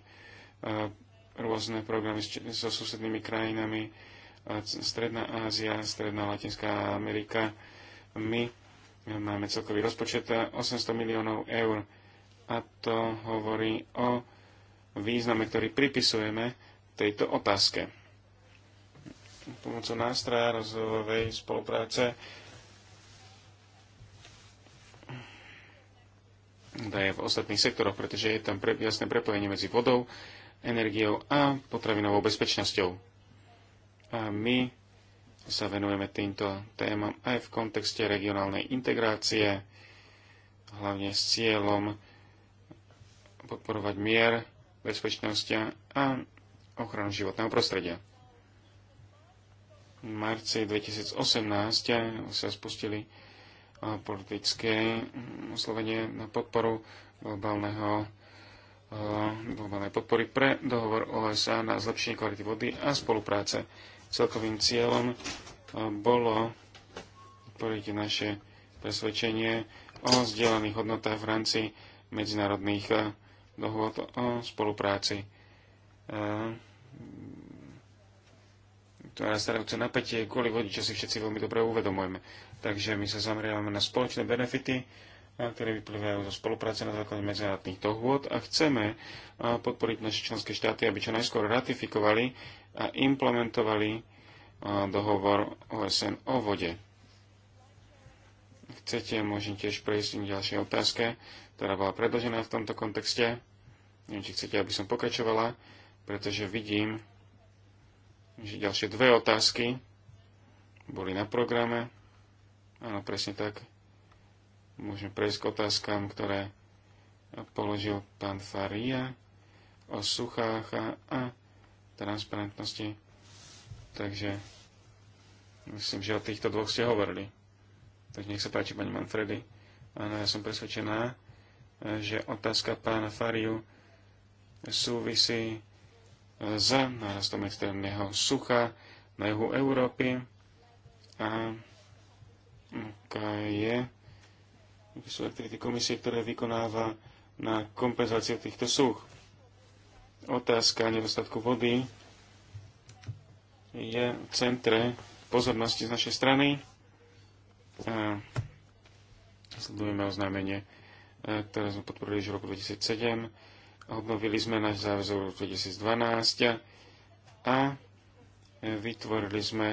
rôzne programy so susednými krajinami, e, Stredná Ázia, Stredná Latinská Amerika. My máme celkový rozpočet 800 eh, miliónov eur a to hovorí o význame, ktorý pripisujeme tejto otázke. Pomocou nástroja rozvojovej spolupráce je v ostatných sektoroch, pretože je tam pre, jasné prepojenie medzi vodou, energiou a potravinovou bezpečnosťou. A my sa venujeme týmto témam aj v kontexte regionálnej integrácie, hlavne s cieľom podporovať mier, bezpečnosť a ochranu životného prostredia. V marci 2018 sa spustili politické mm, oslovenie na podporu globálneho globálnej podpory pre dohovor OSA na zlepšenie kvality vody a spolupráce celkovým cieľom e, bolo podporiť naše presvedčenie o zdieľaných hodnotách v rámci medzinárodných e, dohôd o spolupráci. E, to narastajúce napätie kvôli vodiču si všetci veľmi dobre uvedomujeme. Takže my sa zameriavame na spoločné benefity, ktoré vyplývajú zo spolupráce na základe medzinárodných dohôd a chceme podporiť naše členské štáty, aby čo najskôr ratifikovali a implementovali dohovor OSN o vode. Chcete, môžem tiež prejsť k ďalšej otázke, ktorá bola predložená v tomto kontexte. Neviem, či chcete, aby som pokračovala, pretože vidím, že ďalšie dve otázky boli na programe. Áno, presne tak môžeme prejsť k otázkam, ktoré položil pán Faria o suchách a transparentnosti. Takže myslím, že o týchto dvoch ste hovorili. Takže nech sa páči, pani Manfredy. Áno, ja som presvedčená, že otázka pána Fariu súvisí s nárastom extrémneho sucha na juhu Európy a je aké sú aktivity komisie, ktoré vykonáva na kompenzáciu týchto súch. Otázka nedostatku vody je v centre pozornosti z našej strany. A sledujeme oznámenie, e, ktoré sme podporili už v roku 2007. Obnovili sme náš záväzok v roku 2012 a vytvorili sme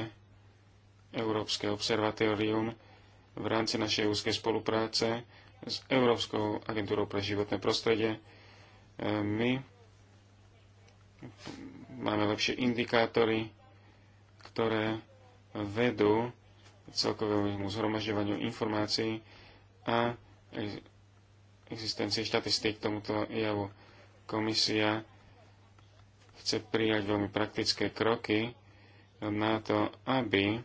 Európske observatórium v rámci našej úzkej spolupráce s Európskou agentúrou pre životné prostredie. E, my máme lepšie indikátory, ktoré vedú celkovému zhromažďovaniu informácií a existencie štatistík k tomuto javu. Komisia chce prijať veľmi praktické kroky na to, aby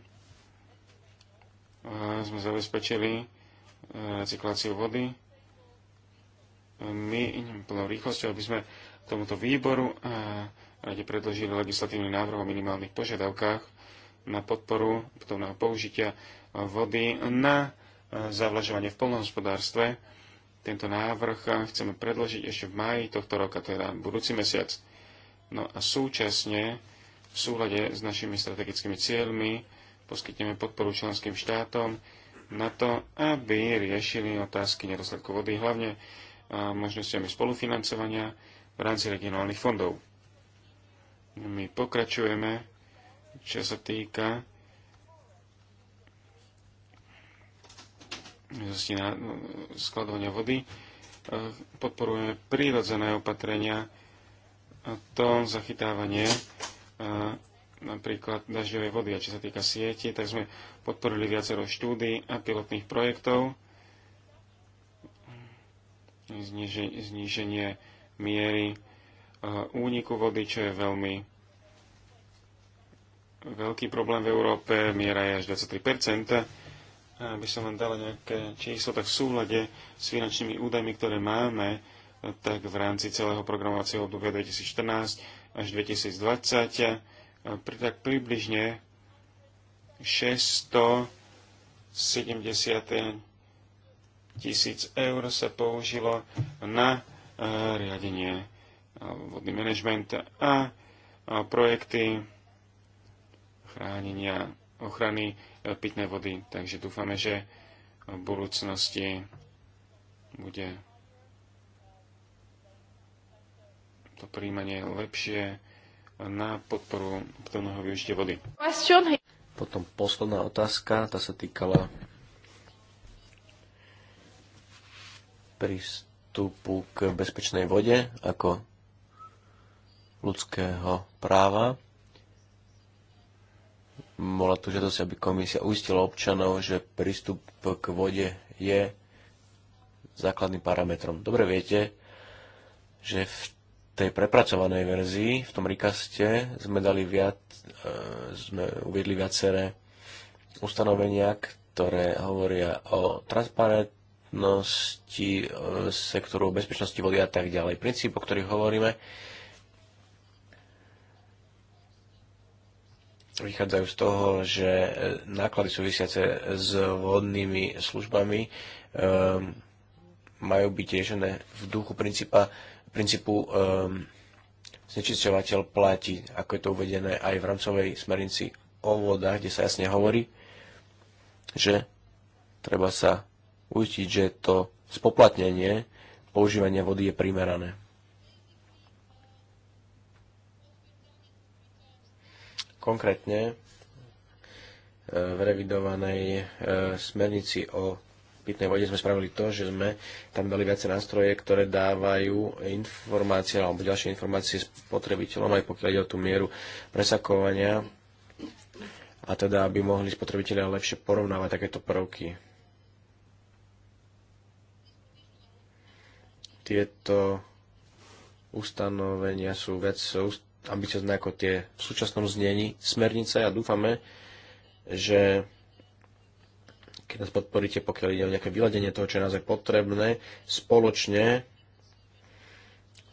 sme zabezpečili e, recykláciu vody. My ideme plnou rýchlosťou, aby sme tomuto výboru rade predložili legislatívny návrh o minimálnych požiadavkách na podporu opätovného použitia vody na e, zavlažovanie v polnohospodárstve. Tento návrh e, chceme predložiť ešte v máji tohto roka, teda budúci mesiac. No a súčasne v súhľade s našimi strategickými cieľmi poskytneme podporu členským štátom na to, aby riešili otázky nedostatku vody, hlavne možnosťami spolufinancovania v rámci regionálnych fondov. My pokračujeme, čo sa týka no, skladovania vody. Podporujeme prírodzené opatrenia a to zachytávanie napríklad dažďovej vody. A čo sa týka sieti, tak sme podporili viacero štúdí a pilotných projektov. Zníženie miery e, úniku vody, čo je veľmi veľký problém v Európe. Miera je až 23%. Aby som vám dala nejaké číslo, tak v súhľade s finančnými údajmi, ktoré máme, tak v rámci celého programovacieho obdobia 2014 až 2020 tak približne 670 tisíc eur sa použilo na e, riadenie e, vodný manažment a projekty chránenia ochrany e, pitnej vody. Takže dúfame, že v budúcnosti bude to príjmanie lepšie na podporu plného využitia vody. Potom posledná otázka, tá sa týkala prístupu k bezpečnej vode ako ľudského práva. Bola tu žiadosť, aby komisia uistila občanov, že prístup k vode je základným parametrom. Dobre viete, že v tej prepracovanej verzii, v tom rikaste, sme, dali viac, e, sme uviedli viaceré ustanovenia, ktoré hovoria o transparentnosti e, sektoru bezpečnosti vody a tak ďalej. Princíp, o ktorých hovoríme, vychádzajú z toho, že e, náklady súvisiace s vodnými službami majú byť riešené v duchu princípa princípu ehm, znečisťovateľ platí, ako je to uvedené aj v rámcovej smernici o vodách, kde sa jasne hovorí, že treba sa ujistiť, že to spoplatnenie používania vody je primerané. Konkrétne eh, v revidovanej eh, smernici o pitnej vode sme spravili to, že sme tam dali viacej nástroje, ktoré dávajú informácie alebo ďalšie informácie spotrebiteľom, aj pokiaľ ide o tú mieru presakovania a teda, aby mohli spotrebitelia lepšie porovnávať takéto prvky. Tieto ustanovenia sú viac ambiciozne ako tie v súčasnom znení smernice a dúfame, že keď nás podporíte, pokiaľ ide o nejaké vyladenie toho, čo je naozaj potrebné, spoločne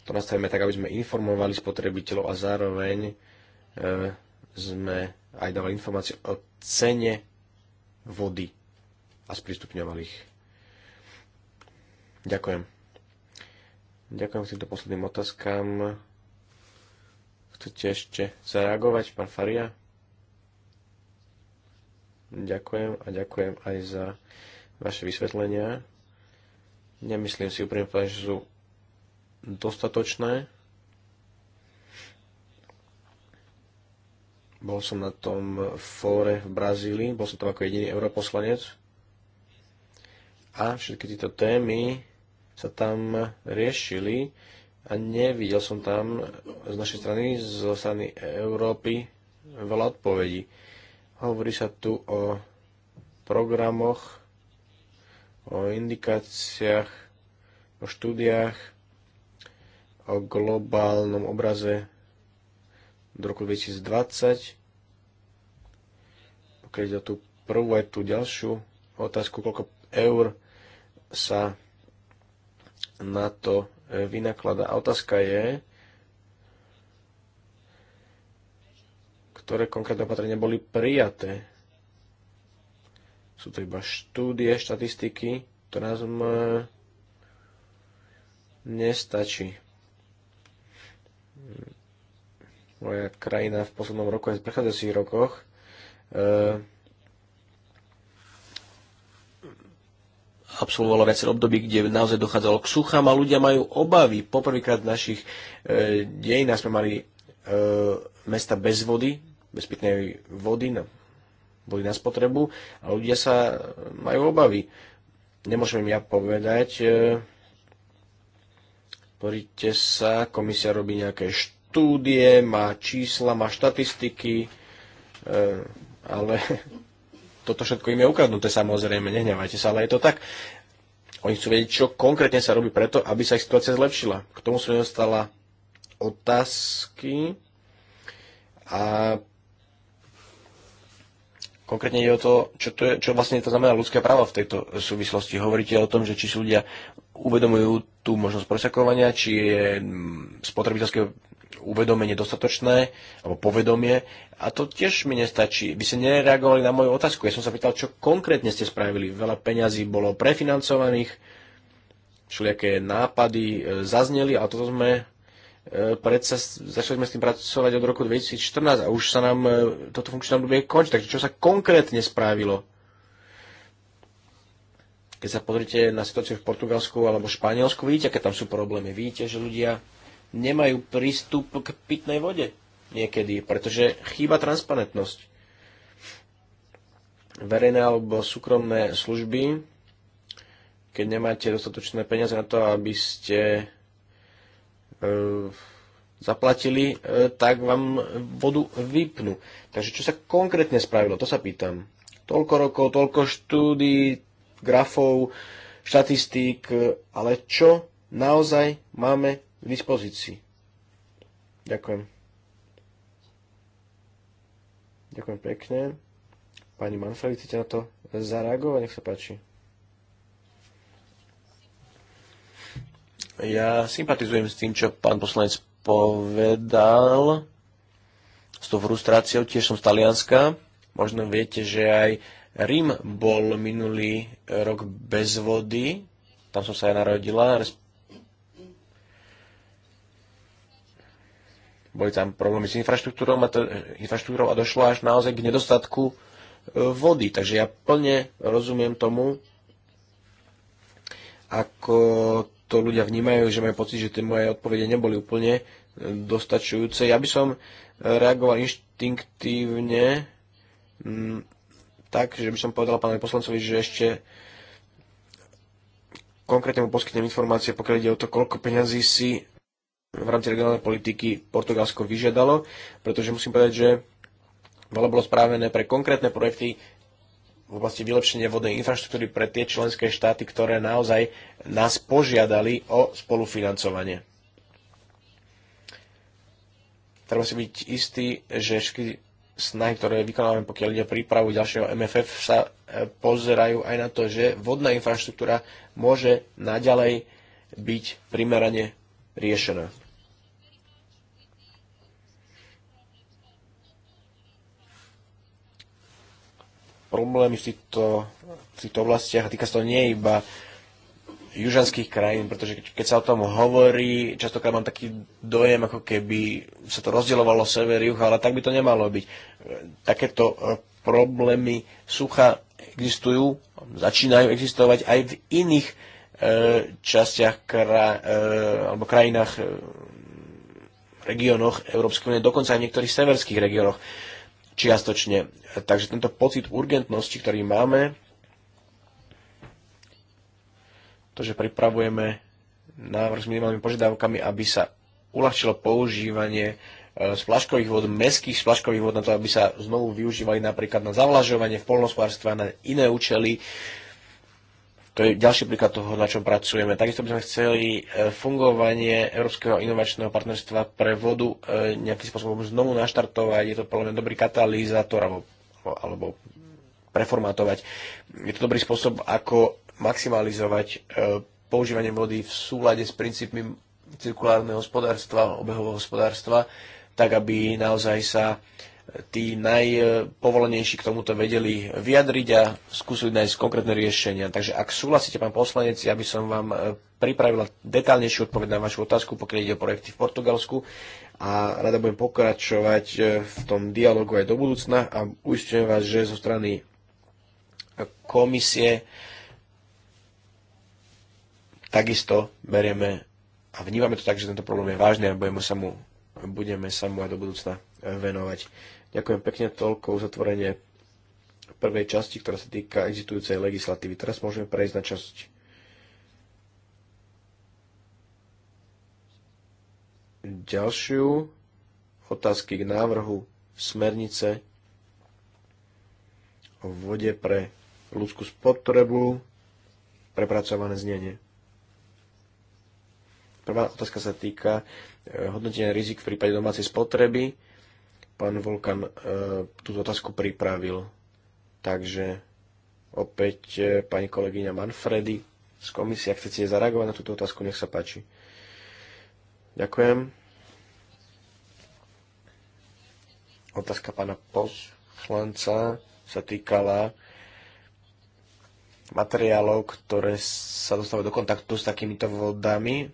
to nastavíme tak, aby sme informovali spotrebiteľov a zároveň e, sme aj dávali informácie o cene vody a sprístupňovali ich. Ďakujem. Ďakujem k týmto posledným otázkam. Chcete ešte zareagovať, pán Faria? Ďakujem a ďakujem aj za vaše vysvetlenia. Nemyslím si úprimne povedať, že sú dostatočné. Bol som na tom fóre v Brazílii, bol som tam ako jediný europoslanec. A všetky tieto témy sa tam riešili a nevidel som tam z našej strany, zo strany Európy, veľa odpovedí. Hovorí sa tu o programoch, o indikáciách, o štúdiách, o globálnom obraze do roku 2020. Pokiaľ ide o tú prvú aj tú ďalšiu otázku, koľko eur sa na to vynakladá. A otázka je, ktoré konkrétne opatrenia boli prijaté. Sú to iba štúdie, štatistiky, to nás nestačí. Moja krajina v poslednom roku aj v prechádzajúcich rokoch e, absolvovalo viacero období, kde naozaj dochádzalo k suchám a ľudia majú obavy. Poprvýkrát v našich e, dejinách sme mali e, mesta bez vody, bez pitnej vody, na, vody na spotrebu a ľudia sa majú obavy. Nemôžem im ja povedať, e, poríte sa, komisia robí nejaké štúdie, má čísla, má štatistiky, e, ale [laughs] toto všetko im je ukradnuté samozrejme, nehnevajte sa, ale je to tak. Oni chcú vedieť, čo konkrétne sa robí preto, aby sa ich situácia zlepšila. K tomu som dostala otázky a Konkrétne ide o to, čo, to je, čo vlastne to znamená ľudské práva v tejto súvislosti. Hovoríte o tom, že či si ľudia uvedomujú tú možnosť presakovania, či je mm, spotrebiteľské uvedomenie dostatočné, alebo povedomie. A to tiež mi nestačí. Vy ste nereagovali na moju otázku. Ja som sa pýtal, čo konkrétne ste spravili. Veľa peňazí bolo prefinancovaných, všelijaké nápady e, zazneli a toto sme E, predsa začali sme s tým pracovať od roku 2014 a už sa nám e, toto funkčné obdobie končí. Takže čo sa konkrétne spravilo? Keď sa pozrite na situáciu v Portugalsku alebo Španielsku, vidíte, aké tam sú problémy. Vidíte, že ľudia nemajú prístup k pitnej vode niekedy, pretože chýba transparentnosť. Verejné alebo súkromné služby, keď nemáte dostatočné peniaze na to, aby ste E, zaplatili, e, tak vám vodu vypnú. Takže čo sa konkrétne spravilo, to sa pýtam. Toľko rokov, toľko štúdí, grafov, štatistík, e, ale čo naozaj máme k dispozícii? Ďakujem. Ďakujem pekne. Pani Manfredi, chcete na to zareagovať? Nech sa páči. Ja sympatizujem s tým, čo pán poslanec povedal, s tou frustráciou, tiež som z Talianska. Možno viete, že aj Rím bol minulý rok bez vody, tam som sa aj narodila. Boli tam problémy s infraštruktúrou a, to, infraštruktúrou a došlo až naozaj k nedostatku e, vody. Takže ja plne rozumiem tomu, ako to ľudia vnímajú, že majú pocit, že tie moje odpovede neboli úplne e, dostačujúce. Ja by som e, reagoval inštinktívne mm, tak, že by som povedal pánovi poslancovi, že ešte konkrétne mu poskytnem informácie, pokiaľ ide o to, koľko peňazí si v rámci regionálnej politiky Portugalsko vyžiadalo, pretože musím povedať, že veľa bolo správené pre konkrétne projekty v oblasti vylepšenia vodnej infraštruktúry pre tie členské štáty, ktoré naozaj nás požiadali o spolufinancovanie. Treba si byť istý, že všetky snahy, ktoré vykonávame, pokiaľ ide o prípravu ďalšieho MFF, sa e, pozerajú aj na to, že vodná infraštruktúra môže naďalej byť primerane riešená. problémy v týchto, v týchto oblastiach a týka sa to nie iba južanských krajín, pretože keď sa o tom hovorí, častokrát mám taký dojem, ako keby sa to rozdielovalo sever, juh, ale tak by to nemalo byť. Takéto e, problémy sucha existujú, začínajú existovať aj v iných e, častiach kra, e, alebo krajinách, e, regiónoch Európskej únie, dokonca aj v niektorých severských regiónoch. E, čiastočne. Takže tento pocit urgentnosti, ktorý máme, to, že pripravujeme návrh s minimálnymi požiadavkami, aby sa uľahčilo používanie e, splaškových vod, meských splaškových vod na to, aby sa znovu využívali napríklad na zavlažovanie v polnospárstve a na iné účely. To je ďalší príklad toho, na čom pracujeme. Takisto by sme chceli e, fungovanie Európskeho inovačného partnerstva pre vodu e, nejakým spôsobom znovu naštartovať. Je to podľa mňa dobrý katalýzátor alebo, alebo preformatovať. Je to dobrý spôsob, ako maximalizovať e, používanie vody v súlade s princípmi cirkulárneho hospodárstva, obehového hospodárstva, tak aby naozaj sa tí najpovolenejší k tomuto vedeli vyjadriť a skúsiť nájsť konkrétne riešenia. Takže ak súhlasíte, pán poslanec, ja by som vám e, pripravila detálnejšiu odpoveď na vašu otázku, pokiaľ ide o projekty v Portugalsku a rada budem pokračovať e, v tom dialogu aj do budúcna a uistujem vás, že zo strany komisie takisto berieme a vnímame to tak, že tento problém je vážny a budeme sa mu, budeme sa mu aj do budúcna venovať. Ďakujem pekne toľko uzatvorenie prvej časti, ktorá sa týka existujúcej legislatívy. Teraz môžeme prejsť na časť ďalšiu otázky k návrhu smernice o vode pre ľudskú spotrebu, prepracované znenie. Prvá otázka sa týka eh, hodnotenia rizik v prípade domácej spotreby pán Volkan e, túto otázku pripravil. Takže opäť e, pani kolegyňa Manfredy z komisie, ak chcete zareagovať na túto otázku, nech sa páči. Ďakujem. Otázka pána poslanca sa týkala materiálov, ktoré sa dostávajú do kontaktu s takýmito vodami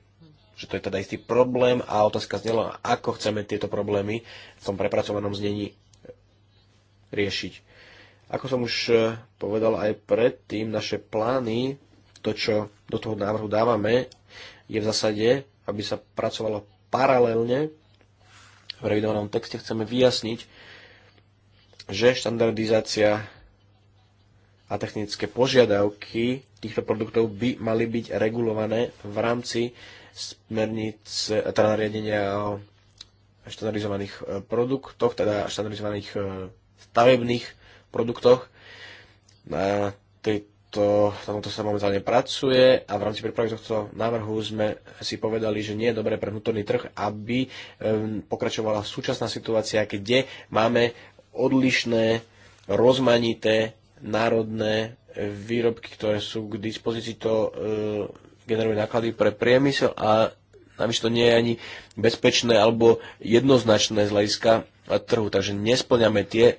že to je teda istý problém a otázka znela, ako chceme tieto problémy v tom prepracovanom znení riešiť. Ako som už e, povedal aj predtým, naše plány, to čo do toho návrhu dávame, je v zásade, aby sa pracovalo paralelne. V revidovanom texte chceme vyjasniť, že štandardizácia a technické požiadavky týchto produktov by mali byť regulované v rámci smernice, teda nariadenia o štandardizovaných e, produktoch, teda štandardizovaných e, stavebných produktoch. Na, tejto, na tomto sa momentálne pracuje a v rámci prípravy tohto návrhu sme si povedali, že nie je dobré pre vnútorný trh, aby e, pokračovala súčasná situácia, kde máme odlišné, rozmanité národné výrobky, ktoré sú k dispozícii. To generuje náklady pre priemysel a navyše to nie je ani bezpečné alebo jednoznačné z hľadiska trhu. Takže nesplňame tie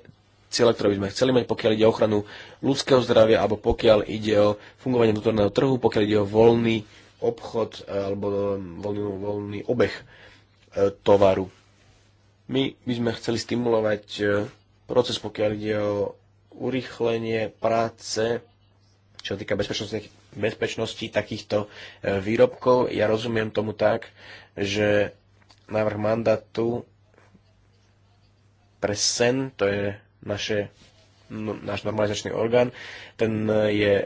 ciele, ktoré by sme chceli mať, pokiaľ ide o ochranu ľudského zdravia alebo pokiaľ ide o fungovanie vnútorného trhu, pokiaľ ide o voľný obchod eh, alebo eh, voľný, voľný obeh eh, tovaru. My by sme chceli stimulovať proces, pokiaľ ide o urýchlenie práce, čo sa týka bezpečnostných bezpečnosti takýchto e, výrobkov. Ja rozumiem tomu tak, že návrh mandátu pre SEN, to je naše, no, náš normalizačný orgán, ten je e,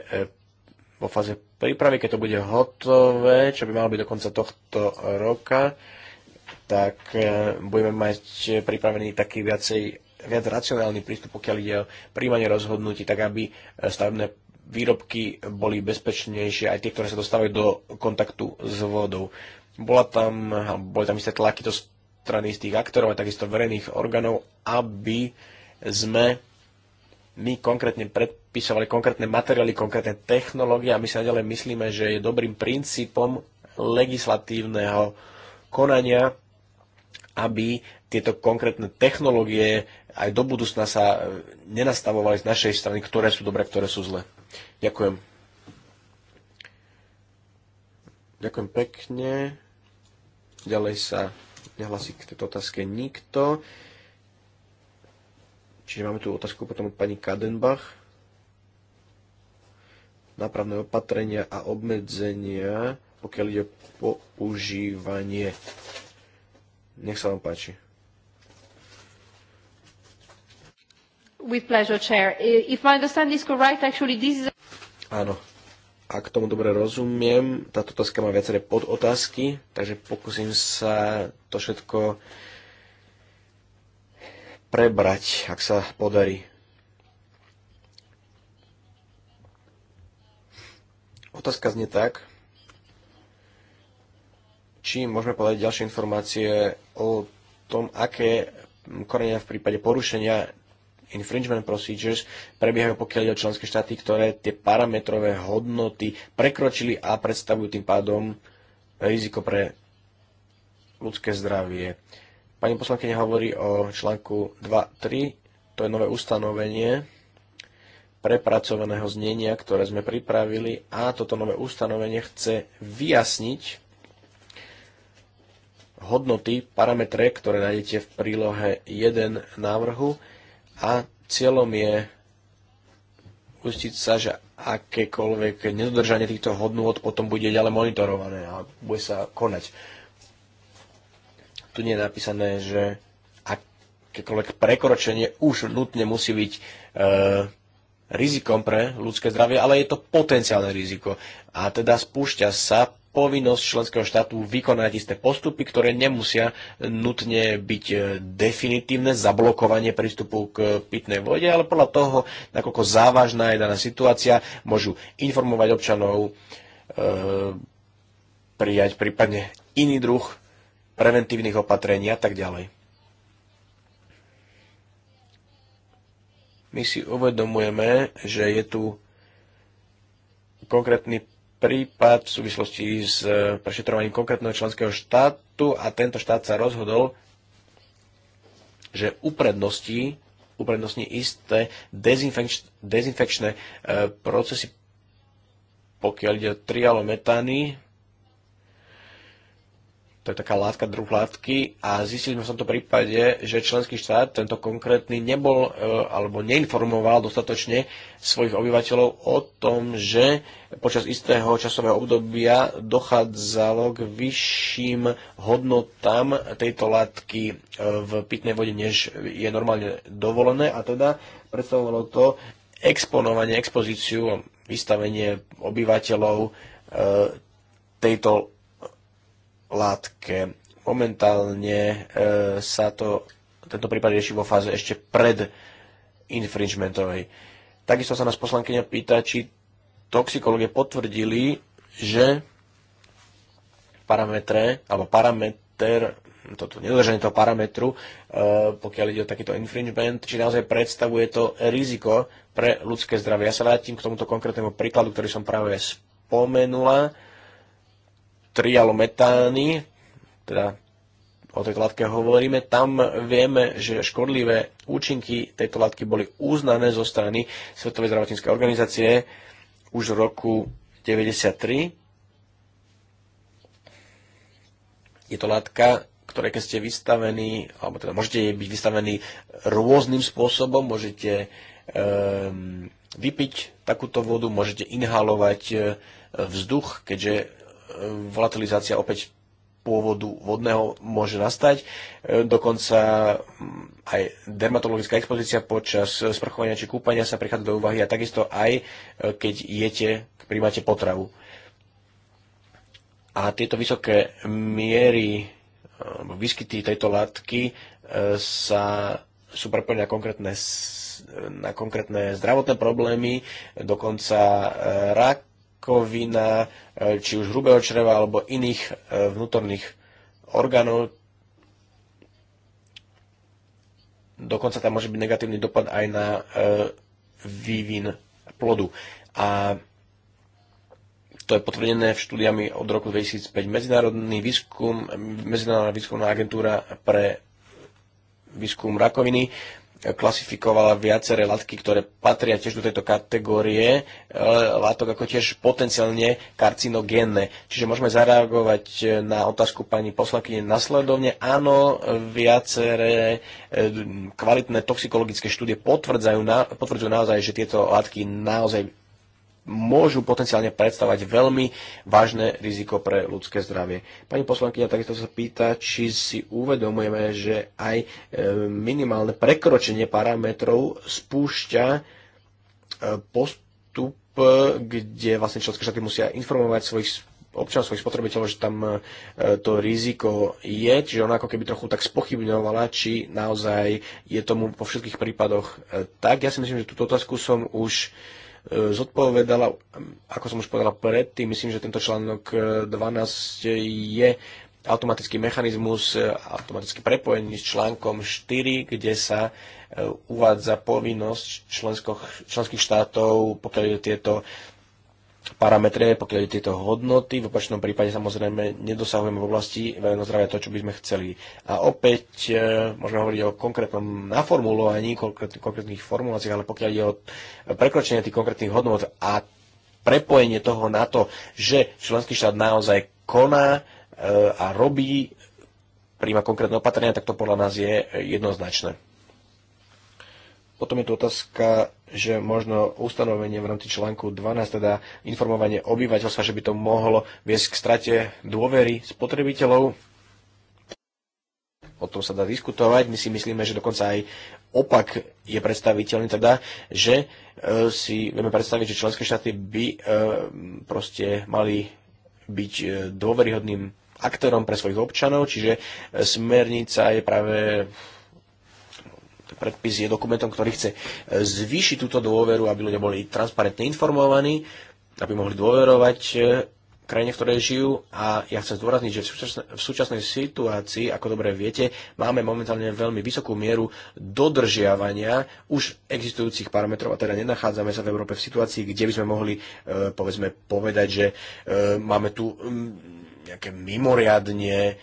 vo fáze prípravy, keď to bude hotové, čo by malo byť do konca tohto roka, tak e, budeme mať pripravený taký viacej viac racionálny prístup, pokiaľ ide o príjmanie rozhodnutí, tak aby stavebné výrobky boli bezpečnejšie, aj tie, ktoré sa dostávajú do kontaktu s vodou. Bola tam, boli tam isté tlaky do strany z tých aktorov a takisto verejných orgánov, aby sme my konkrétne predpisovali konkrétne materiály, konkrétne technológie a my sa ďalej myslíme, že je dobrým princípom legislatívneho konania, aby tieto konkrétne technológie aj do budúcna sa nenastavovali z našej strany, ktoré sú dobré, ktoré sú zlé. Ďakujem. Ďakujem pekne. Ďalej sa nehlasí k tejto otázke nikto. Čiže máme tu otázku potom od pani Kadenbach. Nápravné opatrenia a obmedzenia, pokiaľ ide používanie. Nech sa vám páči. With pleasure, Chair. If my understanding is correct, actually this is... Áno. Ak tomu dobre rozumiem, táto otázka má viaceré podotázky, takže pokúsim sa to všetko prebrať, ak sa podarí. Otázka znie tak, či môžeme povedať ďalšie informácie o tom, aké korenia v prípade porušenia infringement procedures prebiehajú pokiaľ ide o členské štáty, ktoré tie parametrové hodnoty prekročili a predstavujú tým pádom riziko pre ľudské zdravie. Pani poslankyňa hovorí o článku 2.3, to je nové ustanovenie prepracovaného znenia, ktoré sme pripravili a toto nové ustanovenie chce vyjasniť hodnoty, parametre, ktoré nájdete v prílohe 1 návrhu a cieľom je ustiť sa, že akékoľvek nedodržanie týchto hodnôt potom bude ďalej monitorované a bude sa konať. Tu nie je napísané, že akékoľvek prekročenie už nutne musí byť e, rizikom pre ľudské zdravie, ale je to potenciálne riziko. A teda spúšťa sa povinnosť členského štátu vykonať isté postupy, ktoré nemusia nutne byť e, definitívne zablokovanie prístupu k pitnej vode, ale podľa toho, nakoľko závažná je daná situácia, môžu informovať občanov, e, prijať prípadne iný druh preventívnych opatrení a tak ďalej. My si uvedomujeme, že je tu konkrétny prípad v súvislosti s e, prešetrovaním konkrétneho členského štátu a tento štát sa rozhodol, že uprednosti, uprednostní isté dezinfekčné e, procesy, pokiaľ ide o trialometány, to je taká látka, druh látky a zistili sme v tomto prípade, že členský štát, tento konkrétny, nebol e, alebo neinformoval dostatočne svojich obyvateľov o tom, že počas istého časového obdobia dochádzalo k vyšším hodnotám tejto látky e, v pitnej vode, než je normálne dovolené a teda predstavovalo to exponovanie, expozíciu, vystavenie obyvateľov e, tejto látke. Momentálne e, sa to, tento prípad rieši vo fáze ešte pred infringementovej. Takisto sa nás poslankyňa pýta, či toxikológie potvrdili, že parametre, alebo parameter, toto nedodržanie toho parametru, e, pokiaľ ide o takýto infringement, či naozaj predstavuje to riziko pre ľudské zdravie. Ja sa vrátim k tomuto konkrétnemu príkladu, ktorý som práve spomenula trialometány, teda o tejto látke hovoríme, tam vieme, že škodlivé účinky tejto látky boli uznané zo strany Svetovej zdravotníckej organizácie už v roku 1993. Je to látka, ktoré keď ste vystavení, alebo teda môžete byť vystavení rôznym spôsobom, môžete um, vypiť takúto vodu, môžete inhalovať e, vzduch, keďže volatilizácia opäť pôvodu vodného môže nastať. E, dokonca mm, aj dermatologická expozícia počas sprchovania či kúpania sa prichádza do úvahy a takisto aj e, keď jete, príjmate potravu. A tieto vysoké miery e, výskyty tejto látky sa sú prepojené na konkrétne, na konkrétne zdravotné problémy, dokonca rak rakovina, eh, či už hrubého čreva alebo iných eh, vnútorných orgánov. Dokonca tam môže byť negatívny dopad aj na eh, vývin plodu. A to je potvrdené v štúdiami od roku 2005. Medzinárodný výskum, Medzinárodná výskumná agentúra pre výskum rakoviny klasifikovala viaceré látky, ktoré patria tiež do tejto kategórie e, látok ako tiež potenciálne karcinogénne. Čiže môžeme zareagovať e, na otázku pani poslankyne nasledovne. Áno, viaceré e, kvalitné toxikologické štúdie potvrdzujú, na, potvrdzujú naozaj, že tieto látky naozaj môžu potenciálne predstavať veľmi vážne riziko pre ľudské zdravie. Pani poslankyňa takisto sa pýta, či si uvedomujeme, že aj e, minimálne prekročenie parametrov spúšťa e, postup, e, kde vlastne členské štáty musia informovať svojich občan, svojich spotrebiteľov, že tam to riziko je, čiže ona ako keby trochu tak spochybňovala, či naozaj je tomu po všetkých prípadoch tak. Ja si myslím, že túto otázku som už uh, E, zodpovedala, ako som už povedala predtým, myslím, že tento článok 12 e, je automatický mechanizmus, e, automaticky prepojený s článkom 4, kde sa uvádza povinnosť členských štátov, pokiaľ tieto parametre, pokiaľ je tieto hodnoty. V opačnom prípade samozrejme nedosahujeme v oblasti verejného zdravia to, čo by sme chceli. A opäť e, môžeme hovoriť o konkrétnom naformulovaní, konkrétnych, konkrétnych formuláciách, ale pokiaľ ide o prekročenie tých konkrétnych hodnot a prepojenie toho na to, že členský štát naozaj koná e, a robí, príjma konkrétne opatrenia, tak to podľa nás je jednoznačné. Potom je tu otázka že možno ustanovenie v rámci článku 12, teda informovanie obyvateľstva, že by to mohlo viesť k strate dôvery spotrebiteľov. O tom sa dá diskutovať. My si myslíme, že dokonca aj opak je predstaviteľný, teda, že e, si vieme predstaviť, že členské štáty by e, proste mali byť e, dôveryhodným aktorom pre svojich občanov, čiže smernica je práve predpis je dokumentom, ktorý chce e, zvýšiť túto dôveru, aby ľudia boli transparentne informovaní, aby mohli dôverovať e, krajine, v ktorej žijú a ja chcem zdôrazniť, že v, súčasnej situácii, ako dobre viete, máme momentálne veľmi vysokú mieru dodržiavania už existujúcich parametrov a teda nenachádzame sa v Európe v situácii, kde by sme mohli e, povedzme povedať, že máme tu mm, nejaké mimoriadne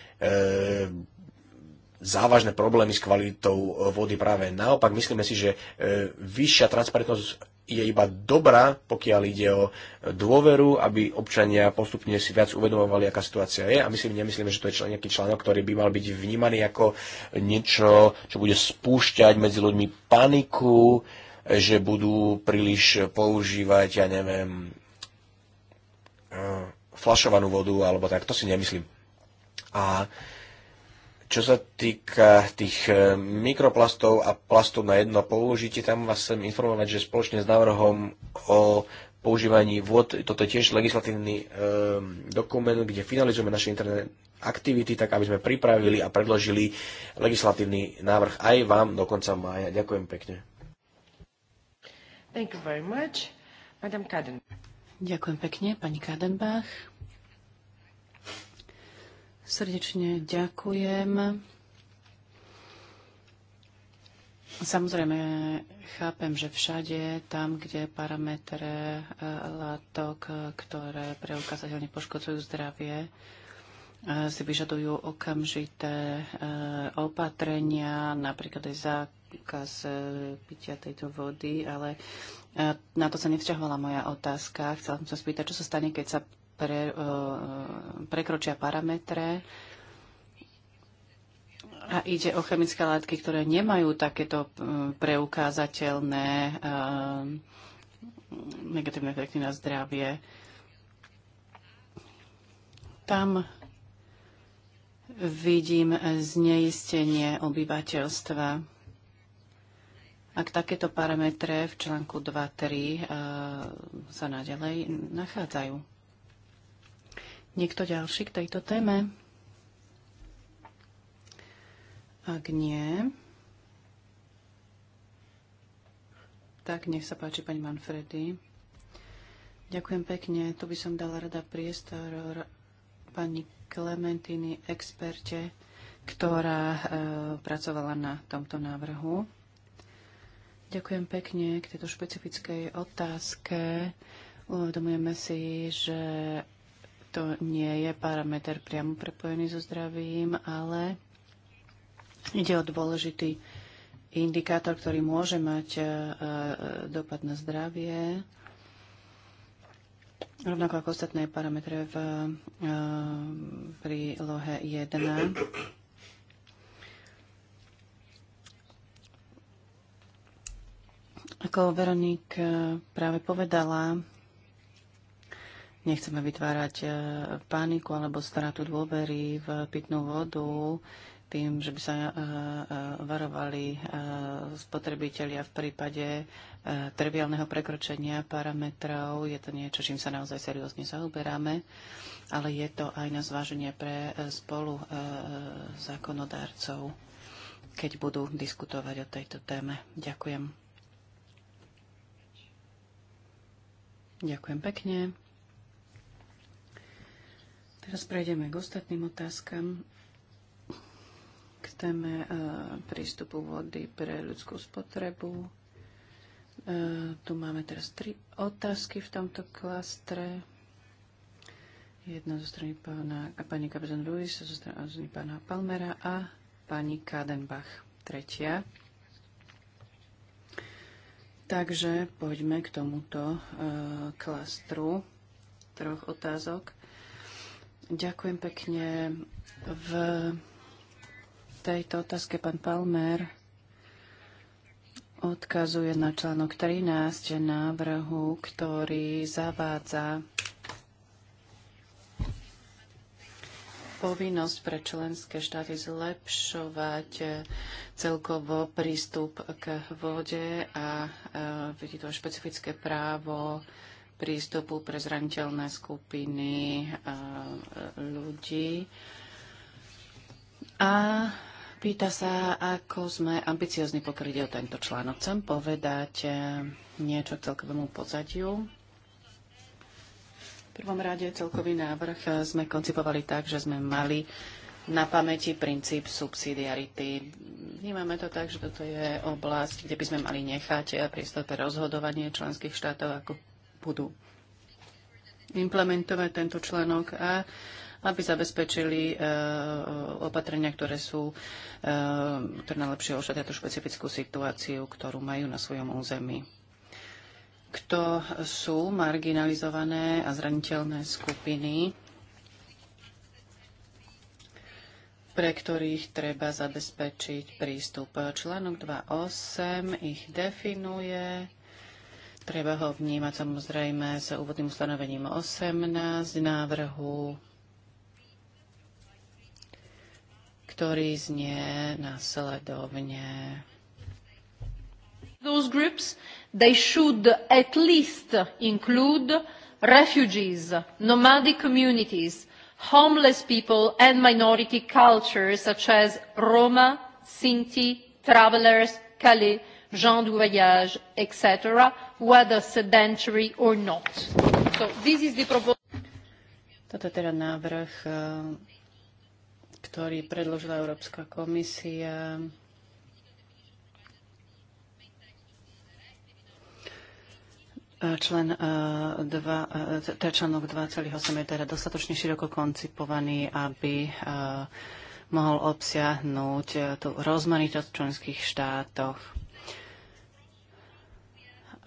závažné problémy s kvalitou e, vody práve naopak. Myslíme si, že e, vyššia transparentnosť je iba dobrá, pokiaľ ide o e, dôveru, aby občania postupne si viac uvedomovali, aká situácia je. A my si nemyslíme, že to je člen, nejaký článok, ktorý by mal byť vnímaný ako niečo, čo bude spúšťať medzi ľuďmi paniku, že budú príliš používať, ja neviem, flašovanú vodu alebo tak. To si nemyslím. A čo sa týka tých e, mikroplastov a plastov na jedno použitie, tam vás chcem informovať, že spoločne s návrhom o používaní vôd, toto je tiež legislatívny e, dokument, kde finalizujeme naše interné aktivity, tak aby sme pripravili a predložili legislatívny návrh aj vám do konca mája. Ďakujem pekne. Thank you very much. Madam Kaden. Ďakujem pekne, pani Kadenbach. Srdečne ďakujem. Samozrejme, chápem, že všade, tam, kde parametre e, látok, ktoré preukázateľne poškodzujú zdravie, e, si vyžadujú okamžité e, opatrenia, napríklad aj zákaz pitia tejto vody, ale na to sa nevzťahovala moja otázka. Chcela som sa spýtať, čo sa stane, keď sa pre, e, prekročia parametre a ide o chemické látky, ktoré nemajú takéto e, preukázateľné e, negatívne efekty na zdravie. Tam vidím zneistenie obyvateľstva. Ak takéto parametre v článku 2.3 sa naďalej nachádzajú. Niekto ďalší k tejto téme? Ak nie, tak nech sa páči pani Manfredy. Ďakujem pekne. Tu by som dala rada priestor pani Klementiny, experte, ktorá e, pracovala na tomto návrhu. Ďakujem pekne k tejto špecifickej otázke. Uvedomujeme si, že to nie je parameter priamo prepojený so zdravím, ale ide o dôležitý indikátor, ktorý môže mať e, e, dopad na zdravie, rovnako ako ostatné parametre v e, prílohe 1. Ako Veronik práve povedala, Nechceme vytvárať e, paniku alebo stratu dôvery v pitnú vodu tým, že by sa e, e, varovali spotrebitelia v prípade triviálneho prekročenia parametrov. Je to niečo, čím sa naozaj seriózne zaoberáme, ale je to aj na zváženie pre spolu zákonodárcov, keď budú diskutovať o tejto téme. Ďakujem. Ďakujem pekne. Teraz prejdeme k ostatným otázkam k téme eh, prístupu vody pre ľudskú spotrebu. Eh, tu máme teraz tri otázky v tomto klastre. Jedna zo strany pána, a pani kapitán Ruiz, zo strany pána Palmera a pani Kadenbach, tretia. Takže poďme k tomuto e, klastru troch otázok. Ďakujem pekne. V tejto otázke pán Palmer odkazuje na článok 13 návrhu, ktorý zavádza povinnosť pre členské štáty zlepšovať celkovo prístup k vode a vidí to špecifické právo prístupu pre zraniteľné skupiny ľudí. A Pýta sa, ako sme ambiciozni, pokryť o tento článok. Chcem povedať e, niečo k celkovému pozadiu. V prvom rade celkový návrh sme koncipovali tak, že sme mali na pamäti princíp subsidiarity. Vnímame to tak, že toto je oblasť, kde by sme mali nechať e, priestor pre rozhodovanie členských štátov, ako budú implementovať tento článok a aby zabezpečili uh, opatrenia, ktoré sú, uh, ktoré najlepšie ošetria tú špecifickú situáciu, ktorú majú na svojom území. Kto sú marginalizované a zraniteľné skupiny, pre ktorých treba zabezpečiť prístup. Článok 2.8 ich definuje Treba ho vnímať samozrejme s úvodným ustanovením 18 návrhu, ktorý znie následovne. Those groups, they should at least include refugees, nomadic communities, homeless people and minority cultures such as Roma, Sinti, travelers, Calais, gens du voyage, etc., whether sedentary or not. So this is the Toto je teda návrh, eh, ktorý predložila Európska komisia. Člen 2, eh, eh, teda článok 2,8 je teda dostatočne široko koncipovaný, aby mohol obsiahnuť tú rozmanitosť v členských štátoch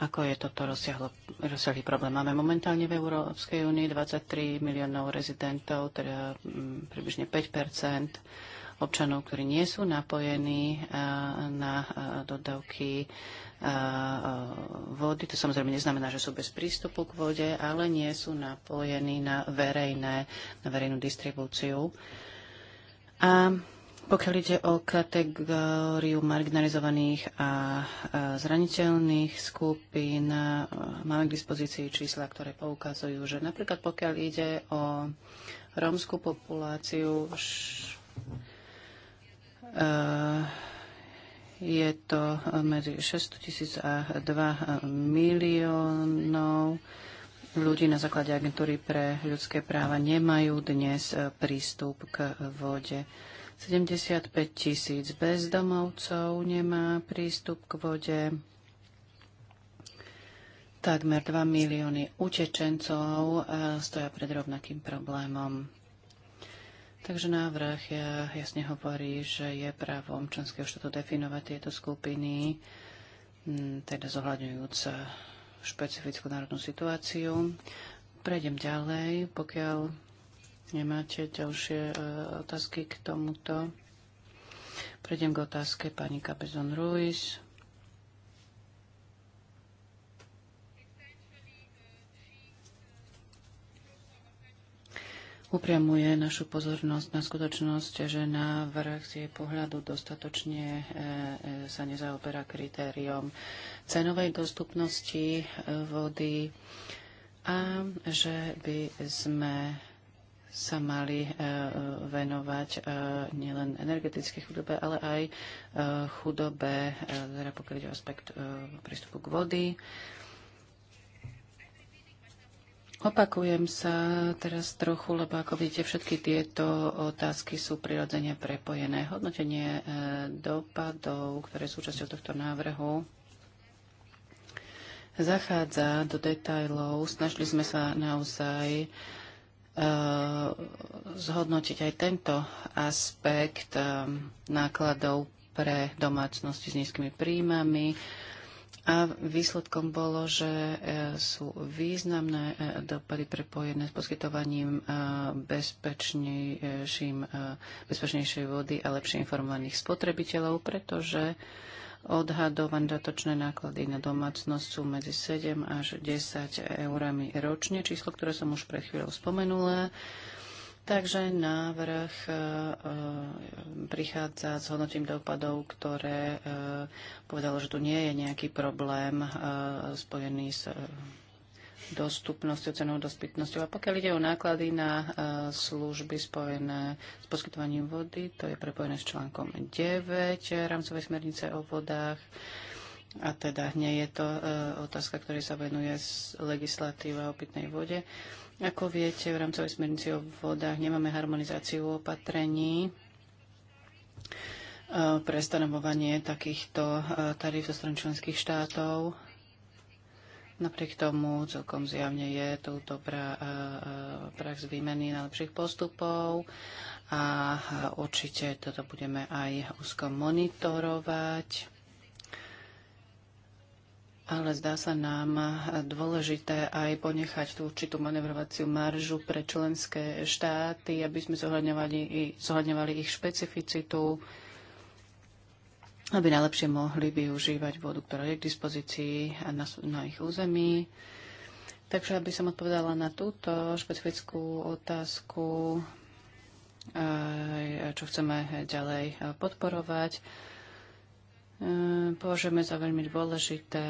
ako je toto rozsiahlý problém. Máme momentálne v Európskej únii 23 miliónov rezidentov, teda mm, približne 5 občanov, ktorí nie sú napojení eh, na eh, dodavky eh, vody. To samozrejme neznamená, že sú bez prístupu k vode, ale nie sú napojení na, verejné, na verejnú distribúciu. A pokiaľ ide o kategóriu marginalizovaných a zraniteľných skupín, máme k dispozícii čísla, ktoré poukazujú, že napríklad pokiaľ ide o rómskú populáciu, je to medzi 600 tisíc a 2 miliónov ľudí na základe agentúry pre ľudské práva nemajú dnes prístup k vode. 75 tisíc bezdomovcov nemá prístup k vode. Takmer 2 milióny utečencov e, stoja pred rovnakým problémom. Takže návrh e, jasne hovorí, že je právom členského štátu definovať tieto skupiny, teda zohľadňujúc e, špecifickú národnú situáciu. Prejdem ďalej, pokiaľ Nemáte ďalšie e, otázky k tomuto? Prejdem k otázke pani Kapezon Ruiz. upriamuje našu pozornosť na skutočnosť, že návrh z jej pohľadu dostatočne e, e, sa nezaoberá kritériom cenovej dostupnosti vody a že by sme sa mali e, venovať e, nielen energetickej chudobe, ale aj e, chudobe, teda pokiaľ ide o aspekt prístupu k vody. Opakujem sa teraz trochu, lebo ako vidíte, všetky tieto otázky sú prirodzene prepojené. Hodnotenie dopadov, ktoré sú súčasťou tohto návrhu, zachádza do detajlov. Snažili sme sa naozaj uh, Eh, zhodnotiť aj tento aspekt eh, nákladov pre domácnosti s nízkymi príjmami. A výsledkom bolo, že eh, sú významné dopady prepojené s poskytovaním bezpečnejšej vody a lepšie informovaných spotrebiteľov, pretože Odhadované dotočné náklady na domácnosť sú medzi 7 až 10 eurami ročne, číslo, ktoré som už pred chvíľou spomenula. Takže návrh e, e, prichádza s hodnotím dopadov, ktoré e, povedalo, že tu nie je nejaký problém spojený s dostupnosťou, cenou dostupnosťou. A pokiaľ ide o náklady na e, služby spojené s poskytovaním vody, to je prepojené s článkom 9 rámcovej smernice o vodách. A teda nie je to e, otázka, ktorej sa venuje legislatíva o pitnej vode. Ako viete, v rámcovej smernici o vodách nemáme harmonizáciu opatrení e, pre stanovovanie takýchto tarív zo strany členských štátov Napriek tomu celkom zjavne je túto pra, eh, eh, prax výmeny najlepších postupov a určite toto budeme aj úzko monitorovať. Ale zdá sa nám dôležité aj ponechať tú určitú manevrovaciu maržu pre členské štáty, aby sme zohľadňovali, zohľadňovali ich špecificitu, aby najlepšie mohli využívať vodu, ktorá je k dispozícii na, na ich území. Takže aby som odpovedala na túto špecifickú otázku, eh, čo chceme ďalej podporovať, eh, považujeme za veľmi dôležité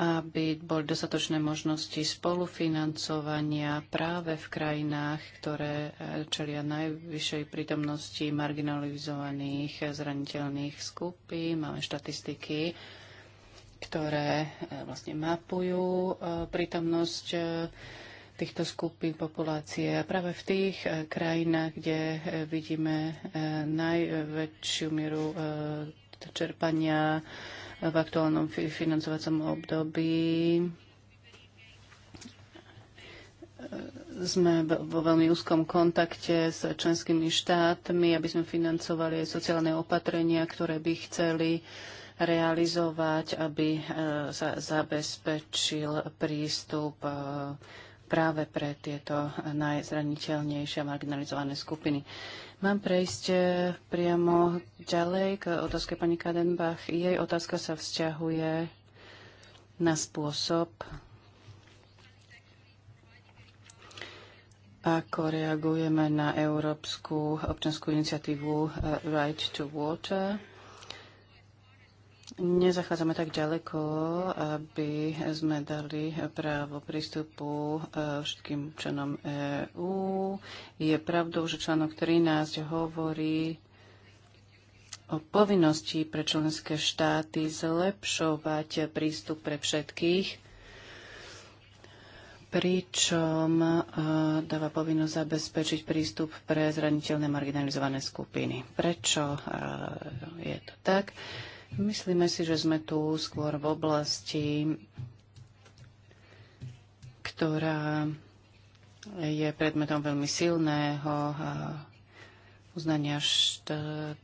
aby boli dostatočné možnosti spolufinancovania práve v krajinách, ktoré eh, čelia najvyššej prítomnosti marginalizovaných eh, zraniteľných skupín. Máme štatistiky, ktoré eh, vlastne mapujú prítomnosť týchto skupín populácie. A práve v tých krajinách, kde vidíme najväčšiu mieru čerpania v aktuálnom financovacom období sme vo veľmi úzkom kontakte s členskými štátmi, aby sme financovali aj sociálne opatrenia, ktoré by chceli realizovať, aby e, sa zabezpečil prístup e, práve pre tieto najzraniteľnejšie a marginalizované skupiny. Mám prejsť e, priamo ďalej k otázke pani Kadenbach. Jej otázka sa vzťahuje na spôsob, ako reagujeme na Európsku občanskú iniciatívu e, Right to Water nezachádzame tak ďaleko, aby sme dali právo prístupu e, všetkým členom EÚ. Je pravdou, že článok 13 hovorí o povinnosti pre členské štáty zlepšovať prístup pre všetkých pričom e, dáva povinnosť zabezpečiť prístup pre zraniteľné marginalizované skupiny. Prečo e, je to tak? Myslíme si, že sme tu skôr v oblasti, ktorá je predmetom veľmi silného uznania štátu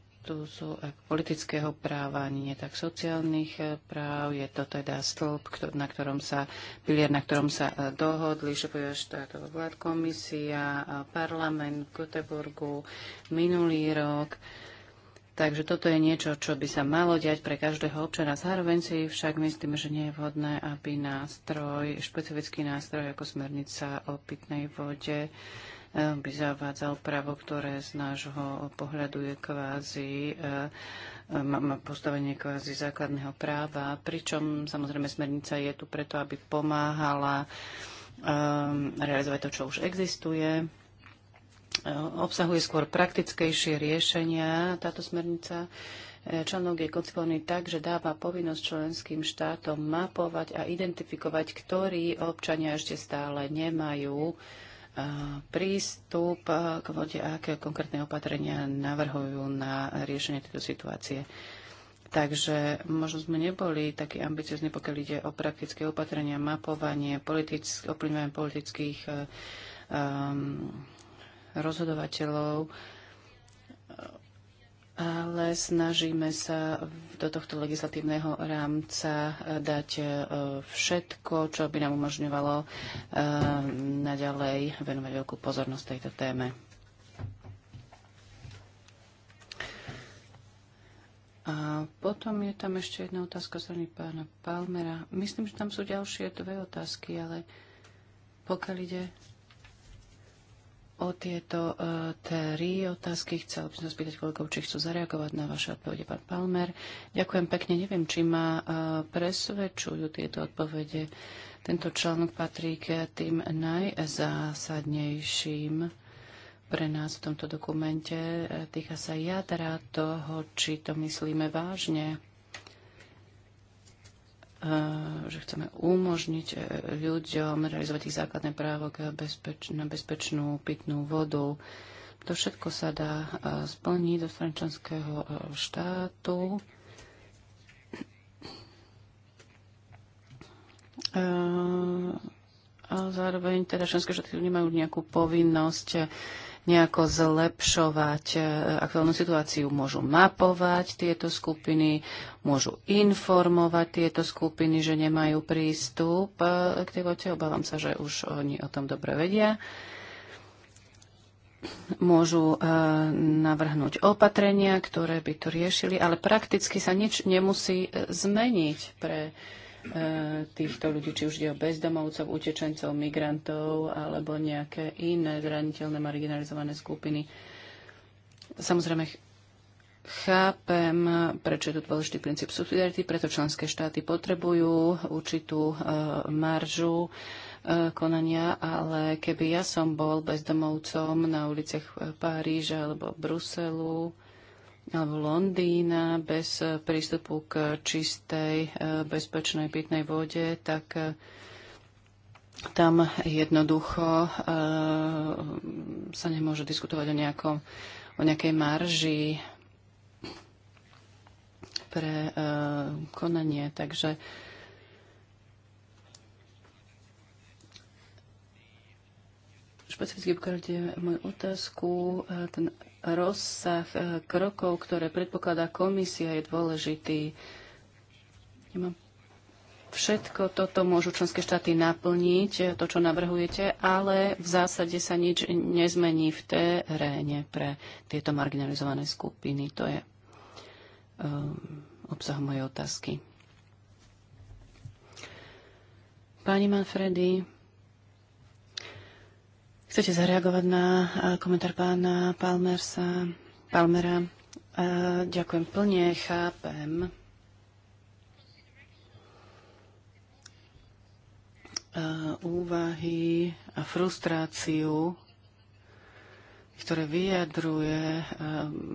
politického práva, ani nie tak sociálnych eh, práv. Je to teda stĺp, na ktorom sa, pilier, na ktorom sa eh, dohodli šefovia štátov vlád, komisia, eh, parlament v Göteborgu minulý rok. Takže toto je niečo, čo by sa malo diať pre každého občana. Zároveň si však myslím, že nie je vhodné, aby nástroj, špecifický nástroj ako smernica o pitnej vode eh, by zavádzal právo, ktoré z nášho pohľadu je kvázi, eh, má postavenie kvázi základného práva, pričom samozrejme smernica je tu preto, aby pomáhala eh, realizovať to, čo už existuje obsahuje skôr praktickejšie riešenia táto smernica. E, článok je koncipovaný tak, že dáva povinnosť členským štátom mapovať a identifikovať, ktorí občania ešte stále nemajú e, prístup e, k vode a aké konkrétne opatrenia navrhujú na riešenie tejto situácie. Takže možno sme neboli takí ambiciozni, pokiaľ ide o praktické opatrenia, mapovanie, politick- ovplyvňovanie politických um, rozhodovateľov, ale snažíme sa do tohto legislatívneho rámca dať e, všetko, čo by nám umožňovalo e, naďalej venovať veľkú pozornosť tejto téme. A potom je tam ešte jedna otázka strany pána Palmera. Myslím, že tam sú ďalšie dve otázky, ale pokiaľ ide O tieto uh, tri otázky chcel by som spýtať kolegov, či chcú zareagovať na vaše odpovede, pán Palmer. Ďakujem pekne. Neviem, či ma uh, presvedčujú tieto odpovede. Tento článok patrí k tým najzásadnejším pre nás v tomto dokumente. E, týka sa jadra toho, či to myslíme vážne Eh, že chceme umožniť eh, ľuďom realizovať ich základné právo bezpeč- na bezpečnú pitnú vodu. To všetko sa dá eh, splniť do členského štátu. A zároveň teda členské štáty nemajú nejakú povinnosť nejako zlepšovať e, aktuálnu situáciu. Môžu mapovať tieto skupiny, môžu informovať tieto skupiny, že nemajú prístup e, k tej vote. Obávam sa, že už oni o tom dobre vedia. Môžu e, navrhnúť opatrenia, ktoré by to riešili, ale prakticky sa nič nemusí zmeniť pre E, týchto ľudí, či už ide o bezdomovcov, utečencov, migrantov alebo nejaké iné zraniteľné marginalizované skupiny. Samozrejme, chápem, prečo je tu dôležitý princíp subsidiarity, preto členské štáty potrebujú určitú e, maržu e, konania, ale keby ja som bol bezdomovcom na uliciach Paríža alebo Bruselu, alebo Londýna bez eh, prístupu k čistej, eh, bezpečnej pitnej vode, tak eh, tam jednoducho sa nemôže diskutovať o, nejakom, o nejakej marži pre konanie. Takže špecificky pokiaľ moju otázku, ten rozsah e, krokov, ktoré predpokladá komisia, je dôležitý. Všetko toto môžu členské štáty naplniť, e, to, čo navrhujete, ale v zásade sa nič nezmení v teréne pre tieto marginalizované skupiny. To je um, obsah mojej otázky. Pani Manfredi, Chcete zareagovať na eh, komentár pána Palmersa, Palmera? Eh, ďakujem plne, chápem. Eh, úvahy a frustráciu, ktoré vyjadruje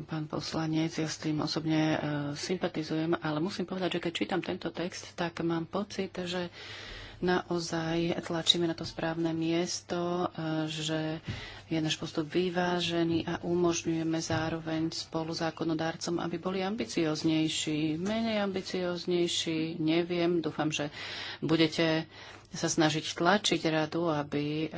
pán poslanec. Ja s tým osobne sympatizujem, ale musím povedať, že keď čítam tento text, tak mám pocit, že naozaj tlačíme na to správne miesto, eh, že je náš postup vyvážený a umožňujeme zároveň spolu zákonodárcom, aby boli ambicioznejší, menej ambicioznejší, neviem, dúfam, že budete sa snažiť tlačiť radu, aby eh,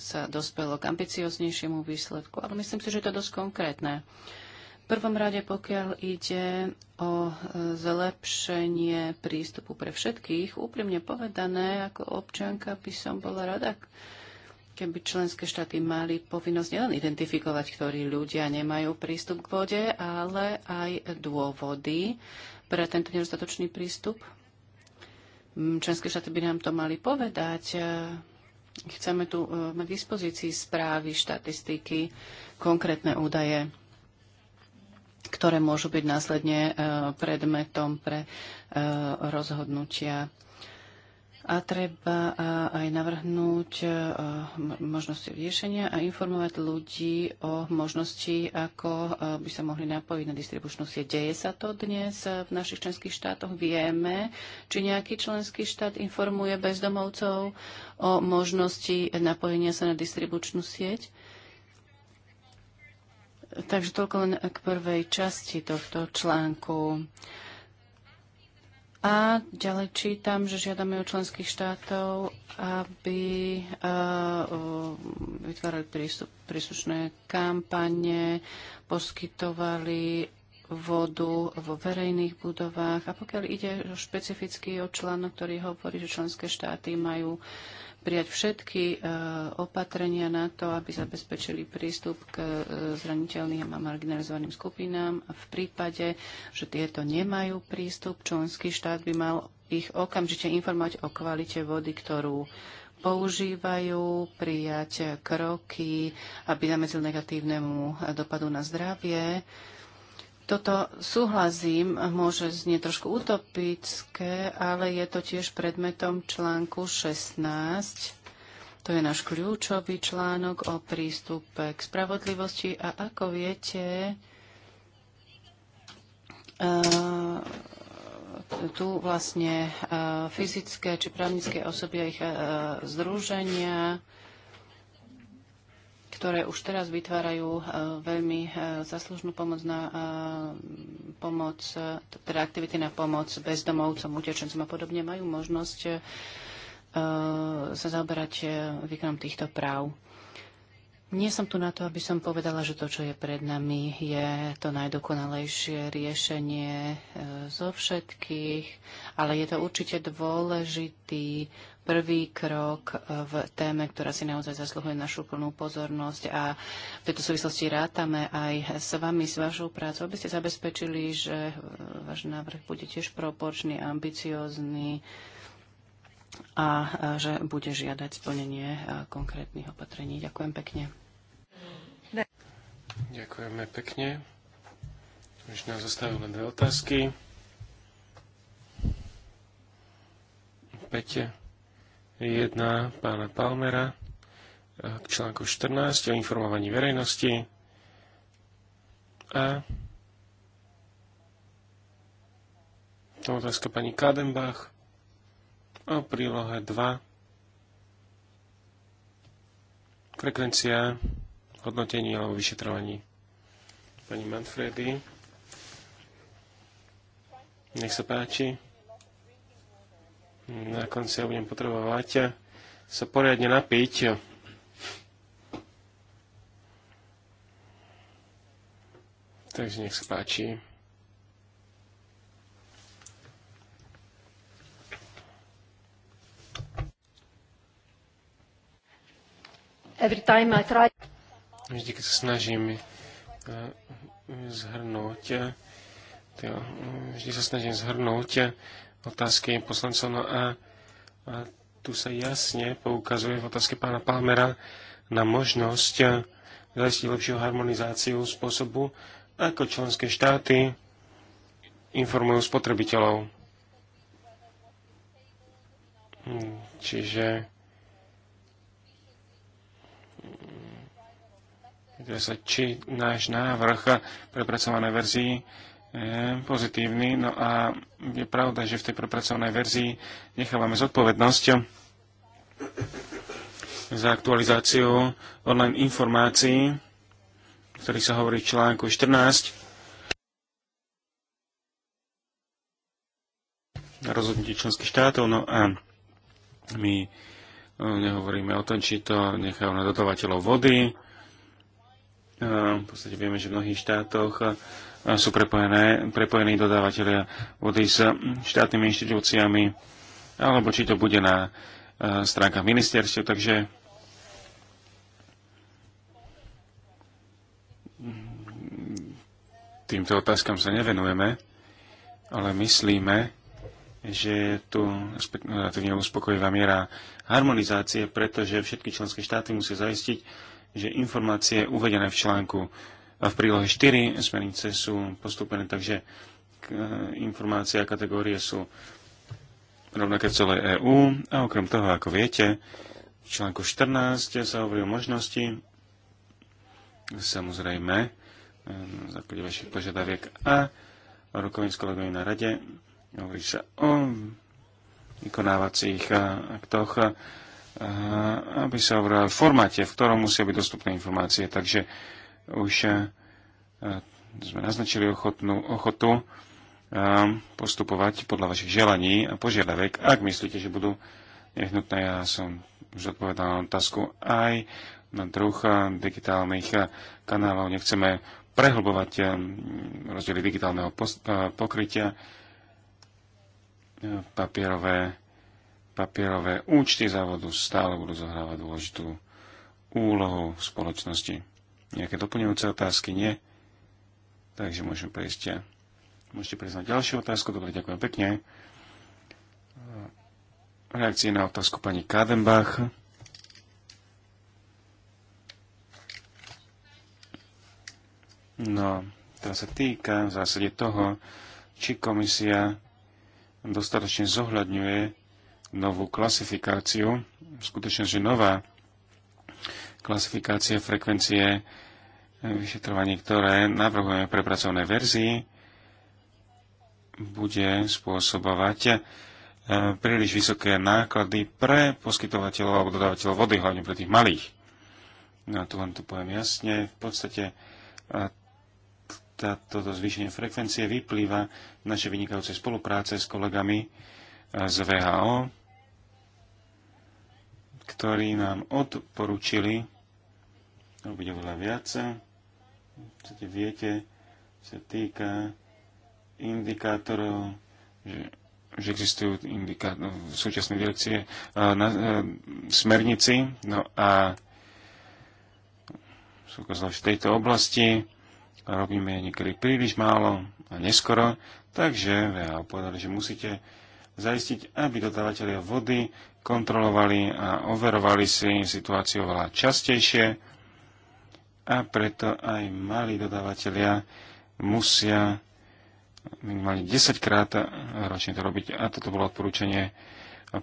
sa dospelo k ambicioznejšiemu výsledku. Ale myslím si, že to je dosť konkrétne prvom rade, pokiaľ ide o e, zlepšenie prístupu pre všetkých, úprimne povedané, ako občanka by som bola rada, keby členské štáty mali povinnosť nielen identifikovať, ktorí ľudia nemajú prístup k vode, ale aj dôvody pre tento nedostatočný prístup. Mm, členské štáty by nám to mali povedať. E, chceme tu e, mať v dispozícii správy, štatistiky, konkrétne údaje ktoré môžu byť následne e, predmetom pre e, rozhodnutia. A treba e, aj navrhnúť možnosti riešenia a informovať ľudí o možnosti, ako by sa mohli napojiť na distribučnú sieť. Deje sa to dnes v našich členských štátoch? Vieme, či nejaký členský štát informuje bezdomovcov o možnosti napojenia sa na distribučnú sieť? Takže toľko len k prvej časti tohto článku. A ďalej čítam, že žiadame od členských štátov, aby eh, vytvárali príslušné kampane, poskytovali vodu vo verejných budovách. A pokiaľ ide špecificky o článok, ktorý hovorí, že členské štáty majú uh, prijať všetky e, opatrenia na to, aby zabezpečili prístup k e, zraniteľným a marginalizovaným skupinám. A v prípade, že tieto nemajú prístup, členský štát by mal ich okamžite informovať o kvalite vody, ktorú používajú, prijať kroky, aby zamedzil negatívnemu dopadu na zdravie toto súhlasím, môže znieť trošku utopické, ale je to tiež predmetom článku 16. To je náš kľúčový článok o prístupe k spravodlivosti a ako viete, eh, tu vlastne eh, fyzické či právnické osoby a ich eh, združenia ktoré už teraz vytvárajú e, veľmi e, zaslužnú pomoc na e, pomoc, teda aktivity na pomoc bezdomovcom, utečencom a podobne, majú možnosť sa zaoberať výkonom týchto práv. Nie som tu na to, aby som povedala, že to, čo je pred nami, je to najdokonalejšie riešenie zo všetkých, ale je to určite dôležitý prvý krok e, v téme, ktorá si naozaj zasluhuje našu plnú pozornosť a v tejto súvislosti rátame aj s vami, s vašou prácou, aby ste zabezpečili, že e, váš návrh bude tiež proporčný, ambiciózny a e, že bude žiadať splnenie konkrétnych opatrení. Ďakujem pekne. Ďakujeme pekne. Už nám zostávajú len dve otázky. Pete, jedna pána Palmera eh, k článku 14 o informovaní verejnosti a to otázka pani Kadenbach o prílohe 2 frekvencia hodnotení alebo vyšetrovaní pani Manfredy. Nech sa páči. Na konci ja budem potrebovať sa poriadne napiť. Takže nech sa páči. Vždy, keď sa snažím eh, zhrnúť, eh, mm, vždy sa snažím zhrnúť eh, otázky poslancov. No a, a tu sa jasne poukazuje v otázke pána Palmera na možnosť zajistiť lepšiu harmonizáciu spôsobu, ako členské štáty informujú spotrebiteľov. Čiže či náš návrh prepracované verzii E, pozitívny. No a je pravda, že v tej prepracovanej verzii nechávame zodpovednosť za aktualizáciu online informácií, ktorý sa hovorí v článku 14. rozhodnutie členských štátov. No a my e, nehovoríme o tom, či to nechajú na dodávateľov vody. E, v podstate vieme, že v mnohých štátoch sú prepojené, prepojení dodávateľia vody s štátnymi inštitúciami, alebo či to bude na e, stránkach ministerstva. takže týmto otázkam sa nevenujeme, ale myslíme, že je tu relatívne uspokojivá miera harmonizácie, pretože všetky členské štáty musia zaistiť, že informácie uvedené v článku a v prílohe 4 smernice sú postupené, takže e, informácie a kategórie sú rovnaké celé EÚ. A okrem toho, ako viete, v článku 14 sa hovorí o možnosti, samozrejme, e, na základe vašich požiadaviek a rokovín s kolegami na rade, hovorí sa o vykonávacích e, aktoch, aby sa hovorilo o formáte, v ktorom musia byť dostupné informácie. Takže už eh, eh, sme naznačili ochotnú, ochotu eh, postupovať podľa vašich želaní a požiadavek, ak myslíte, že budú nevyhnutné. Ja som už odpovedal na otázku aj na druh digitálnych kanálov. Nechceme prehlbovať rozdiely digitálneho pokrytia, papierové, papierové účty závodu stále budú zohrávať dôležitú úlohu v spoločnosti nejaké doplňujúce otázky? Nie. Takže môžem prejsť. Môžete prejsť na ďalšiu otázku. Dobre, ďakujem pekne. Reakcie na otázku pani Kadenbach. No, to sa týka v zásade toho, či komisia dostatočne zohľadňuje novú klasifikáciu. Skutočne, že nová klasifikácie frekvencie e, vyšetrovanie, ktoré navrhujeme pre pracovné verzii, bude spôsobovať e, príliš vysoké náklady pre poskytovateľov alebo dodávateľov vody, hlavne pre tých malých. No a tu vám to poviem jasne. V podstate e, toto zvýšenie frekvencie vyplýva naše vynikajúce spolupráce s kolegami z VHO, ktorí nám odporučili robiť oveľa viac. Čo viete, sa týka indikátorov, že, že existujú v súčasnej direkcie na, na, e, smernici, no a sú v tejto oblasti robíme niekedy príliš málo a neskoro, takže ja povedal, že musíte zaistiť, aby dodávateľia vody kontrolovali a overovali si situáciu veľa častejšie a preto aj malí dodávateľia musia minimálne 10 krát ročne to robiť. A toto bolo odporúčanie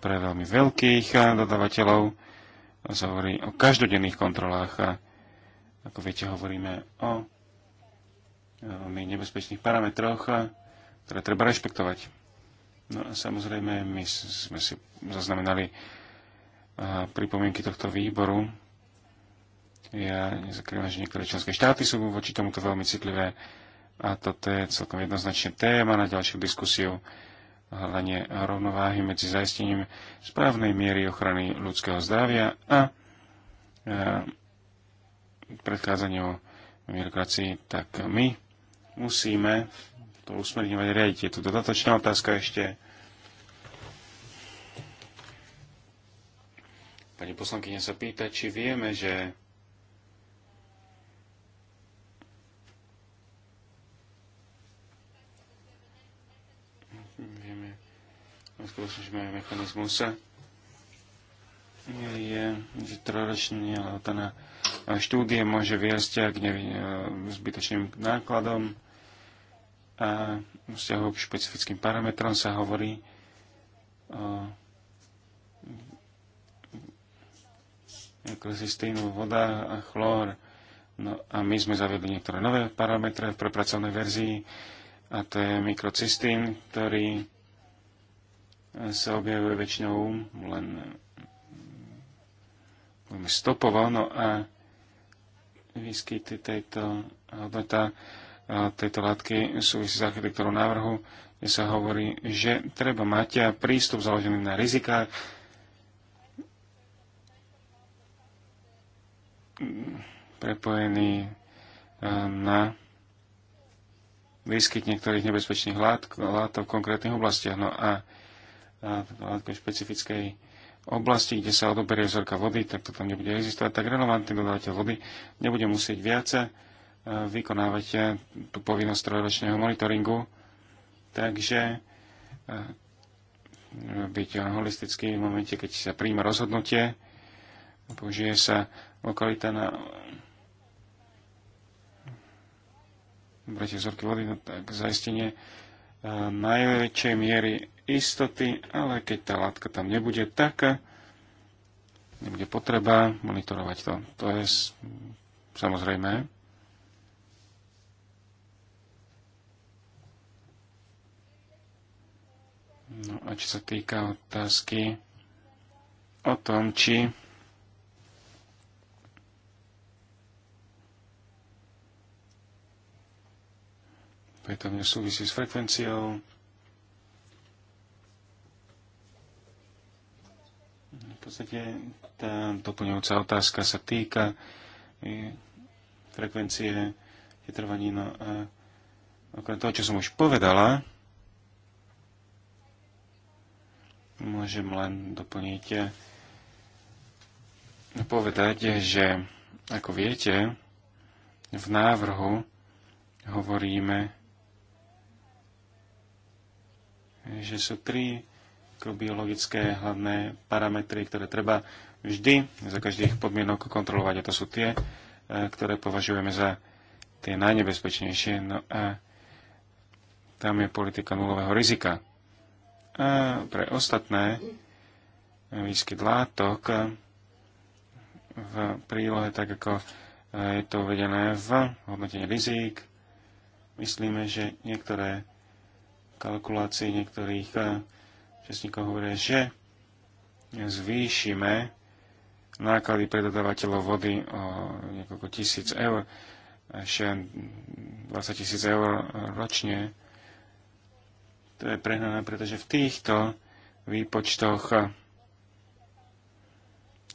pre veľmi veľkých dodávateľov. Sa hovorí o každodenných kontrolách. A ako viete, hovoríme o veľmi nebezpečných parametroch, ktoré treba rešpektovať. No a samozrejme, my sme si zaznamenali pripomienky tohto výboru. Ja nezakrývam, že niektoré členské štáty sú voči tomuto veľmi citlivé a toto je celkom jednoznačne téma na ďalšiu diskusiu hľadanie rovnováhy medzi zaistením správnej miery ochrany ľudského zdravia a predchádzaniu mirokracii, tak my musíme to usmerňovať riadiť. Je tu dodatočná otázka ešte. Pani poslankyňa sa pýta, či vieme, že vieme, skutočne, že máme mechanizmus je, je že trojročný, ale tá štúdie môže viesť k zbytočným nákladom a vzťahu k špecifickým parametrom sa hovorí o ekosystému voda a chlór. No a my sme zavedli niektoré nové parametre v prepracovanej verzii a to je mikrocystín, ktorý e, sa objavuje väčšinou len stopovo, no a výskyty tejto hodnota tejto látky súvisí s architektúrou návrhu, kde sa hovorí, že treba mať prístup založený na rizikách. prepojený na výskyt niektorých nebezpečných látok, látok v konkrétnych oblastiach. No a, a látka v špecifickej oblasti, kde sa odoberie vzorka vody, tak to tam nebude existovať, tak relevantný dodávateľ vody nebude musieť viacej vykonávať eh, tú povinnosť trojročného monitoringu. Takže eh, byť holistický v momente, keď sa príjma rozhodnutie, použije sa lokalita na bratia vzorky vody, no tak zaistenie eh, najväčšej miery istoty, ale keď tá látka tam nebude taká, nebude potreba monitorovať to. To je samozrejme. No a čo sa týka otázky o tom, či to opätovne súvisí s frekvenciou. V podstate tá doplňujúca otázka sa týka e, frekvencie vytrvaní. No a okrem toho, čo som už povedala, Môžem len doplniť povedať, že ako viete, v návrhu hovoríme, že sú tri biologické hlavné parametry, ktoré treba vždy za každých podmienok kontrolovať. A to sú tie, ktoré považujeme za tie najnebezpečnejšie. No a tam je politika nulového rizika. A pre ostatné výskyt látok v prílohe, tak ako je to uvedené v hodnotení rizík, myslíme, že niektoré kalkulácie niektorých eh, čestníkov hovoria, že zvýšime náklady predodávateľov vody o niekoľko tisíc eur, až 20 tisíc eur ročne to je prehnané, pretože v týchto výpočtoch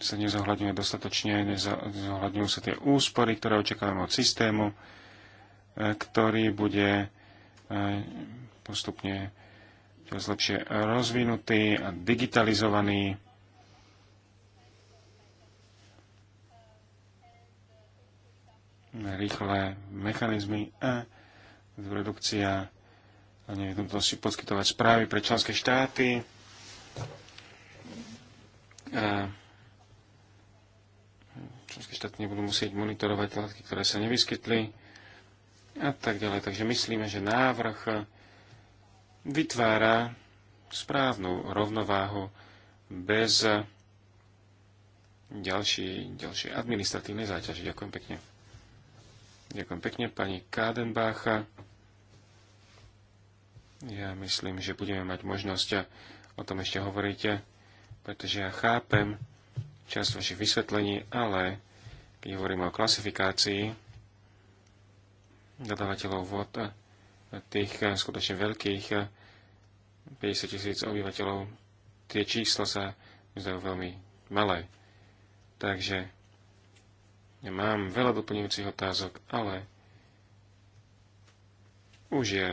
sa nezohľadňuje dostatočne, nezohľadňujú sa tie úspory, ktoré očakávame od systému, e, ktorý bude e, postupne lepšie rozvinutý a digitalizovaný. Rýchle mechanizmy a redukcia a niekto si poskytovať správy pre členské štáty. A členské štáty nebudú musieť monitorovať látky, ktoré sa nevyskytli a tak ďalej. Takže myslíme, že návrh vytvára správnu rovnováhu bez ďalší, ďalšie administratívne záťaže. Ďakujem pekne. Ďakujem pekne pani Kádenbácha. Ja myslím, že budeme mať možnosť o tom ešte hovoríte, pretože ja chápem časť vašich vysvetlení, ale keď hovoríme o klasifikácii dodávateľov vod, tých skutočne veľkých 50 tisíc obyvateľov, tie čísla sa zdajú veľmi malé. Takže ja mám veľa doplňujúcich otázok, ale už je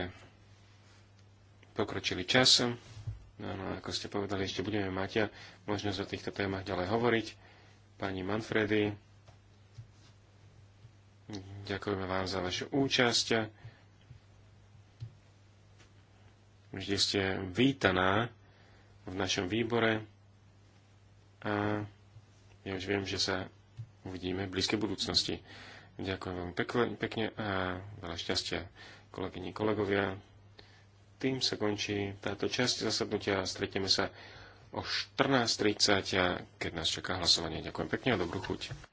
pokročili časom. No, no, ako ste povedali, ešte budeme mať možnosť o týchto témach ďalej hovoriť. Pani Manfredy, ďakujeme vám za vašu účasť. Vždy ste vítaná v našom výbore a ja už viem, že sa uvidíme v blízkej budúcnosti. Ďakujem veľmi pekne, pekne a veľa šťastia kolegyni, kolegovia tým sa končí táto časť zasadnutia a stretieme sa o 14.30, keď nás čaká hlasovanie. Ďakujem pekne a dobrú chuť.